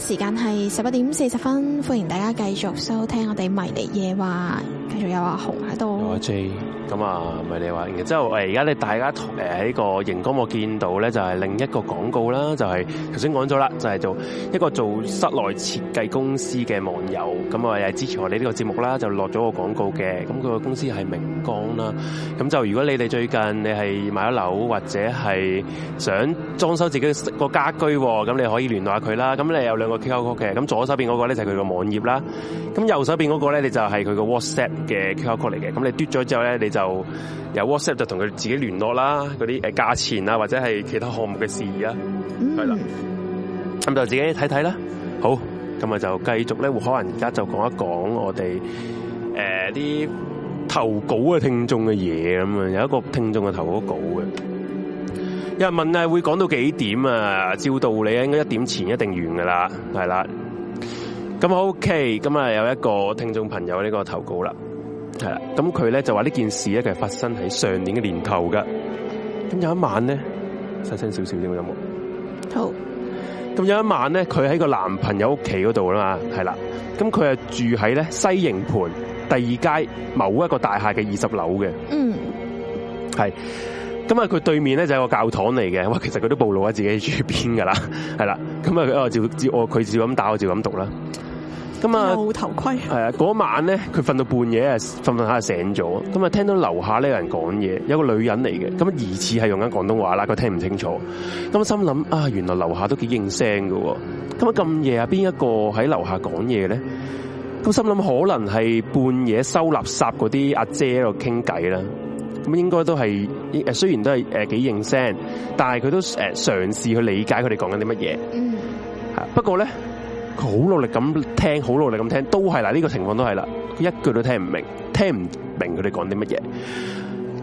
時間係十一點四十分，歡迎大家繼續收聽我哋迷你夜話，繼續有阿紅喺度，有阿 J，咁啊迷你夜話嘅之後，誒而家咧大家誒喺個熒光幕見到咧就係另一個廣告啦，就係頭先講咗啦，就係做一個做室內設計公司嘅網友，咁啊又係支持我哋呢個節目啦，就落咗個廣告嘅，咁佢個公司係明。講啦，咁就如果你哋最近你係買咗樓或者係想裝修自己個家居，咁你可以聯絡下佢啦。咁你有兩個 QR Code 嘅，咁左手邊嗰個咧就係佢個網頁啦。咁右手邊嗰個咧，你就係佢個 WhatsApp 嘅 QR Code 嚟嘅。咁你嘟咗之後咧，你就由 WhatsApp 就同佢自己聯絡啦。嗰啲誒價錢啊，或者係其他項目嘅事宜啊，係啦。咁就自己睇睇啦。好，咁啊就繼續咧，可能而家就講一講我哋誒啲。呃投稿啊，聽眾嘅嘢咁啊，有一個聽眾嘅投稿嘅，有人問啊會講到幾點啊？照道理應該一點前一定完噶啦，係啦。咁 OK，咁啊有一個聽眾朋友呢個投稿啦，係啦。咁佢咧就話呢件事咧係發生喺上年嘅年頭噶。咁有一晚咧，細聲少少啲嘅音樂，好。咁有一晚咧，佢喺個男朋友屋企嗰度啦嘛，係啦。咁佢係住喺咧西營盤。第二街某一個大廈嘅二十樓嘅，嗯，係，咁啊佢對面咧就係個教堂嚟嘅，哇，其實佢都暴露喺自己嘅住邊噶啦，係啦，咁啊，我照照我佢照咁打，我照咁讀啦。咁啊，冇頭盔，啊，係啊，嗰晚咧佢瞓到半夜啊，瞓瞓下醒咗，咁啊聽到樓下呢有人講嘢，有個女人嚟嘅，咁啊疑似係用緊廣東話啦，佢聽唔清楚，咁心諗啊原來樓下都幾應聲噶，咁啊咁夜啊邊一個喺樓下講嘢咧？我心諗可能係半夜收垃圾嗰啲阿姐喺度傾偈啦，咁應該都係，雖然都係誒幾應聲，但係佢都誒嘗試去理解佢哋講緊啲乜嘢。嗯，不過咧，佢好努力咁聽，好努力咁聽，都係啦，呢個情況都係啦，佢一句都聽唔明，聽唔明佢哋講啲乜嘢。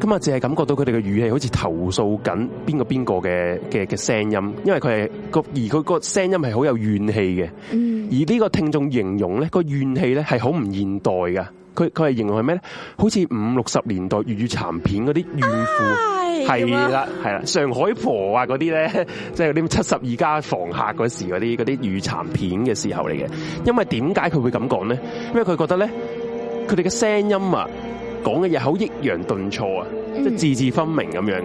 咁啊，淨係感覺到佢哋嘅語氣好似投訴緊邊個邊個嘅嘅嘅聲音，因為佢係個而佢個聲音係好有怨氣嘅、嗯。而呢個聽眾形容咧，個怨氣咧係好唔現代㗎。佢佢係形容係咩咧？好似五六十年代粵語殘片嗰啲怨婦，係啦係啦，上海婆啊嗰啲咧，即係啲七十二家房客嗰時嗰啲啲語殘片嘅時候嚟嘅。因為點解佢會咁講咧？因為佢覺得咧，佢哋嘅聲音啊。講嘅嘢好抑揚頓挫啊，即係、就是、字字分明咁樣嘅。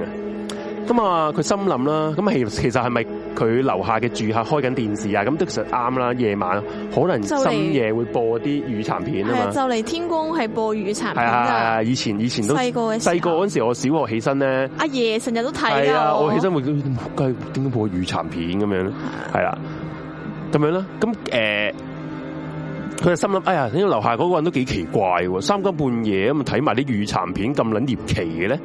咁啊，佢心諗啦，咁係其實係咪佢樓下嘅住客開緊電視啊？咁的確啱啦，夜晚可能深夜會播啲雨殘片啊嘛。就嚟天光係播雨殘片係啊，以前以前都細個，細個嗰陣時，候小時候我小學起身咧。阿爺成日都睇啊。我起身會點解播雨殘片咁樣咧？係啦，咁樣咧，咁誒。佢就心諗：哎呀，呢個樓下嗰個人都幾奇怪喎，三更半夜咁睇埋啲預殘片咁撚離奇嘅咧，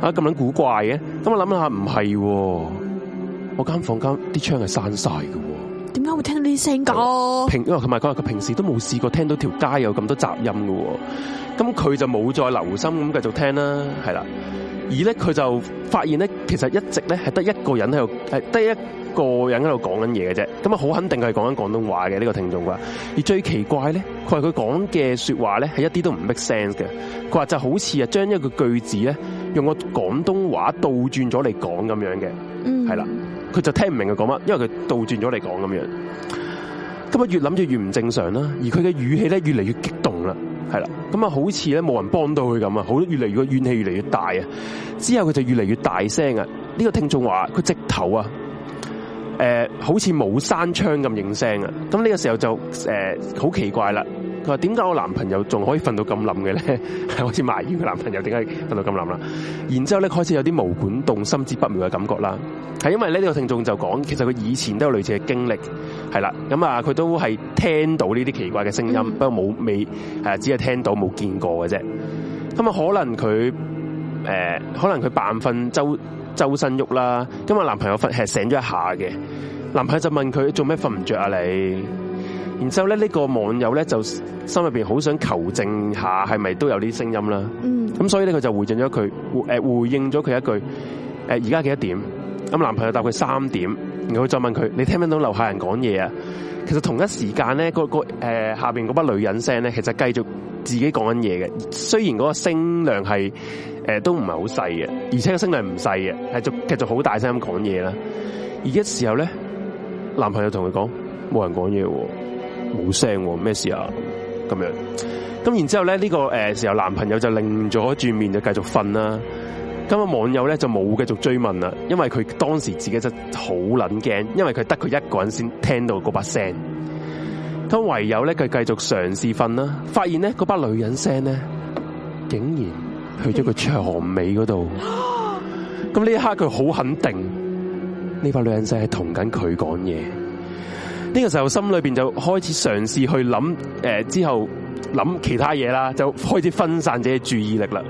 啊咁撚古怪嘅，咁我諗下唔係，我間房間啲窗係閂曬嘅，點解會聽到呢啲聲噶？平，平因為同埋佢話，佢平時都冇試過聽到條街有咁多雜音嘅，咁佢就冇再留心咁繼續聽啦，係啦。而咧佢就發現咧，其實一直咧係得一個人喺度，係得一。一個人喺度講緊嘢嘅啫，咁啊好肯定係講緊廣東話嘅呢個聽眾話。而最奇怪咧，佢話佢講嘅說話咧係一啲都唔 make sense 嘅。佢話就好似啊將一個句子咧用個廣東話倒轉咗嚟講咁樣嘅，係、嗯、啦，佢就聽唔明佢講乜，因為佢倒轉咗嚟講咁樣。咁啊越諗就越唔正常啦，而佢嘅語氣咧越嚟越激動啦，係啦，咁啊好似咧冇人幫到佢咁啊，好越嚟越怨氣越嚟越大啊。之後佢就越嚟越大聲啊，呢個聽眾話佢直頭啊。誒、呃，好似冇閂窗咁應聲啊！咁呢個時候就誒，好、呃、奇怪啦！佢話點解我男朋友仲可以瞓到咁冧嘅咧？係 好似埋怨佢男朋友點解瞓到咁冧啦？然之後咧開始有啲毛管動心知不妙嘅感覺啦。係因為呢個聽眾就講，其實佢以前都有類似嘅經歷，係啦，咁啊佢都係聽到呢啲奇怪嘅聲音，嗯、不過冇未只係聽到冇見過嘅啫。咁啊可能佢誒、呃，可能佢扮瞓周。就呻喐啦，咁啊，男朋友瞓係醒咗一下嘅，男朋友就問佢做咩瞓唔着啊你？然之後咧呢個網友咧就心入邊好想求證下係咪都有啲聲音啦，咁、嗯、所以咧佢就回應咗佢，誒回應咗佢一句，誒而家幾多點？咁男朋友答佢三點。然後佢再問佢你聽唔聽到樓下人講嘢啊？其實同一時間咧個個誒下邊嗰筆女人聲咧，其實繼續自己講緊嘢嘅，雖然嗰個聲量係。誒，都唔係好細嘅，而且個聲量唔細嘅，係續繼續好大聲咁講嘢啦。而一時候咧，男朋友同佢講，冇人講嘢，冇聲，咩事啊？咁樣。咁然之後咧，呢個誒時候，男朋友就擰咗轉面就繼續瞓啦。咁啊，網友咧就冇繼續追問啦，因為佢當時自己真好撚驚，因為佢得佢一個人先聽到嗰把聲。咁唯有咧佢繼續嘗試瞓啦，發現咧嗰把女人聲咧，竟然。去咗個長尾嗰度，咁呢一刻佢好肯定呢班 女人仔係同緊佢講嘢，呢、這個時候心裏邊就開始嘗試去諗，誒、呃、之後諗其他嘢啦，就開始分散自己的注意力啦。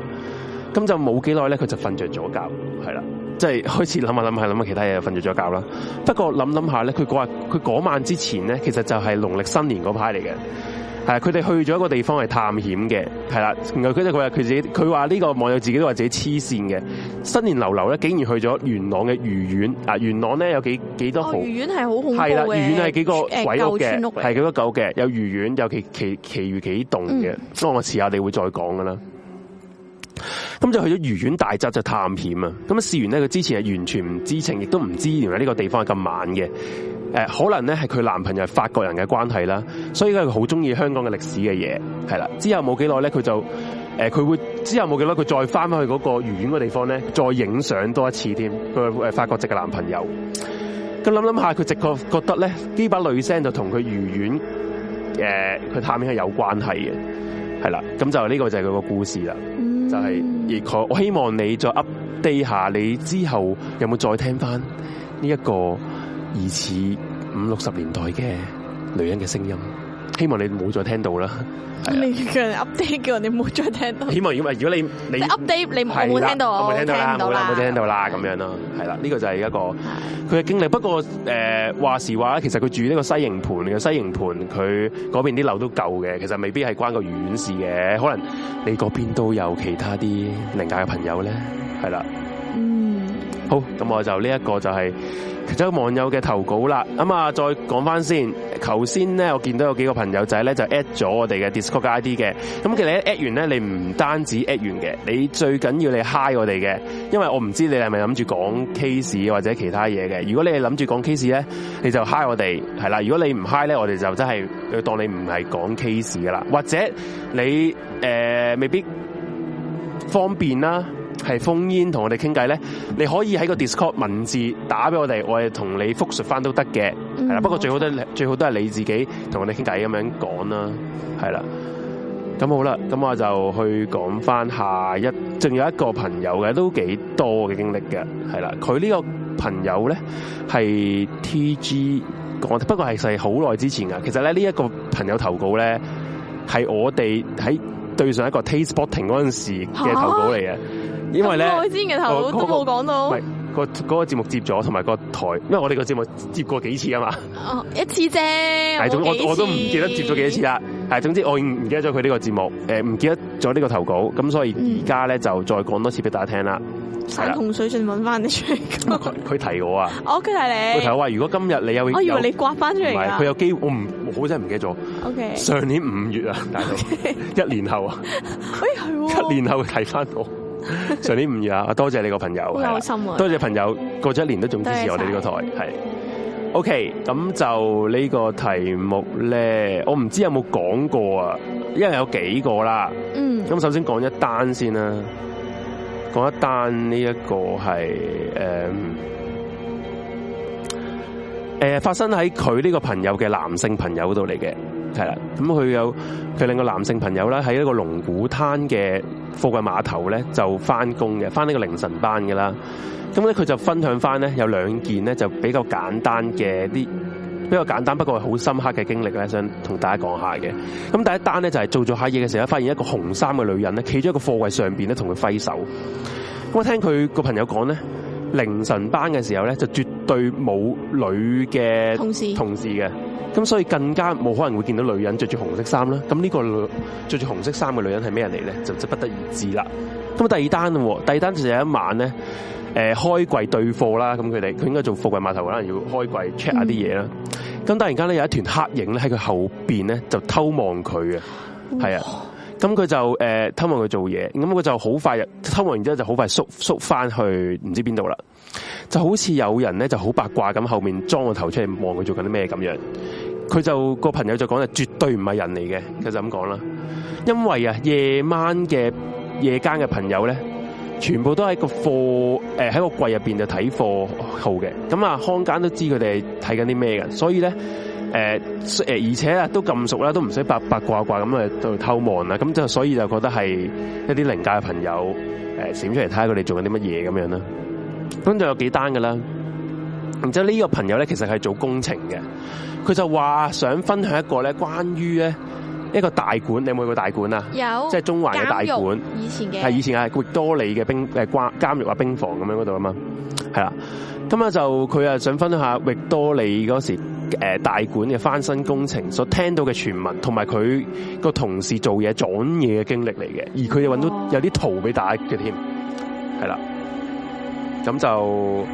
咁就冇幾耐咧，佢就瞓着咗覺，係啦，即、就、係、是、開始諗下諗下諗下其他嘢，瞓着咗覺啦。不過諗諗下咧，佢嗰日佢嗰晚之前咧，其實就係農曆新年嗰排嚟嘅。係，佢哋去咗一個地方係探險嘅，係啦。佢就佢話佢自己，佢話呢個網友自己都話自己黐線嘅。新年流流咧，竟然去咗元朗嘅魚苑啊！元朗咧有幾幾多號？魚苑係好恐怖嘅。係啦，魚苑係幾個鬼屋嘅，係幾多狗嘅，有魚苑，有其其其餘幾棟嘅。咁、嗯、我遲下你會再講噶啦。咁就去咗魚苑大宅就探險啊！咁啊，事緣咧，佢之前係完全唔知情，亦都唔知原來呢個地方係咁猛嘅。誒可能咧係佢男朋友係法國人嘅關係啦，所以佢好中意香港嘅歷史嘅嘢，係啦。之後冇幾耐咧，佢就誒佢會之後冇幾耐，佢再翻翻去嗰個魚丸嘅地方咧，再影相多一次添。佢誒法國籍嘅男朋友咁諗諗下，佢直覺覺得咧呢把女聲就同佢魚丸，誒佢探麵係有關係嘅，係啦。咁就呢個就係佢個故事啦，就係而佢，我希望你再 update 低下，你之後有冇再聽翻呢一個疑似？五六十年代嘅女人嘅聲音，希望你唔好再聽到啦。你叫人 update 叫人，唔好再聽到。希望如果如果你你 update，、就是、你冇冇聽到我冇聽到啦，冇啦，冇聽到啦，咁樣咯，係啦。呢、這個就係一個佢嘅經歷。不過誒，呃、話時話其實佢住呢個西營盤嘅西營盤，佢嗰邊啲樓都舊嘅。其實未必係關個院事嘅，可能你嗰邊都有其他啲靈界嘅朋友咧，係啦。嗯，好，咁我就呢一個就係、是。其中網友嘅投稿啦，咁啊再講翻先。頭先咧，我見到有幾個朋友仔咧就 at 咗我哋嘅 Discord ID 嘅。咁其實一 at 完咧，你唔單止 at 完嘅，你最緊要你 hi 我哋嘅。因為我唔知你係咪諗住講 case 或者其他嘢嘅。如果你係諗住講 case 咧，你就 hi 我哋係啦。如果你唔 hi 咧，我哋就真係要當你唔係講 case 噶啦。或者你誒、呃、未必方便啦。係封煙同我哋傾偈咧，你可以喺個 Discord 文字打俾我哋，我哋同你複述翻都得嘅。係、嗯、啦，不過最好都係最好都係你自己同我哋傾偈咁樣講啦，係啦。咁好啦，咁我就去講翻下一，仲有一個朋友嘅，都幾多嘅經歷嘅，係啦。佢呢個朋友咧係 TG，我不過係實係好耐之前啊，其實咧呢一個朋友投稿咧係我哋喺對上一個 Taste Botting 嗰陣時嘅投稿嚟嘅。啊啊因為咧，我之前嘅投稿都冇講到，唔係嗰嗰個節、那個、目接咗，同埋個台，因為我哋個節目接過幾次啊嘛，哦，一次啫，係，我總我，我都唔記得接咗幾多次啦，係，總之我唔記得咗佢呢個節目，誒，唔記得咗呢個投稿，咁所以而家咧就再講多次俾大家聽啦，係、嗯、山同水盡揾翻你出嚟，佢 提我啊，哦、佢佢提我提你，佢提我話如果今日你有，有，我以為你刮翻出嚟噶，佢有機會，我唔，我真係唔記得咗，OK，上年五月啊，大 一年後啊，哎係喎，一年後會提翻我。上年五月啊，多謝你個朋友，多謝朋友過咗一年都仲支持我哋呢個台，係 OK。咁就呢個題目咧，我唔知有冇講過啊，因為有幾個啦。嗯，咁首先講一單先啦，講一單呢一個係誒誒，發生喺佢呢個朋友嘅男性朋友度嚟嘅，係啦。咁佢有佢另一個男性朋友啦，喺一個龍鼓灘嘅。貨櫃碼頭咧就翻工嘅，翻呢個凌晨班嘅啦。咁咧佢就分享翻咧有兩件咧就比較簡單嘅啲比較簡單，不過係好深刻嘅經歷咧，想同大家講下嘅。咁第一單咧就係做做下嘢嘅時候，發現一個紅衫嘅女人咧企咗喺個貨櫃上面咧同佢揮手。咁我聽佢個朋友講咧，凌晨班嘅時候咧就絕對冇女嘅同事同事嘅。咁所以更加冇可能會見到女人着住紅色衫啦。咁呢個着住紅色衫嘅女人係咩人嚟咧？就即不得而知啦。咁第二單喎，第二單就有一晚咧，誒、呃、開櫃對貨啦。咁佢哋佢應該做貨櫃碼頭啦，可能要開櫃 check 下啲嘢啦。咁、嗯、突然間咧有一團黑影咧喺佢後面咧就偷望佢啊。係啊。咁佢就誒偷望佢做嘢，咁佢就好快偷望完之後就好快縮縮翻去唔知邊度啦。就好似有人咧就好八卦咁，後面裝個頭出嚟望佢做緊啲咩咁樣。佢、那、就個朋友就講：，就絕對唔係人嚟嘅。其實咁講啦，因為啊，夜晚嘅夜間嘅朋友咧，全部都喺個貨誒喺個櫃入邊就睇貨號嘅。咁啊，看間都知佢哋睇緊啲咩嘅。所以咧，誒、呃、誒，而且啊，都咁熟啦，都唔使八,八卦、卦咁啊，就偷望啦。咁就所以就覺得係一啲靈界嘅朋友誒，閃、呃、出嚟睇下佢哋做緊啲乜嘢咁樣啦、啊。咁就有幾單噶啦，然之後呢個朋友咧，其實係做工程嘅，佢就話想分享一個咧，關於咧一個大館，你有冇去過大館啊？有即，即係中環嘅大館，以前嘅係以前係域多利嘅兵誒關監獄啊兵房咁樣嗰度啊嘛，係啦，咁啊就佢啊想分享下域多利嗰時誒大館嘅翻新工程所聽到嘅傳聞，同埋佢個同事做嘢撞嘢嘅經歷嚟嘅，而佢又搵到有啲圖俾大家嘅添，係啦。咁就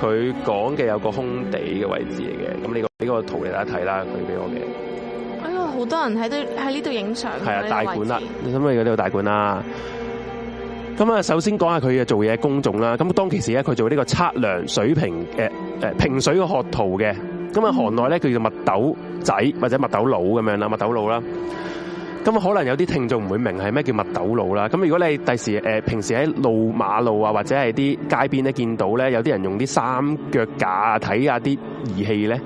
佢講嘅有個空地嘅位置嚟嘅，咁你個呢個圖嚟睇一睇啦，佢俾我嘅。哎好多人喺度喺呢度影相。係啊、這個，大館啦，因為佢呢個大館啦。咁啊，首先講下佢嘅做嘢工種啦。咁當其時咧，佢做呢個測量水平嘅誒平水嘅學徒嘅。咁啊，行內咧佢叫做麥斗仔或者麥斗佬咁樣啦，麥斗佬啦。咁可能有啲聽眾唔會明係咩叫麥斗路啦。咁如果你第時誒平時喺路馬路啊，或者係啲街邊咧見到咧，有啲人用啲三腳架睇下啲儀器咧，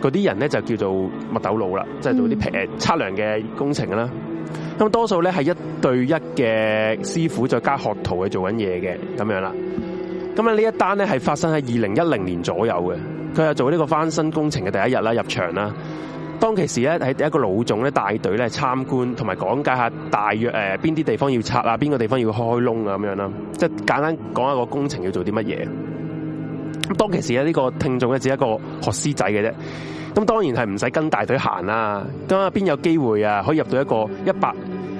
嗰啲人咧就叫做麥斗路啦，即係做啲誒測量嘅工程啦。咁、嗯、多數咧係一對一嘅師傅再加學徒去做緊嘢嘅咁樣啦。咁啊呢一單咧係發生喺二零一零年左右嘅，佢係做呢個翻新工程嘅第一日啦，入場啦。當其時咧，喺一個老總咧帶隊咧參觀，同埋講解下大約誒邊啲地方要拆啊，邊個地方要開窿啊咁樣啦，即係簡單講下個工程要做啲乜嘢。咁當其時咧，呢個聽眾咧只係一個學師仔嘅啫。咁當然係唔使跟大隊行啦。咁啊，邊有機會啊，可以入到一個一百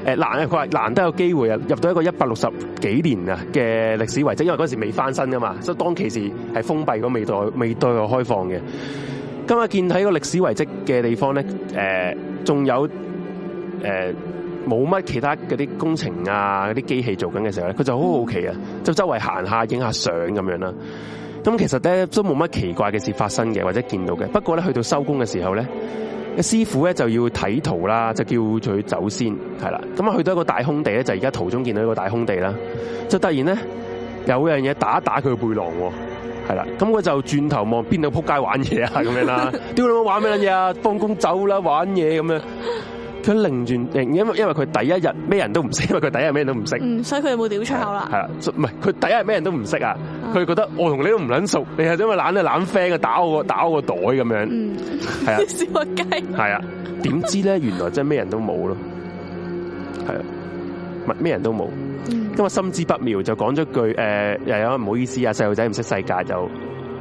誒難啊，佢話難得有機會啊，入到一個一百六十幾年啊嘅歷史遺跡，因為嗰時未翻新噶嘛，所以當其時係封閉，個未代未對外開放嘅。今日見喺個歷史遺迹嘅地方咧，誒、呃，仲有誒，冇、呃、乜其他嗰啲工程啊，嗰啲機器做緊嘅時候咧，佢就好好奇啊，就周圍行下，影下相咁樣啦。咁其實咧都冇乜奇怪嘅事發生嘅，或者見到嘅。不過咧去到收工嘅時候咧，師傅咧就要睇圖啦，就叫佢走先係啦。咁啊去到一個大空地咧，就而家途中見到一個大空地啦。就突然咧有樣嘢打打佢背囊。係啦，咁佢就轉頭望邊度撲街玩嘢啊，咁樣啦，屌你媽玩咩撚嘢啊，放工走啦，玩嘢咁樣。佢擰轉，因為因為佢第一日咩人都唔識，因為佢第一日咩人都唔識所。所以佢有冇屌出口啦？係啊，唔係佢第一日咩人都唔識啊，佢覺得我同你都唔捻熟，你係因為懶得懶 friend 打我個打我個袋咁樣。嗯，係啊，燒個雞。係啊，點知咧原來真係咩人都冇咯，係啊，乜咩人都冇。今、嗯、日心知不妙就講咗句誒，又、呃、有唔好意思啊，細路仔唔識世界就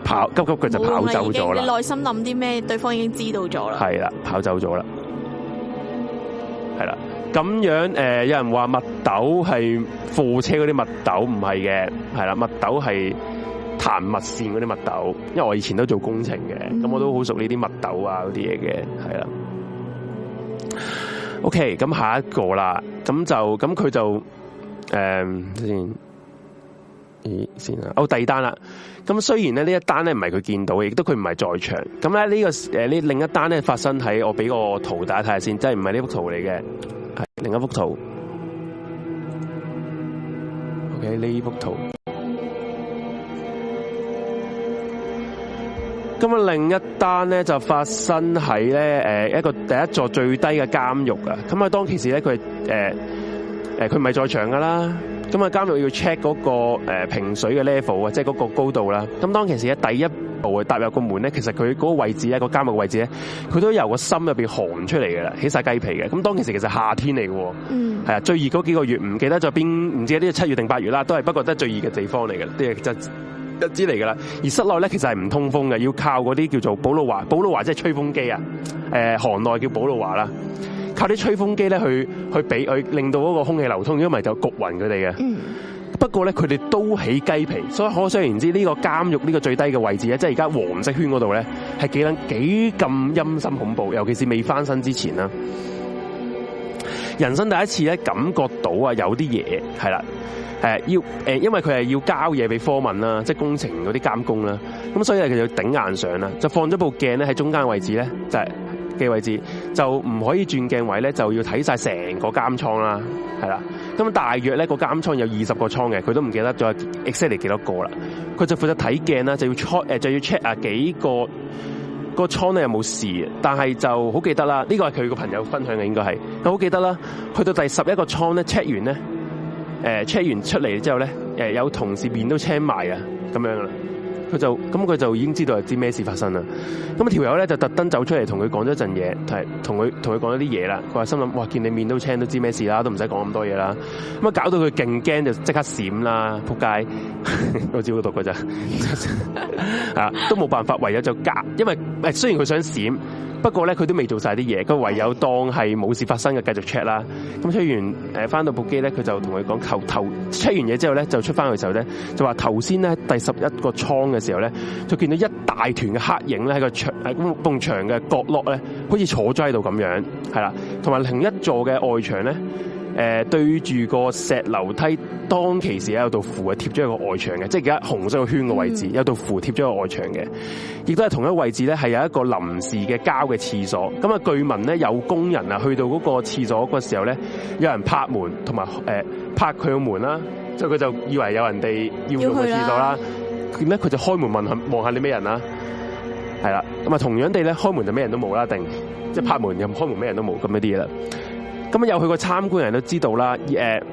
跑，急急腳就跑走咗啦。你內心諗啲咩？對方已經知道咗啦。係啦，跑走咗啦。係啦，咁樣誒、呃，有人話墨斗係貨車嗰啲墨斗唔係嘅，係啦，墨斗係彈墨線嗰啲墨斗。因為我以前都做工程嘅，咁、嗯、我都好熟呢啲墨斗啊嗰啲嘢嘅，係啦。OK，咁下一個啦，咁就咁佢就。那他就誒、um,，先，咦，先啦，哦，第二單啦。咁雖然咧呢一單咧唔係佢見到嘅，亦都佢唔係在場。咁咧呢個誒呢、呃、另一單咧發生喺我俾個圖大家睇下先，即係唔係呢幅圖嚟嘅，係另一幅圖。OK，呢幅圖。咁啊，另一單咧就發生喺咧誒一個第一座最低嘅監獄啊。咁啊，當其時咧佢係誒。呃誒佢唔係在場噶啦，咁啊，監獄要 check 嗰個誒瓶水嘅 level 啊，即係嗰個高度啦。咁當其時咧，第一步啊，踏入個門咧，其實佢嗰個位置一個監獄嘅位置咧，佢都由個心入邊寒出嚟嘅啦，起晒雞皮嘅。咁當其時其實夏天嚟嘅，係、嗯、啊最熱嗰幾個月唔記得咗邊，唔知呢啲七月定八月啦，都係不覺得最熱嘅地方嚟嘅，啲日就是、一支嚟嘅啦。而室內咧其實係唔通風嘅，要靠嗰啲叫做保露華，保露華即係吹風機啊，誒、呃、行內叫保露華啦。靠啲吹風機咧去去俾去令到嗰個空氣流通，如果唔係就焗暈佢哋嘅。不過咧，佢哋都起雞皮，所以可想而知呢個監獄呢個最低嘅位置咧，即係而家黃色圈嗰度咧，係幾撚幾咁陰森恐怖，尤其是未翻身之前啦。人生第一次咧，感覺到啊有啲嘢係啦，誒要誒，因為佢係要交嘢俾科文啦，即係工程嗰啲監工啦。咁所以佢要頂硬上啦，就放咗部鏡咧喺中間位置咧，就係嘅位置。就是就唔可以轉鏡位咧，就要睇晒成個監倉啦，係啦。咁大約咧個監倉有二十個倉嘅，佢都唔記得仲有 exactly 幾多個啦。佢就負責睇鏡啦，就要 check、呃、就要 check 啊幾個個倉咧有冇事。但係就好記得啦，呢、呢個係佢個朋友分享嘅應該係。我好記得啦，去到第十一個倉咧 check 完咧，誒、呃、check 完出嚟之後咧、呃，有同事面都青埋啊，咁樣啦。佢就咁，佢就已經知道係知咩事發生啦。咁啊條友咧就特登走出嚟同佢講咗陣嘢，係同佢同佢講咗啲嘢啦。佢話心諗，哇見你面都青都知咩事啦，都唔使講咁多嘢啦。咁啊搞到佢勁驚就即刻閃啦，撲街 都知好毒噶咋啊！ 都冇辦法，唯有就隔，因為誒雖然佢想閃。不過咧，佢都未做曬啲嘢，佢唯有當係冇事發生嘅，繼續 check 啦。咁 check 完返翻到部機咧，佢就同佢講求頭 check 完嘢之後咧，就出翻去嘅時候咧，就話頭先咧第十一個倉嘅時候咧，就見到一大團嘅黑影咧喺個牆誒，棟牆嘅角落咧，好似坐咗喺度咁樣，係啦，同埋另一座嘅外牆咧。誒，對住個石樓梯，當其時有一道符、嗯、有道符貼咗一個外牆嘅，即係而家紅咗個圈嘅位置，有道符貼咗個外牆嘅，亦都係同一位置咧，係有一個臨時嘅膠嘅廁所。咁啊，據聞咧有工人啊去到嗰個廁所嗰時候咧，有人拍門同埋誒拍佢個門啦，所以佢就以為有人哋要用個廁所啦。咁咧佢就開門問下望下你咩人啦，係啦。咁啊，同樣地咧，開門就咩人都冇啦，定即係拍門又開門咩人都冇咁一啲嘢啦。咁有去過參觀人都知道啦，誒、呃、誒、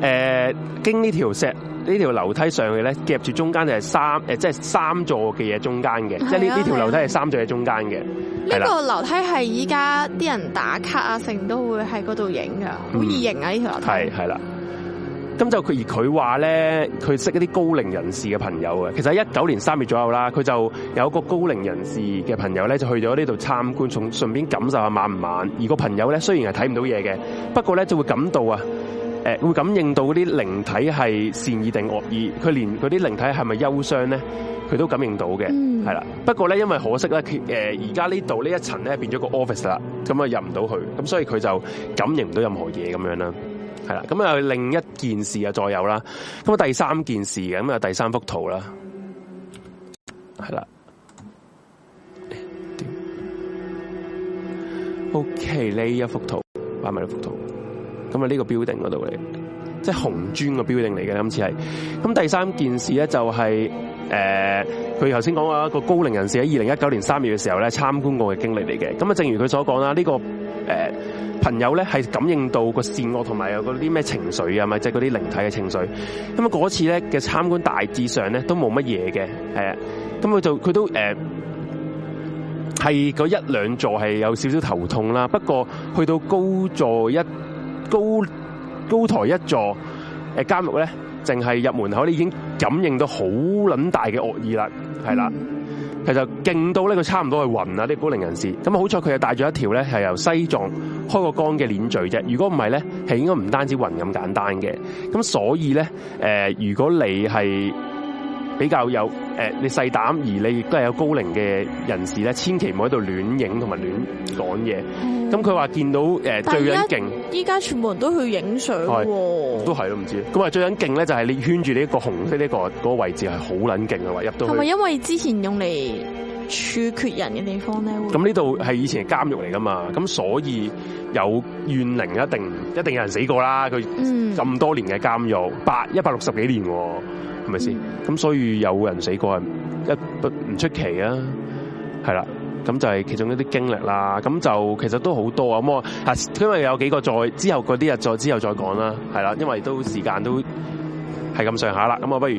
呃，經呢條石呢條樓梯上去咧，夾住中間就係三即係三座嘅嘢中間嘅，即係呢呢條樓梯係三座嘅中間嘅。呢、呢個樓梯係依家啲人打卡等等啊，成日都會喺嗰度影噶，好易影啊！呢條樓梯係係啦。咁就佢而佢話咧，佢識一啲高齡人士嘅朋友其實喺一九年三月左右啦，佢就有一個高齡人士嘅朋友咧，就去咗呢度參觀，從順便感受下晚唔晚。而個朋友咧雖然係睇唔到嘢嘅，不過咧就會感到啊，誒、呃、會感應到嗰啲靈體係善意定惡意。佢連嗰啲靈體係咪憂傷咧，佢都感應到嘅，係、嗯、啦。不過咧因為可惜咧，誒而家呢度呢一層咧變咗個 office 啦，咁啊入唔到去，咁所以佢就感應唔到任何嘢咁樣啦。係、嗯、啦，咁啊另一件事啊再有啦，咁啊第三件事，咁啊第三幅圖啦，係、嗯、啦，點、嗯、？OK 呢一幅圖，擺埋呢幅圖，咁啊呢個 building 嗰度嚟，即係紅磚個 building 嚟嘅，今次係，咁第三件事咧就係、是、誒，佢頭先講話一個高齡人士喺二零一九年三月嘅時候咧參觀過嘅經歷嚟嘅，咁啊正如佢所講啦，呢、這個誒。呃朋友咧係感應到個善惡同埋有嗰啲咩情緒啊咪即係嗰啲靈體嘅情緒。咁啊嗰次咧嘅參觀大致上咧都冇乜嘢嘅，誒，咁佢就佢都誒係嗰一兩座係有少少頭痛啦，不過去到高座一高高台一座誒監獄咧，淨、呃、係入門口咧已經感應到好撚大嘅惡意啦，係啦。其實勁到咧，佢差唔多係暈啊啲高齡人士，咁啊好彩佢又帶咗一條咧係由西藏開個光嘅鏈墜啫、呃。如果唔係咧，係應該唔單止暈咁簡單嘅。咁所以咧，誒如果你係，比較有誒，你細膽，而你亦都係有高齡嘅人士咧，千祈唔好喺度亂影同埋亂講嘢。咁佢話見到最撚勁，依家全部人都去影相都係都唔知。咁啊最撚勁咧就係你圈住呢一個紅色呢個位置係好撚勁嘅話入到。係咪因為之前用嚟處決人嘅地方咧？咁呢度係以前嘅監獄嚟㗎嘛？咁所以有怨靈一定一定有人死過啦。佢咁多年嘅監獄，百一百六十幾年。咁、嗯、所以有人死過係一不唔出奇啊，係啦，咁就係其中一啲經歷啦，咁就其實都好多啊，咁啊，因為有幾個再之後嗰啲日再之後再講啦，係啦，因為都時間都係咁上下啦，咁我不如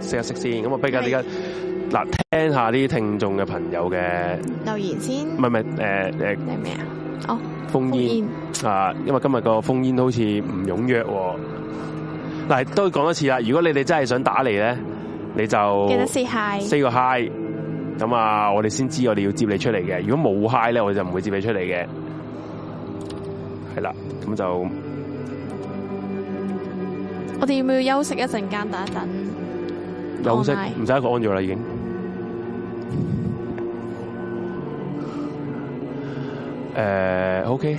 試一食先，咁我不如而家嗱聽一下啲聽眾嘅朋友嘅留言先，唔係唔係，誒誒，咩、呃、啊？哦，烽、oh, 煙啊，因為今日個烽煙好似唔踴躍喎。但嗱，都講多次啦。如果你哋真係想打嚟咧，你就記得四嗨，四個嗨咁啊，我哋先知我哋要接你出嚟嘅。如果冇嗨咧，我哋就唔會接你出嚟嘅。係啦，咁就我哋要唔要休息一陣間？等一等，休息唔使、oh, 一個安咗啦，已經。誒、 uh,，OK，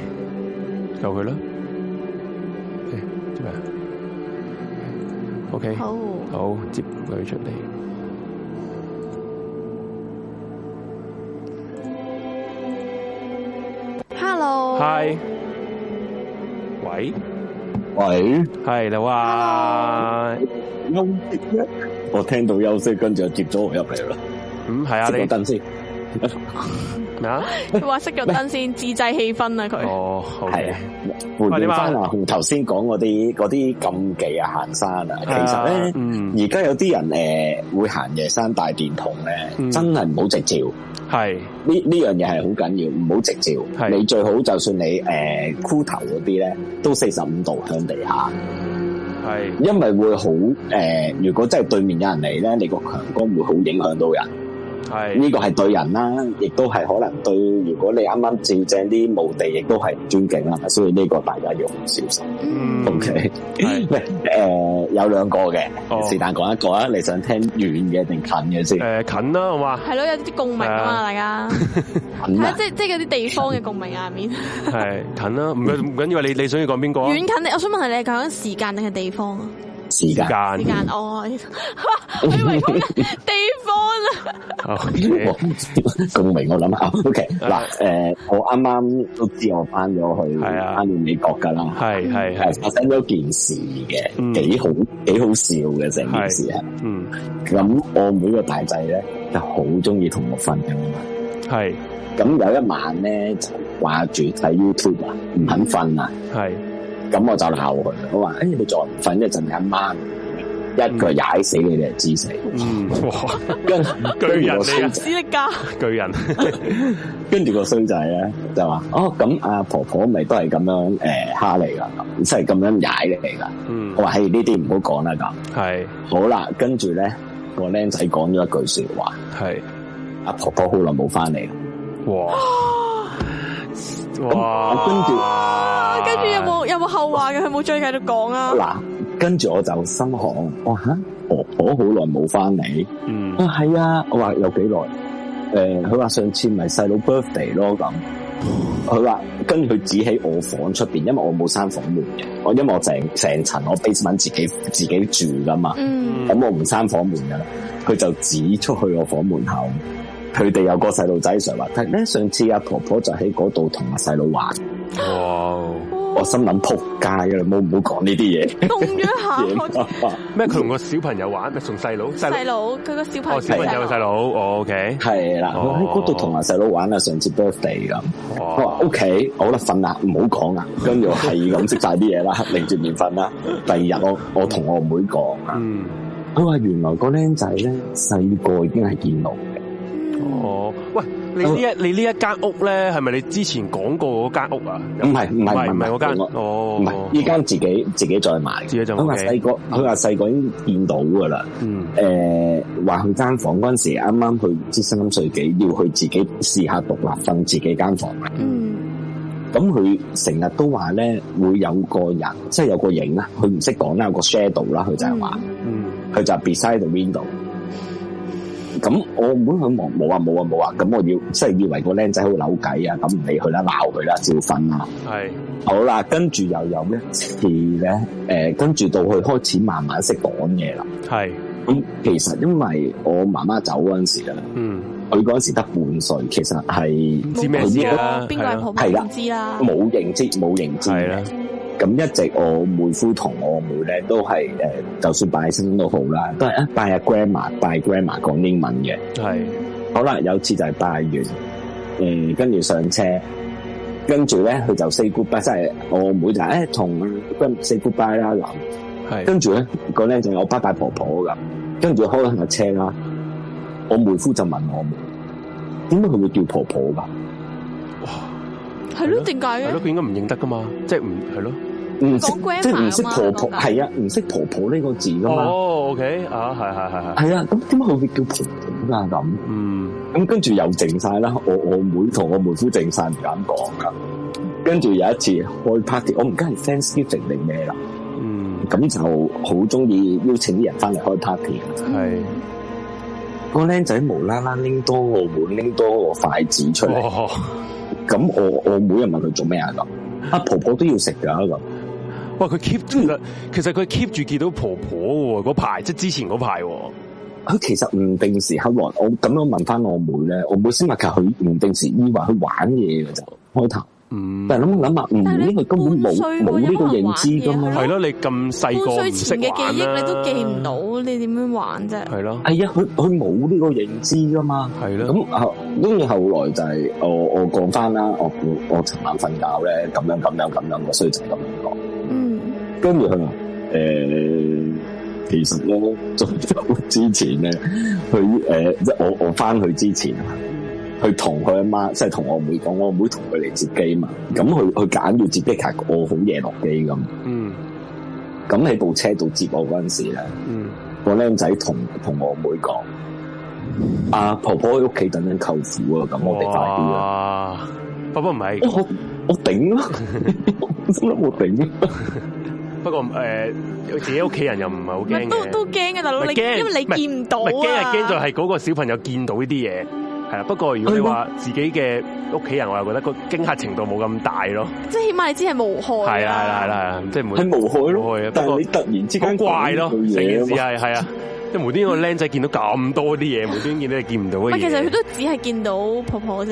就佢啦。O、okay, K，好,好接佢出嚟。Hello，Hi，喂喂，係劉華。Hello，休 我聽到休息，跟住就接咗我入嚟啦。嗯，係啊，等你等先。 佢話熄咗燈先燈，自製氣氛啊！佢哦、oh, okay.，係啊，換翻啊，頭先講嗰啲嗰啲禁忌啊，行山啊，其實咧，而、啊、家、嗯、有啲人誒、呃、會行夜山帶電筒咧，真係唔好直照，係呢呢樣嘢係好緊要，唔好直照係，你最好就算你誒箍、呃、頭嗰啲咧，都四十五度向地下，係，因為會好誒、呃，如果真係對面有人嚟咧，你個強光會好影響到人。係呢、這個係對人啦，亦、嗯、都係可能對如果你啱啱照正啲墓地，亦都係唔尊敬啦，係，所以呢個大家要不小心。嗯，O K，喂，誒、okay 呃，有兩個嘅，是但講一個啊，你想聽遠嘅定近嘅先？誒、欸，近啦，好嗎嘛？係咯，有啲共鳴啊，大家近、啊、即即係嗰啲地方嘅共鳴啊，係 係近啦、啊，唔係緊要緊，你你想要講邊個？遠近，我想問下你，講緊時間定係地方啊？時間、時間、哦、嗯，哇、去地方、啊 Okay . 我 okay. uh, 啦。呃我剛剛知我 uh, 我 um, 好，共鳴我諗下 OK，嗱，誒，我啱啱都知我翻咗去，係啊，翻到美國噶啦。係係係，發生咗件事嘅，幾好幾好笑嘅成件事啊。嗯，咁我每個大仔咧就好中意同我瞓噶嘛。係、uh，咁有一晚咧，就掛住睇 YouTube 啊，唔肯瞓啊。係。咁我就鬧佢，我話：誒、欸，你再唔瞓一陣一晚，一個踩死你哋知死。嗯、 跟住我衰仔，巨家巨人，跟住個衰仔咧就話：哦，咁阿、啊、婆婆咪都係咁樣誒蝦、欸、你噶，即係咁樣踩你嚟噶。㗎、嗯。」我話：嘿，呢啲唔好講啦。咁係好啦，跟住咧個僆仔講咗一句說話，係阿、啊、婆婆好耐冇翻嚟哇！咁，跟住，跟住有冇有冇後話嘅？佢冇再繼續講啊？嗱，跟住我就心諗，哇吓，我婆好耐冇翻嚟。嗯，啊係啊，我話有幾耐？誒、呃，佢話上次咪細佬 birthday 咯咁。佢話跟住指喺我房出邊，因為我冇閂房門嘅。我因為我成成層我 basement 自己自己住噶嘛。嗯，咁、嗯、我唔閂房門啦，佢就指出去我房門口。佢哋有個細路仔上滑梯咧，上次阿婆婆就喺嗰度同阿細佬玩。我心諗仆街㗎啦，冇，唔好講呢啲嘢。凍咗下，咩？ 佢同個小朋友玩，咪同細佬。細佬佢個小朋友、哦，小朋友個細佬。O K，係啦，佢喺嗰度同阿細佬玩啊，上次 birthday 咁。佢話 O K，我好啦，瞓啦，唔好講啦。跟住係咁食晒啲嘢啦，擰住面瞓啦。 第二日我我同我妹講啊，佢、嗯、話原來個僆仔咧細個已經係見到哦、嗯，喂，你，一、嗯、你一間屋呢一你呢一間屋咧，係咪你之前講過嗰間屋啊？唔係唔係唔係嗰間哦，唔係呢間自己、哦哦、自己再買，佢話細個佢話細個已經見到噶啦，嗯，誒，話佢間房嗰陣時剛剛，啱啱去即三三歲幾，要去自己試下獨立瞓自己間房間，嗯，咁佢成日都話咧會有個人，即、就、係、是、有個影啦，佢唔識講啦，有個 shadow 啦，佢就係話，嗯，佢、嗯、就 beside the window。咁我唔會去望，冇啊冇啊冇啊！咁、啊啊啊、我要即係以為個僆仔好扭計啊，咁唔理佢啦，鬧佢啦，照瞓啦。係好啦，跟住又有一次咧，跟、呃、住到佢開始慢慢識講嘢啦。係咁、嗯，其實因為我媽媽走嗰陣時㗎啦，嗯，佢嗰陣時得半歲，其實係唔知咩啦、啊，邊個婆婆、啊？係啦，唔知啦、啊，冇、啊、認知，冇認知。係啦、啊。咁一直我妹夫同我妹咧都係、呃、就算拜親都好啦，都係一、啊、拜阿、啊、grandma，拜 grandma 講英文嘅。好啦，有次就係拜完，跟、嗯、住上車，跟住咧佢就 say goodbye，即係我妹就係、欸、同 grand say goodbye 啦咁。跟住咧個咧仲有拜拜婆婆咁，跟住開緊架車啦。我妹夫就問我妹：點解佢會叫婆婆㗎？係咯，點解嘅？係咯，佢應該唔認得噶嘛，就是、對即係唔係咯？唔即係唔識婆婆，係啊，唔識婆婆呢個字噶嘛？哦、oh,，OK，啊、oh, yes, yes, yes, yes.，係係係係啊，咁點解佢會叫婆婆啊咁？嗯，咁跟住又靜晒啦，我我妹同我妹夫靜晒，唔敢講噶。跟住有一次開 party，我唔知係 Thanksgiving 定定咩啦，嗯，咁就好中意邀請啲人翻嚟開 party。係、mm. 個僆仔無啦啦拎多個碗，拎多個筷子出嚟。咁我我妹又問佢做咩啊咁，阿婆婆都要食噶咁。哇，佢 keep 住喇，其實佢 keep 住見到婆婆喎，嗰排即係之前嗰排。佢其實唔定時黑我，我咁樣問翻我妹咧，我妹先話佢，唔定時以為佢玩嘢嘅就開頭。唔、嗯，但係諗諗下，唔、嗯，因為根本冇冇呢個認知噶嘛，係咯？你咁細個嘅記憶，你都記唔到，你點樣玩啫？係咯？係呀，佢佢冇呢個認知噶嘛，係咯？咁後，跟住後來就係、是，我我講翻啦，我我尋晚瞓覺咧，咁樣咁樣咁樣，我所以就咁樣講。嗯，跟住佢話，誒、呃，其實咧，在走之前咧，佢 誒，即、呃、係我我翻去之前，去同佢阿媽，即係同我妹講，我妹同佢嚟接機啊嘛，咁去去揀要接機，其實我好夜落機咁。嗯，咁喺部車度接我嗰陣時咧，個僆仔同同我妹講：阿婆婆喺屋企等緊舅父啊，咁我哋快啲啊！婆婆唔係，我頂頂咯， 我冇頂。不過誒、呃，自己屋企人又唔係好驚嘅，都都驚嘅大佬，因為你見唔到啊，驚就係嗰個小朋友見到呢啲嘢。係，不過如果你話自己嘅屋企人，我又覺得個驚嚇程度冇咁大咯。即係起碼你知係無害。係啦係啦係啦，即係無害咯。無害，不過你突然之間講怪咯，成件事係係啊，即係 無端端個僆仔見到咁多啲嘢，無端端見到見唔到嘅嘢。 其實佢都只係見到婆婆啫，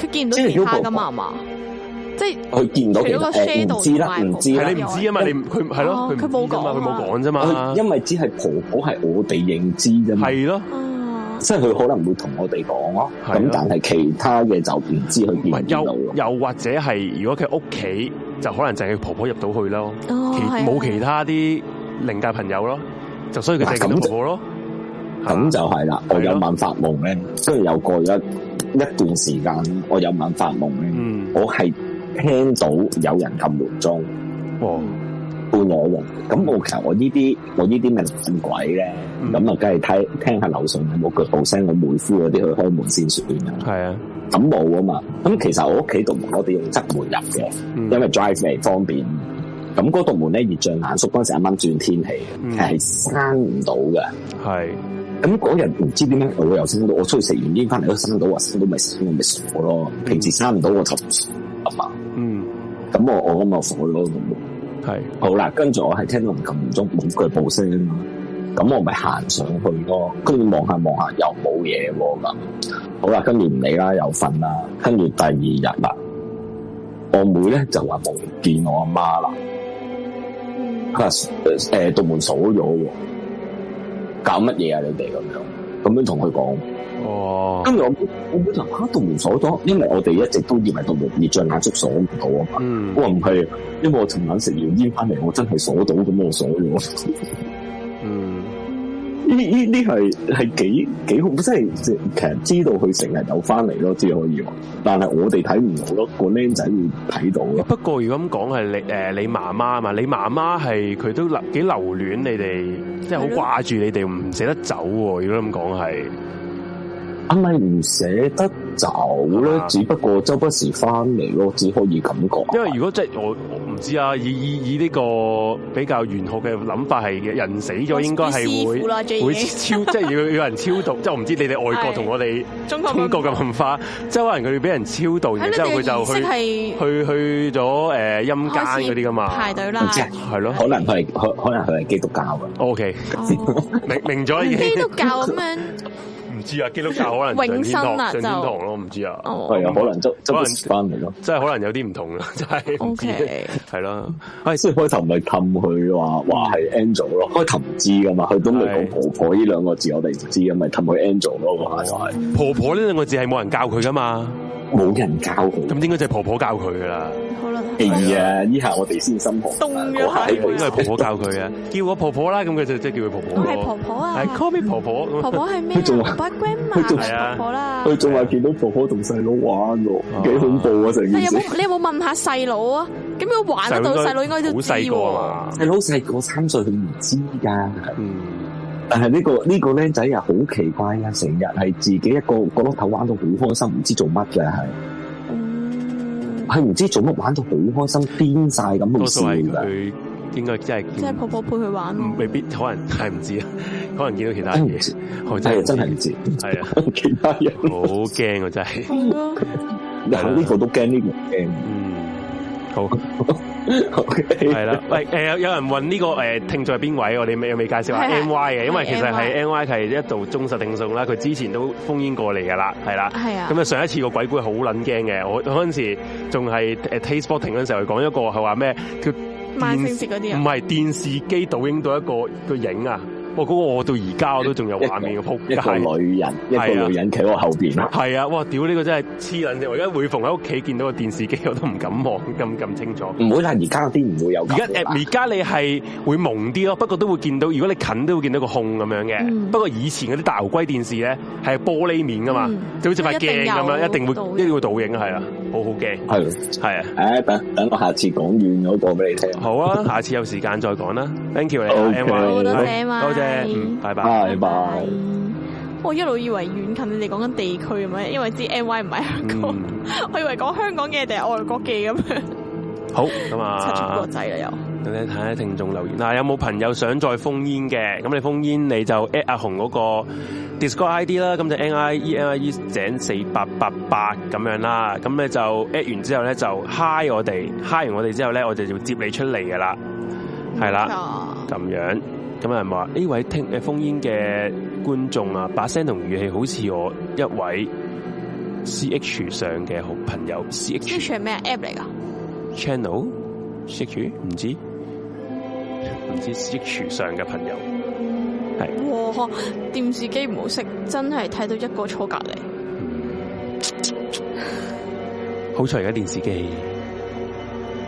佢見唔到其他噶嘛？係嘛？即係佢見到其他。唔知啦，你唔知啊嘛？你佢係咯，佢冇講嘛，佢冇講啫嘛。因為只係婆婆係我哋認知啫嘛。係咯。即係佢可能會同我哋講咯，咁但係其他嘅就唔知佢見唔到咯。又又或者係如果佢屋企就可能就係佢婆婆入到去咯，冇、哦、其，其他啲靈界朋友咯，就所以佢哋咁婆婆咯。咁、啊、就係啦，我有晚發夢咧，雖然又過咗一段時間，我有晚發夢咧、嗯，我係聽到有人撳門鐘。嗯半裸喎，咁我其實我呢啲我呢啲咪咩鬼咧？咁、嗯、啊，梗係睇聽下樓上有冇腳步聲，我妹夫嗰啲去開門先算啦。係啊，咁冇啊嘛。咁其實我屋企度門我哋用側門入嘅、嗯，因為 drive 先嚟方便。咁嗰棟門咧熱脹冷縮，嗰陣時啱啱轉天氣，係閂唔到嘅。係咁嗰日唔知點解我又閂到，我出去食完煙翻嚟都閂到，我閂到咪閂到咪鎖咯、嗯。平時閂唔到我頭阿嘛。嗯，咁我我咁啊火咗。係好啦，跟住我係聽到唔同唔足冇句報聲啊嘛，咁我咪行上去咯。跟住望下望下又冇嘢喎咁，好啦，跟住唔理啦，又瞓啦。跟住第二日啦，我妹咧就話冇見我阿媽啦，話誒，道門鎖咗，搞乜嘢啊你？你哋咁樣咁樣同佢講。哦，跟住我我本嚟吓度唔鎖，因為我哋一直都以為度門熱脹冷縮鎖唔到啊。我話唔係，因為我尋晚食完煙翻嚟，我真係鎖到，咁我鎖咗。呵呵嗯這，呢依啲係係幾幾好，即係其實知道佢成日走翻嚟咯，先可以話但係我哋睇唔到咯，個僆仔會睇到咯。不過如果咁講係你誒、呃，你媽媽啊嘛，你媽媽係佢都留幾留戀你哋，即係好掛住你哋，唔捨得走。如果咁講係。是係咪唔捨得走咧、啊，只不過周不時翻嚟咯，只可以咁講。因為如果即係我，我唔知啊，以以以呢個比較玄學嘅諗法係，人死咗應該係會會超， 即係要有人超度。即係我唔知你哋外國同我哋中國嘅文化，即係可能佢俾人超度、嗯，然之後佢就去去去咗誒陰間嗰啲噶嘛？排隊啦，唔知對啦，咯，可能係可可能佢係基督教嘅。OK，明明咗基督教咁樣。 知啊，基督教可能上天堂，上天堂咯，唔知啊，係、嗯、啊、嗯，可能都、嗯、可翻嚟咯，真係可能有啲唔同嘅。真係，O K，係啦，所以開頭咪氹佢話話係 Angel 咯，開頭唔知噶嘛，佢都未講婆婆呢兩個字我，我哋唔知，咁咪氹佢 Angel 咯，話就係婆婆呢兩個字係冇人教佢噶嘛。嗯冇人教，咁應該就係婆婆教佢噶啦。好啦，係啊，呢 下我哋先心寒。凍咗下，應該係婆婆教佢啊。叫我婆婆啦，咁佢就即係叫佢婆婆。係婆婆啊，係、哎、call me 婆婆。婆婆係咩、啊？八 grandma 係婆婆啦，佢仲話見到婆婆同細佬玩喎，幾、啊、恐怖啊！成你有冇？你有冇問下細佬啊？咁樣玩到細佬應該就知。細佬好細個，三歲佢唔知噶。嗯。但係呢個呢個僆仔又好奇怪啊！成日係自己一個角落頭玩到好開心，唔知做乜嘅係，係唔知做乜玩到好開心癲晒咁嘅意思嚟。佢應該真係即係婆婆陪佢玩，啊，未必可能太唔知啊，可能見到其他人，係真係唔知，係啊，其他人好驚啊，真係，吓呢個都驚，呢個驚，嗯，好。 係、okay. 啦，喂，誒有有人問呢個誒聽眾係邊位？我哋未未介紹下的 NY 嘅，因為其實係 NY 係一度忠實聽眾啦。佢之前都烽煙過嚟噶啦，係啦。係啊。咁啊上一次個鬼故好捻驚嘅，我嗰陣時仲係誒 Taste Talk 停嗰陣時候，講一個係話咩萬聖節，唔係電,電視機倒映到一個一個影啊！哇、哦！嗰、那個、我到而家我都仲有畫面嘅，一個女人，啊、一個女人企喺我後邊啦。係啊！哇！屌、這、呢個真係黐撚嘅，我而家每逢喺屋企見到個電視機我都唔敢望咁咁清楚。唔會係而家嗰啲唔會有。而家而家你係會朦啲咯，不過都會見到。如果你近都會見到個空咁樣嘅、嗯。不過以前嗰啲大牛龜電視咧係玻璃面㗎嘛，嗯、就好似塊鏡咁樣、嗯，一定會呢個倒影係啦，好好驚。係係啊，等、啊哎、等我下次講完嗰個俾你聽。好啊， 下次有時間再講啦。Thank you 你多謝。拜拜拜拜！我一路以為遠近你哋講緊地區咁樣，因為知 N Y 唔係香港，mm. 我以為講香港嘅定係外國嘅咁。好咁啊，七全國際啊又。等你睇下聽眾留言，嗱、啊、有冇朋友想再封煙嘅？咁你封煙你就 at 阿紅嗰個 Discord ID 啦，咁就 n i e n i e 井四八八八咁樣啦。咁咧就 at 完之後咧就 hi 我哋，hi 完我哋之後咧我就就接你出嚟噶啦，係、mm、啦 -hmm.，咁樣。有人話呢位聽誒，烽煙嘅觀眾啊，把聲同語氣好似我一位 C H 上嘅好朋友。C H 係咩 app 嚟噶？Channel？CH 唔知道，唔 知道 Ch, CH 上嘅朋友係。哇！電視機唔好識，真係睇到一個坐隔籬。嗯、好彩而家電視機。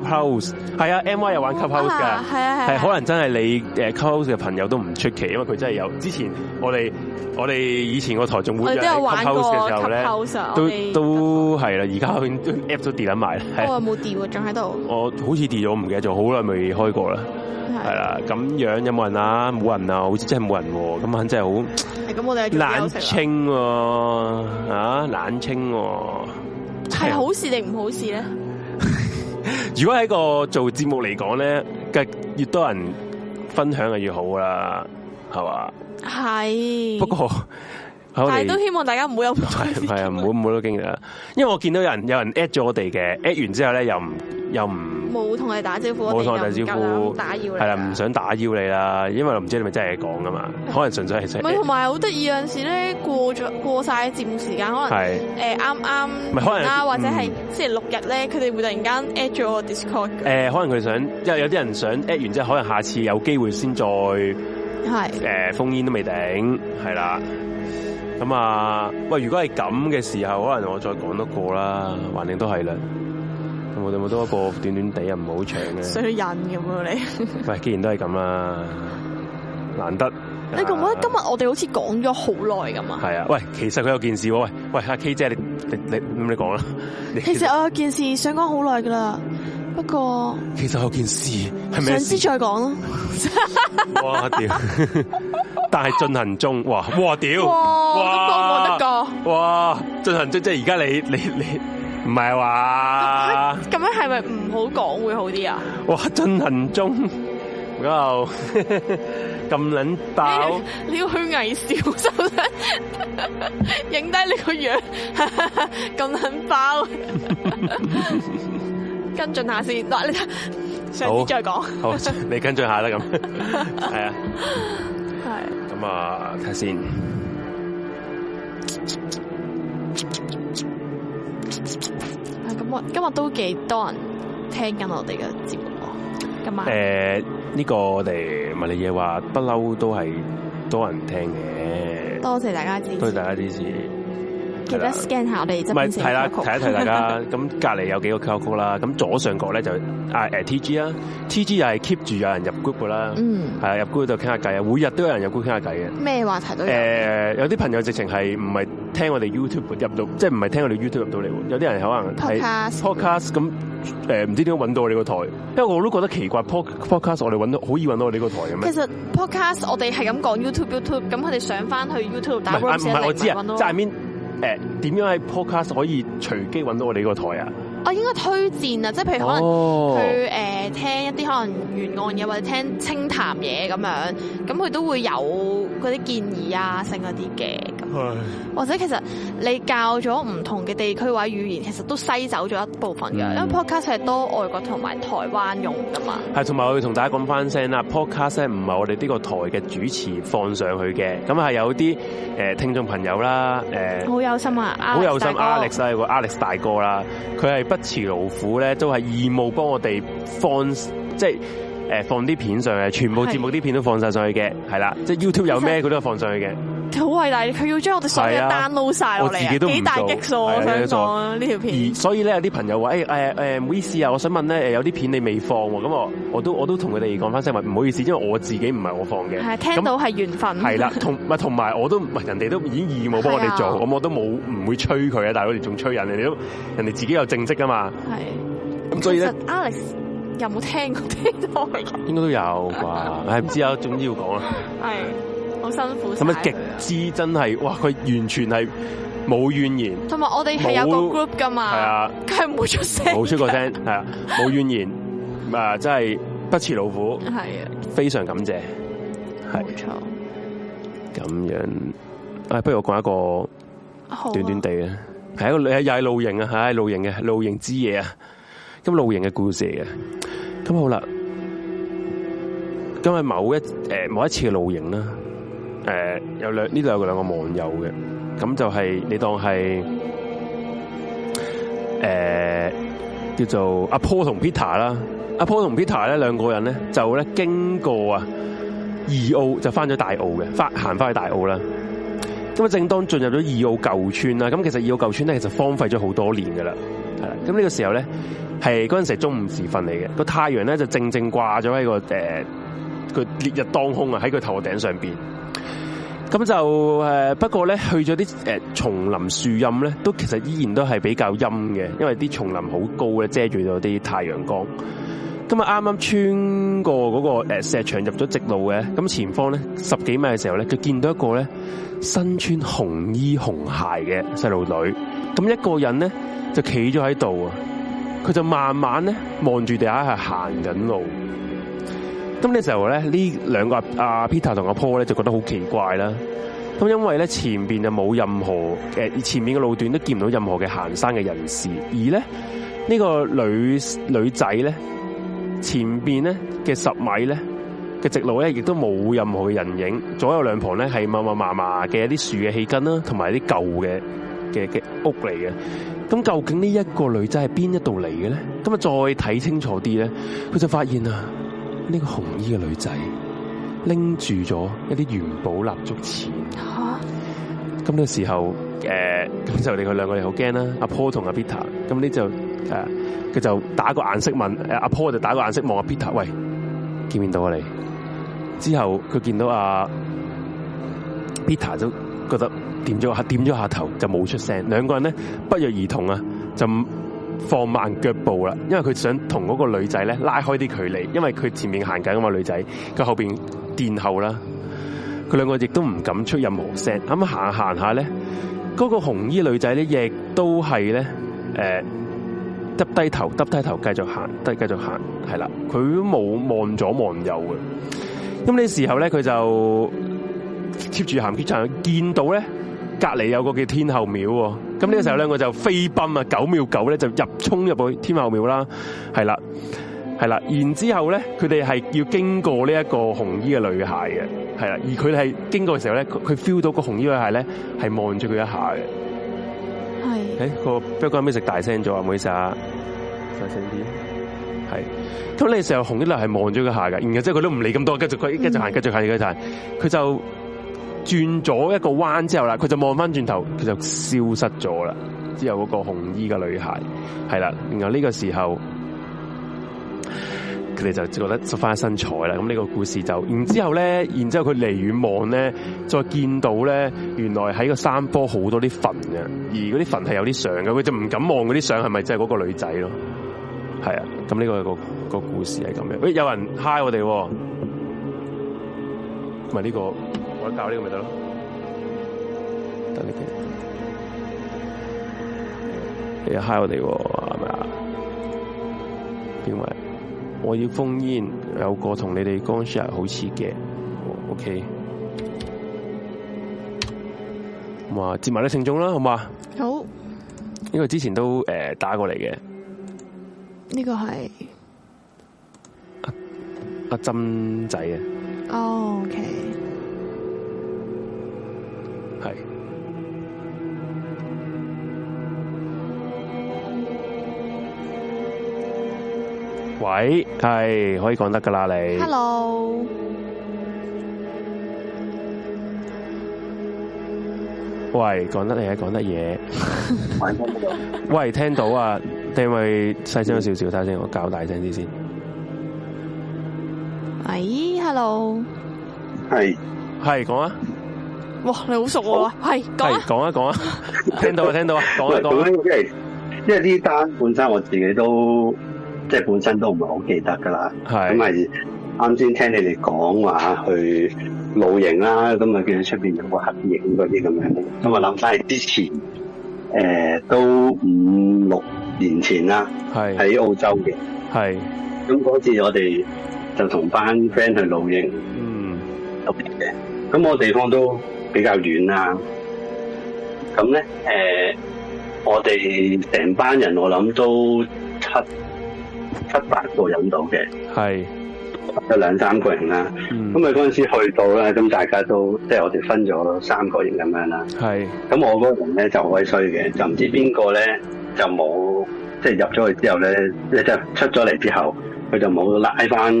Clubhouse 係啊，MY 又玩 Clubhouse 噶，係啊係可能真係你誒 Clubhouse 嘅朋友都唔出奇，因為佢真係有之前我哋我哋以前個台仲會有 Clubhouse 嘅時候咧，都都係啦，而家都 App 都跌緊埋，我冇跌啊，仲喺度。我好似跌咗唔記得，咗，好耐未開過啦，係啦，咁樣有冇人啊？冇人啊？好似真係冇人，啊，咁真係好我哋，啊。冷清喎，啊，啊冷清喎，啊，係，啊、好事定唔好事咧？如果喺個做節目嚟講咧，嘅越多人分享啊越好啦，係嘛？係。不過，但係都希望大家唔好有，係啊，唔好唔好都經歷啦。因為我見到有人有人 at 咗我哋嘅，at 完之後咧又唔。又唔冇同你打招呼，冇同你打招呼，打擾你係啦，唔想打擾你啦，因為我唔知你咪真係講噶嘛，可能純粹係唔係同埋好得意嘅事咧，過咗過晒節目時間，可能誒啱啱唔係可能啦，或者係星期六日咧，佢、嗯、哋會突然間 at 咗我個 Discord 誒、呃，可能佢想，因為有啲人想 at 完之後，可能下次有機會先再係誒、呃、封煙都未頂，係啦，咁、嗯、啊，喂、呃，如果係咁嘅時候，可能我再講得過啦，還定都係啦。我哋冇多一個短短地啊，唔好長嘅。所以印咁啊，你？喂，既然都係咁啦，難得。你覺唔覺得今日我哋好似講咗好耐噶啊，係啊，喂，其實佢有件事，喂喂，阿 K 姐，你你你咁你講啦。其實我有件事想講好耐噶啦，不過。其實有件事，係咪？想知再講咯。哇屌、啊！但係進行中，哇！哇屌、啊！哇！咁幫得過？哇！進行中，即係而家你你你。你你唔係話咁樣係咪唔好講會好啲啊？哇，進行中，咁捻爆，你要去虛偽笑收得，影低你個樣，咁捻爆，跟進下先。嗱，你， 你， 你上次再講，好，你跟進下啦咁，係 啊，係。咁啊，睇先。咁今日都幾多人聽緊我哋嘅節目，今晚誒、呃、呢、呢個我哋物理嘢話不嬲都係多人聽嘅，多謝大家支持，多謝大家支持。記得 scan 下我哋即係，係啦，睇一睇大家。咁隔籬有幾個 QQ 啦。咁左上角咧就啊誒 TG 啦 TG 又係 keep 住有人入 group 噶啦。嗯，係啊，入 group 度傾下偈啊。每日都有人入 group 傾下偈嘅。咩話題都有、呃。誒，有啲朋友直情係唔係聽我哋 YouTube 入到，即係唔係聽我哋 YouTube 入到嚟。有啲人可能睇 podcast，podcast 咁誒，唔知點樣揾到我哋個台。因為我都覺得奇怪，podcast 我哋揾到，好易揾到我哋個台。其實 podcast 我哋係咁講 YouTube，YouTube 咁佢哋上翻去 YouTube 打 w 面。誒，點樣喺 Podcast 可以隨機揾到我哋個台啊？我應該推薦啊，即係譬如可能去聽一啲可能沿岸嘢或者聽清談嘢咁樣，咁佢都會有嗰啲建議啊，性嗰啲嘅。或者其實你教咗唔同嘅地區或語言，其實都篩走咗一部分嘅，嗯、因為 podcast 係多外國同埋台灣用噶嘛。係，同埋我要同大家講返聲啦，podcast 唔係我哋呢個台嘅主持放上去嘅，咁係有啲聽眾朋友啦，好有心啊，好有心 Alex 啊，個 Alex 大哥啦，佢係一次老虎咧，都係義務幫我哋放，即係。誒，放啲片上去，全部節目啲片都放晒上去嘅，係啦，即係 YouTube 有咩佢都係放上去嘅。好偉大，佢要將我哋所有 download 晒幾大基數啊！我想講啊，呢條片。所以咧，以有啲朋友話：誒，誒，誒，唔好意思啊，我想問咧，有啲片你未放，咁我我都我都同佢哋講翻聲話，唔好意思，因為我自己唔係我放嘅。係聽到係緣分。係啦，同唔係同埋我都唔係人哋都已經義務幫我哋做，咁我都冇唔會催佢啊！大佬，哋仲催人哋都，人哋自己有正職噶嘛？係。咁所以咧，Alex。有冇聽過？聽 過應該都有啩，係唔知啊。總之要講啦， 係好辛苦。咁啊，極之真係，哇！佢完全係冇怨言。同埋我哋係有個 group 噶嘛，係啊，佢係唔會出聲，冇出過聲，係啊，冇怨言 啊，真係不似老虎，係啊，非常感謝，係冇錯。咁樣，誒、哎，不如我講一個短短地啊，啊。係一個女又係露營啊，係露營嘅，露營之夜啊。咁露營嘅故事嚟嘅，咁好啦。咁係某一誒、呃、某一次嘅露營啦，誒、呃、有兩呢兩個兩個網友嘅，咁就係、是、你當係誒、呃、叫做阿坡同 Peter 啦，阿坡同 Peter 咧兩個人咧就咧經過啊二澳就翻咗大澳嘅，翻行翻去大澳啦。咁啊，正當進入咗二澳舊村啦，咁其實二澳舊村咧其實荒廢咗好多年噶啦，係啦。咁呢個時候咧。係嗰陣時中午時分嚟嘅，個太陽咧就正正掛咗喺個誒佢、呃、烈日當空啊，喺佢頭頂上邊。咁就誒、呃，不過咧去咗啲誒叢林樹蔭咧，都其實依然都係比較陰嘅，因為啲叢林好高咧，遮住咗啲太陽光。咁啊，啱啱穿過嗰個誒石牆入咗直路嘅，咁前方咧十幾米嘅時候咧，佢見到一個咧身穿紅衣紅鞋嘅細路女，咁一個人咧就企咗喺度啊。佢就慢慢咧望住地下係行緊路，咁呢時候咧呢兩個阿 Peter 同阿 Paul 咧就覺得好奇怪啦。咁因為咧前邊就冇任何誒，前面嘅路段都見唔到任何嘅行山嘅人士，而咧呢個女女仔咧前邊咧嘅十米咧嘅直路咧亦都冇任何嘅人影，左右兩旁咧係密密麻麻嘅一啲樹嘅氣根啦，同埋啲舊嘅嘅嘅屋嚟嘅。咁究竟呢一個女仔係邊一度嚟嘅咧？咁啊再睇清楚啲咧，佢就發現啊，呢個紅衣嘅女仔拎住咗一啲元寶蠟燭錢。吓！咁呢個時候，誒、呃，咁就令佢兩個人好驚啦。阿 Paul 同阿 Peter，咁呢就誒，佢、呃、就打個眼色問，誒，阿 Paul 就打個眼色望阿 Peter，喂，見唔見到啊你？之後佢見到阿 Peter 就。覺得點咗下，點咗下頭就冇出聲。兩個人咧不約而同啊，就放慢腳步啦，因為佢想同嗰個女仔咧拉開啲距離，因為佢前面行緊嘅嘛女仔，佢後邊殿後啦。佢兩個亦都唔敢出任何聲，咁行行下咧，嗰、那個紅衣女仔咧亦都係咧，誒、呃，耷低頭耷低頭，繼續行，繼續行，係啦，佢冇望左望右嘅。咁、嗯、呢時候咧，佢就。貼住行幾站，見到咧隔籬有個叫天后廟，咁呢個時候咧我就飛奔啊，九秒九咧就入衝入去天后廟啦，係啦係啦，然之後咧佢哋係要經過呢一個紅衣嘅女孩嘅，係啦，而佢係經過嘅時候咧，佢 feel 到個紅衣嘅女孩咧係望住佢一下嘅，係、欸，誒、那個不過講下邊食大聲咗啊，唔好意思啊，細聲啲，係，咁呢個時候紅衣女係望咗佢一下嘅，然後即係佢都唔理咁多，繼續佢繼續行，繼續行幾站，佢就。轉咗一個彎之後啦，佢就望翻轉頭，佢就消失咗啦。之後嗰個紅衣嘅女孩係啦，然後呢個時候佢哋就覺得縮翻身材啦。咁呢個故事就，然之後咧，然之後佢離遠望咧，再見到咧，原來喺個山坡好多啲墳嘅，而嗰啲墳係有啲相嘅，佢就唔敢望嗰啲相係咪即係嗰個女仔咯。係啊，咁呢個個個故事係咁樣。喂，有人嗨我哋啊，唔係呢個。我教呢個咪得咯，等你聽。你要嗨我哋喎，係咪啊？因為我要封煙，有個同你哋江叔係好似嘅，OK。哇，接埋啲聽眾啦，好嘛？好，呢個之前都誒打過嚟嘅。呢個係阿阿針仔啊，OK。係，喂，係可以講得噶啦，你。Hello。喂，講得你喺講得嘢。 喂，聽到啊？定咪細聲少少？睇、mm. 下先，我搞大聲啲先。喂，Hello。係，係講啊。哇，你好熟我，哦、是講啊，係講啊，講啊，講啊，聽到啊，聽到講啊，講一講咁咧，即係，因為呢單本身我自己都即係本身都唔係好記得噶啦，係咁係啱先聽你哋講話去露營啦，咁啊見到出邊有個黑影嗰啲咁樣，咁啊諗翻起之前，誒、呃、都五六年前啦，係喺澳洲嘅，係咁嗰次我哋就同班 friend 去露營，嗯，特別嘅，咁我地方都比較遠啦，啊，咁咧，誒、呃，我哋成班人我諗都七七八個人到嘅，係，有兩三個人啦，啊。咁佢嗰陣時去到咧，咁大家都，即係我哋分咗三個人咁樣啦，啊。係，咁我嗰個人咧就好衰嘅，就唔知邊個咧就冇，即、就、係、是、入咗去之後咧，即就是、出咗嚟之後，佢就冇拉翻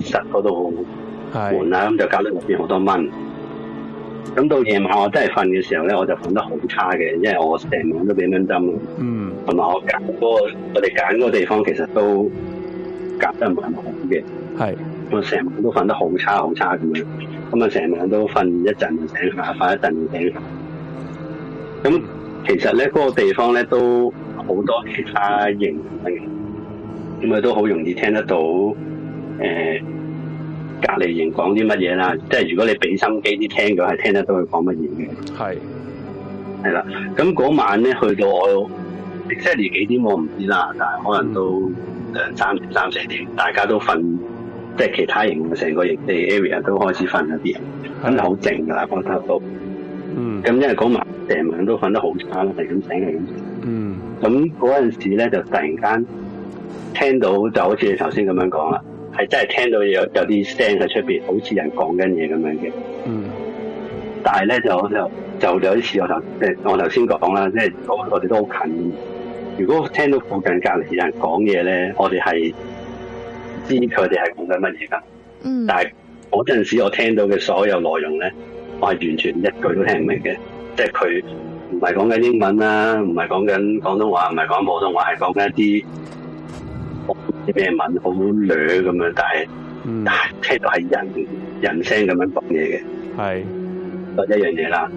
實嗰度門啊，咁就搞到入邊好多蚊。咁到夜晚我真係瞓嘅時候咧，我就瞓得好差嘅，因為我成晚都俾蚊針嗯，同埋我揀嗰個我哋揀、嗯嗰個地方，其實都揀得唔係咁好嘅，係，我成晚都瞓得好差好差咁樣，咁啊成晚都瞓一陣醒，下，瞓一陣醒，咁其實咧嗰個地方咧都好多其他型嘅，咁啊都好容易聽得到，誒、呃。隔籬營講啲乜嘢啦？即係如果你俾心機，啲聽者係聽得到佢講乜嘢嘅。係係啦，咁嗰晚咧去到我，唔知係幾點，我唔知啦，但係可能都兩三、三、嗯、四點，大家都瞓，即係其他營、成個營地 area 都開始瞓咗啲人，真係好靜噶啦，個頭都，嗯。咁因為嗰晚成晚都瞓得好差啦，係咁醒嘅。嗯。咁嗰陣時咧就突然間聽到就好似你頭先咁樣講啦。係真係聽到有，有啲聲喺出邊，好似人講緊嘢咁樣嘅。嗯，但係咧就就就有啲似我頭，即係我頭先講啦，即係我我哋都好近。如果聽到附近隔離有人講嘢咧，我哋係知佢哋係講緊乜嘢㗎。嗯，但係嗰陣時我聽到嘅所有內容咧，我係完全一句都聽唔明嘅。即係佢唔係講緊英文啦，啊，唔係講緊廣東話，唔係講普通話，係講緊一啲。畀人問好掠咁樣，但係但係聽到係人人聲咁樣講嘢嘅，係多一樣嘢啦。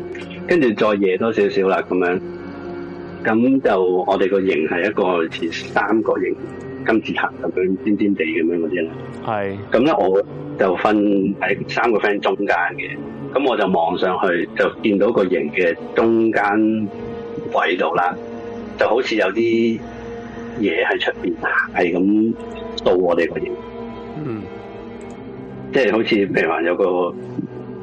跟住再夜多少少啦咁樣，咁就我哋個形係一個似三角形金字塔咁樣尖尖地咁樣嗰啲啦。係咁咧，我就瞓喺三個 friend 中間嘅，咁我就望上去就見到個形嘅中間位度啦，就好似有啲。嘢喺出邊行，係咁到我哋個型，嗯、mm.，即係好似譬如話有個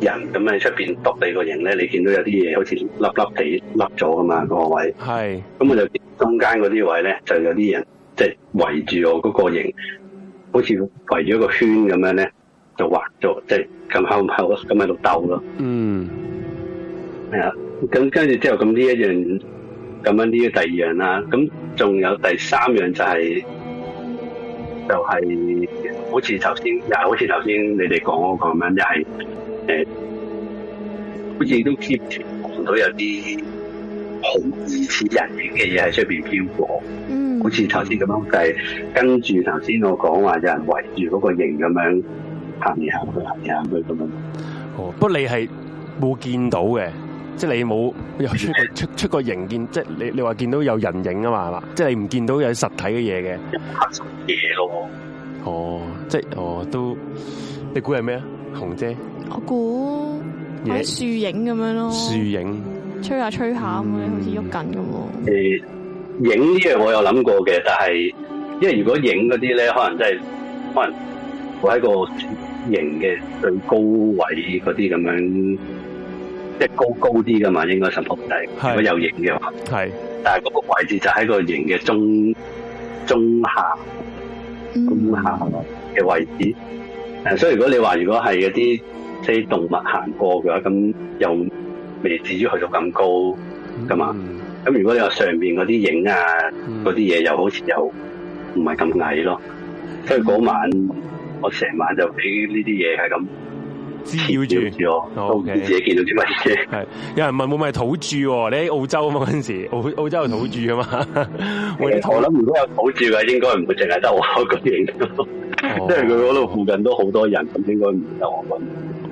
人咁喺出邊厾你個型咧，你見到有啲嘢好似粒粒地粒咗咁嘛個位，係，咁我就見到中間嗰啲位咧就有啲人即係圍住我嗰個型，好似圍住一個圈咁樣咧，就畫咗即係咁唔後咁喺度鬥咯，就是鬥 mm. 嗯，係啊，咁跟住之後咁呢一樣。咁樣呢個第二樣啦，咁仲有第三樣就係，就係好似頭先，又係好似頭先你哋講嗰個咁樣，就係誒，好似都 keep 住到有啲好疑似人形嘅嘢喺出邊飄過，嗯，好似頭先咁樣，就係跟住頭先我講話有人圍住嗰個形咁樣行嚟行去行嚟行去咁樣，哦，不過你係冇見到嘅。即係你冇有，有出個出出個形見，即係你你話見到有人影啊嘛，係嘛？即係你唔見到有實體嘅嘢嘅，黑嘢咯。哦，即係哦都，你估係咩啊？紅姐，我估係樹影咁樣咯，樹影吹下吹下咁、嗯、樣，好似喐緊咁。誒，影呢樣我有諗過嘅，但係因為如果影嗰啲咧，可能真、就、係、是、可能會喺個形嘅最高位嗰啲咁樣。即係高高啲噶嘛，應該十鋪低，如果有影嘅話，係，但係嗰個位置就喺個影嘅中中下咁下嘅位置。誒、嗯，所以如果你話如果係一啲即係動物行過嘅話，咁又未至於去到咁高㗎嘛。咁、嗯、如果你話上面嗰啲影啊，嗰啲嘢又好似又唔係咁矮咯。所以嗰晚、嗯、我成晚就俾呢啲嘢係咁。住，住 okay。自己見到啲乜嘢？係有人問冇咪土著？你喺澳洲啊嘛？嗰陣時澳澳洲係土著啊嘛、 欸？我我諗如果有土著嘅，應該唔會淨係得我嗰個咯，即係佢嗰度附近都好多人，咁應該唔得我搵。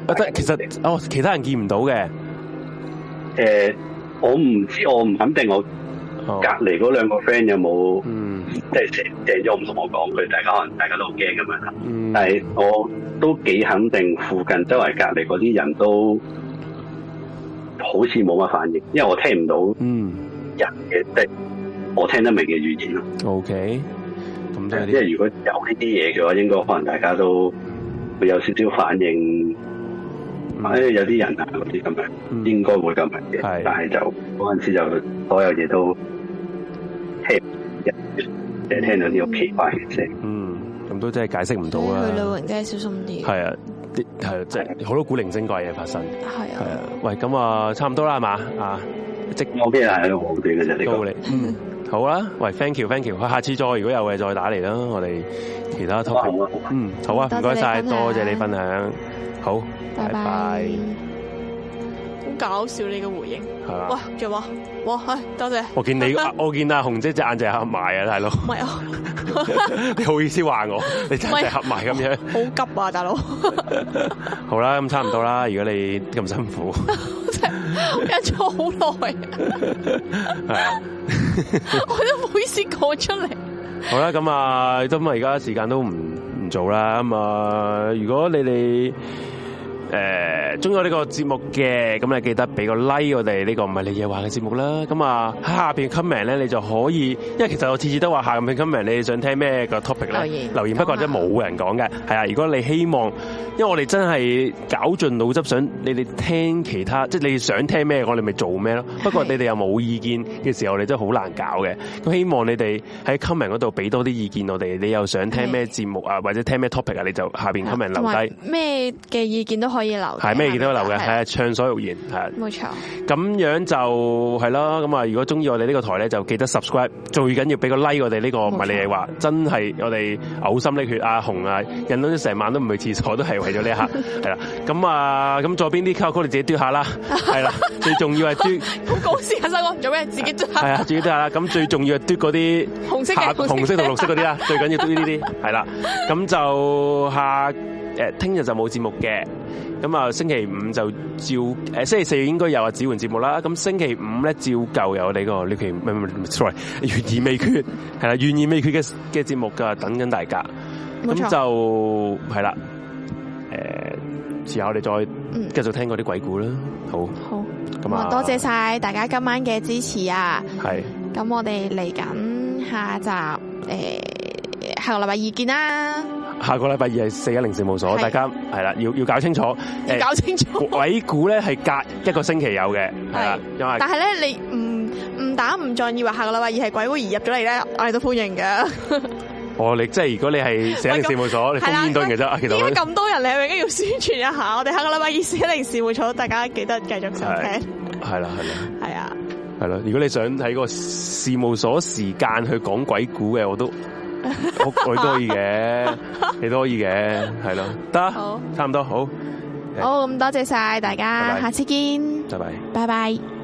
啊，即係其實哦，其他人見唔到嘅。誒、欸，我唔知，我唔肯定我，我隔籬嗰兩個 friend 有冇嗯。即係靜咗，唔同我講佢，大家可能大家都好驚咁樣。嗯、但係我都幾肯定，附近周圍隔籬嗰啲人都好似冇乜反應，因為我聽唔到人的嗯人嘅即係我聽得明嘅語言咯。O K，咁即係如果有呢啲嘢嘅話，應該可能大家都會有少少反應，嗯哎、有啲人啊啲咁樣，應該會咁樣嘅、嗯，但係就嗰陣時就所有嘢都 h 人聽到呢個奇怪嘅聲，嗯，嗯，咁都真係解釋唔到啊！去老人家小心啲，係啊，啲係真係好多古靈精怪嘢發生，係啊，係啊。喂，咁啊，差唔多啦，係嘛啊，即冇咩係皇帝嘅啫呢個，嗯，好啦，喂，thank you，thank you，下次再，如果有嘅再打嚟啦，我哋其他 topic，嗯，好啊，唔該晒，多謝你分享，好，拜拜，拜，拜。好搞笑你嘅回應，係啊，哇，有冇？哇！多謝我見你，我見阿紅姐隻眼仔合埋啊，大佬。唔係啊，你好意思話我？你真係合埋咁樣。好急啊，大佬！好啦，咁差唔多啦。如果你咁辛苦謝謝，我真係忍咗好耐。係啊，我都唔好意思講出嚟。好啦，咁啊，咁啊，而家時間都唔唔早啦。咁啊，如果你哋。誒中咗呢個節目嘅，咁你記得俾個 like 我哋呢個唔係你夜話嘅節目啦。咁啊喺下邊 comment 咧，你就可以，因為其實我次次都話下邊 comment，你想聽咩個 topic 啦、留言，不過真冇人講嘅。係啊，如果你希望，因為我哋真係搞盡腦汁想你哋聽其他，即係你想聽咩，我哋咪做咩咯。不過你哋又冇意見嘅時候，你真係好難搞嘅。咁希望你哋喺 comment 嗰度俾多啲意見我哋。你又想聽咩節目啊，或者聽咩 topic 啊，你就下邊 comment 留低咩嘅意見都可以。可係咩嘢到流留嘅，係暢所欲言，係冇錯。咁樣就係咯，咁啊，如果中意我哋呢個台咧，就記得 Subscribe，最緊要俾個 Like 我哋呢個，唔係你哋話真係我哋嘔心瀝血啊，紅啊，忍到成晚都唔去廁所，都係為咗呢下，係啦。咁啊，咁左邊啲卡拉歌，你自己嘟下啦，係啦，最重要係嘟、這個。好公司阿生講唔做咩？自己嘟下。係啊，自己嘟下啦。咁最重要係嘟嗰啲紅色紅色同綠色嗰啲啦，最緊要嘟呢啲，係啦。咁就下。誒，聽日就冇節目嘅，咁啊，星期五就照，誒，星期四應該有啊，指煥節目啦。咁星期五咧，照舊有我哋個呢期，唔唔唔，sorry 懸而未決，係啦，懸而未決嘅嘅節目噶，等緊大家。咁就係啦，誒，之後我哋再繼續聽嗰啲鬼故啦。好，好，咁啊，多謝晒大家今晚嘅支持啊。係，咁我哋嚟緊下，下一集，誒，下個禮拜二見啦。下個禮拜二係四一零事務所，大家係啦，要要搞清楚。要搞清楚、欸、鬼故咧，係隔一個星期有嘅，係啦。是因為但係咧，你唔唔打唔撞，以為下個禮拜二係鬼故而入咗嚟咧，我哋都歡迎噶。哦，你即係如果你係四一零事務所，你係邊隊嘅啫？點解咁多人嚟？我而家要宣傳一下，我哋下個禮拜二四一零事務所，大家記得繼續收聽。係啦，係啦，係啊，係啦。如果你想喺個事務所時間去講鬼故嘅，我都。屋企都可以嘅，好，你都可以嘅，你都可以嘅，係咯，得，差唔多，好，好，好，咁多謝晒大家，下次見，見，下次見，拜拜，拜拜。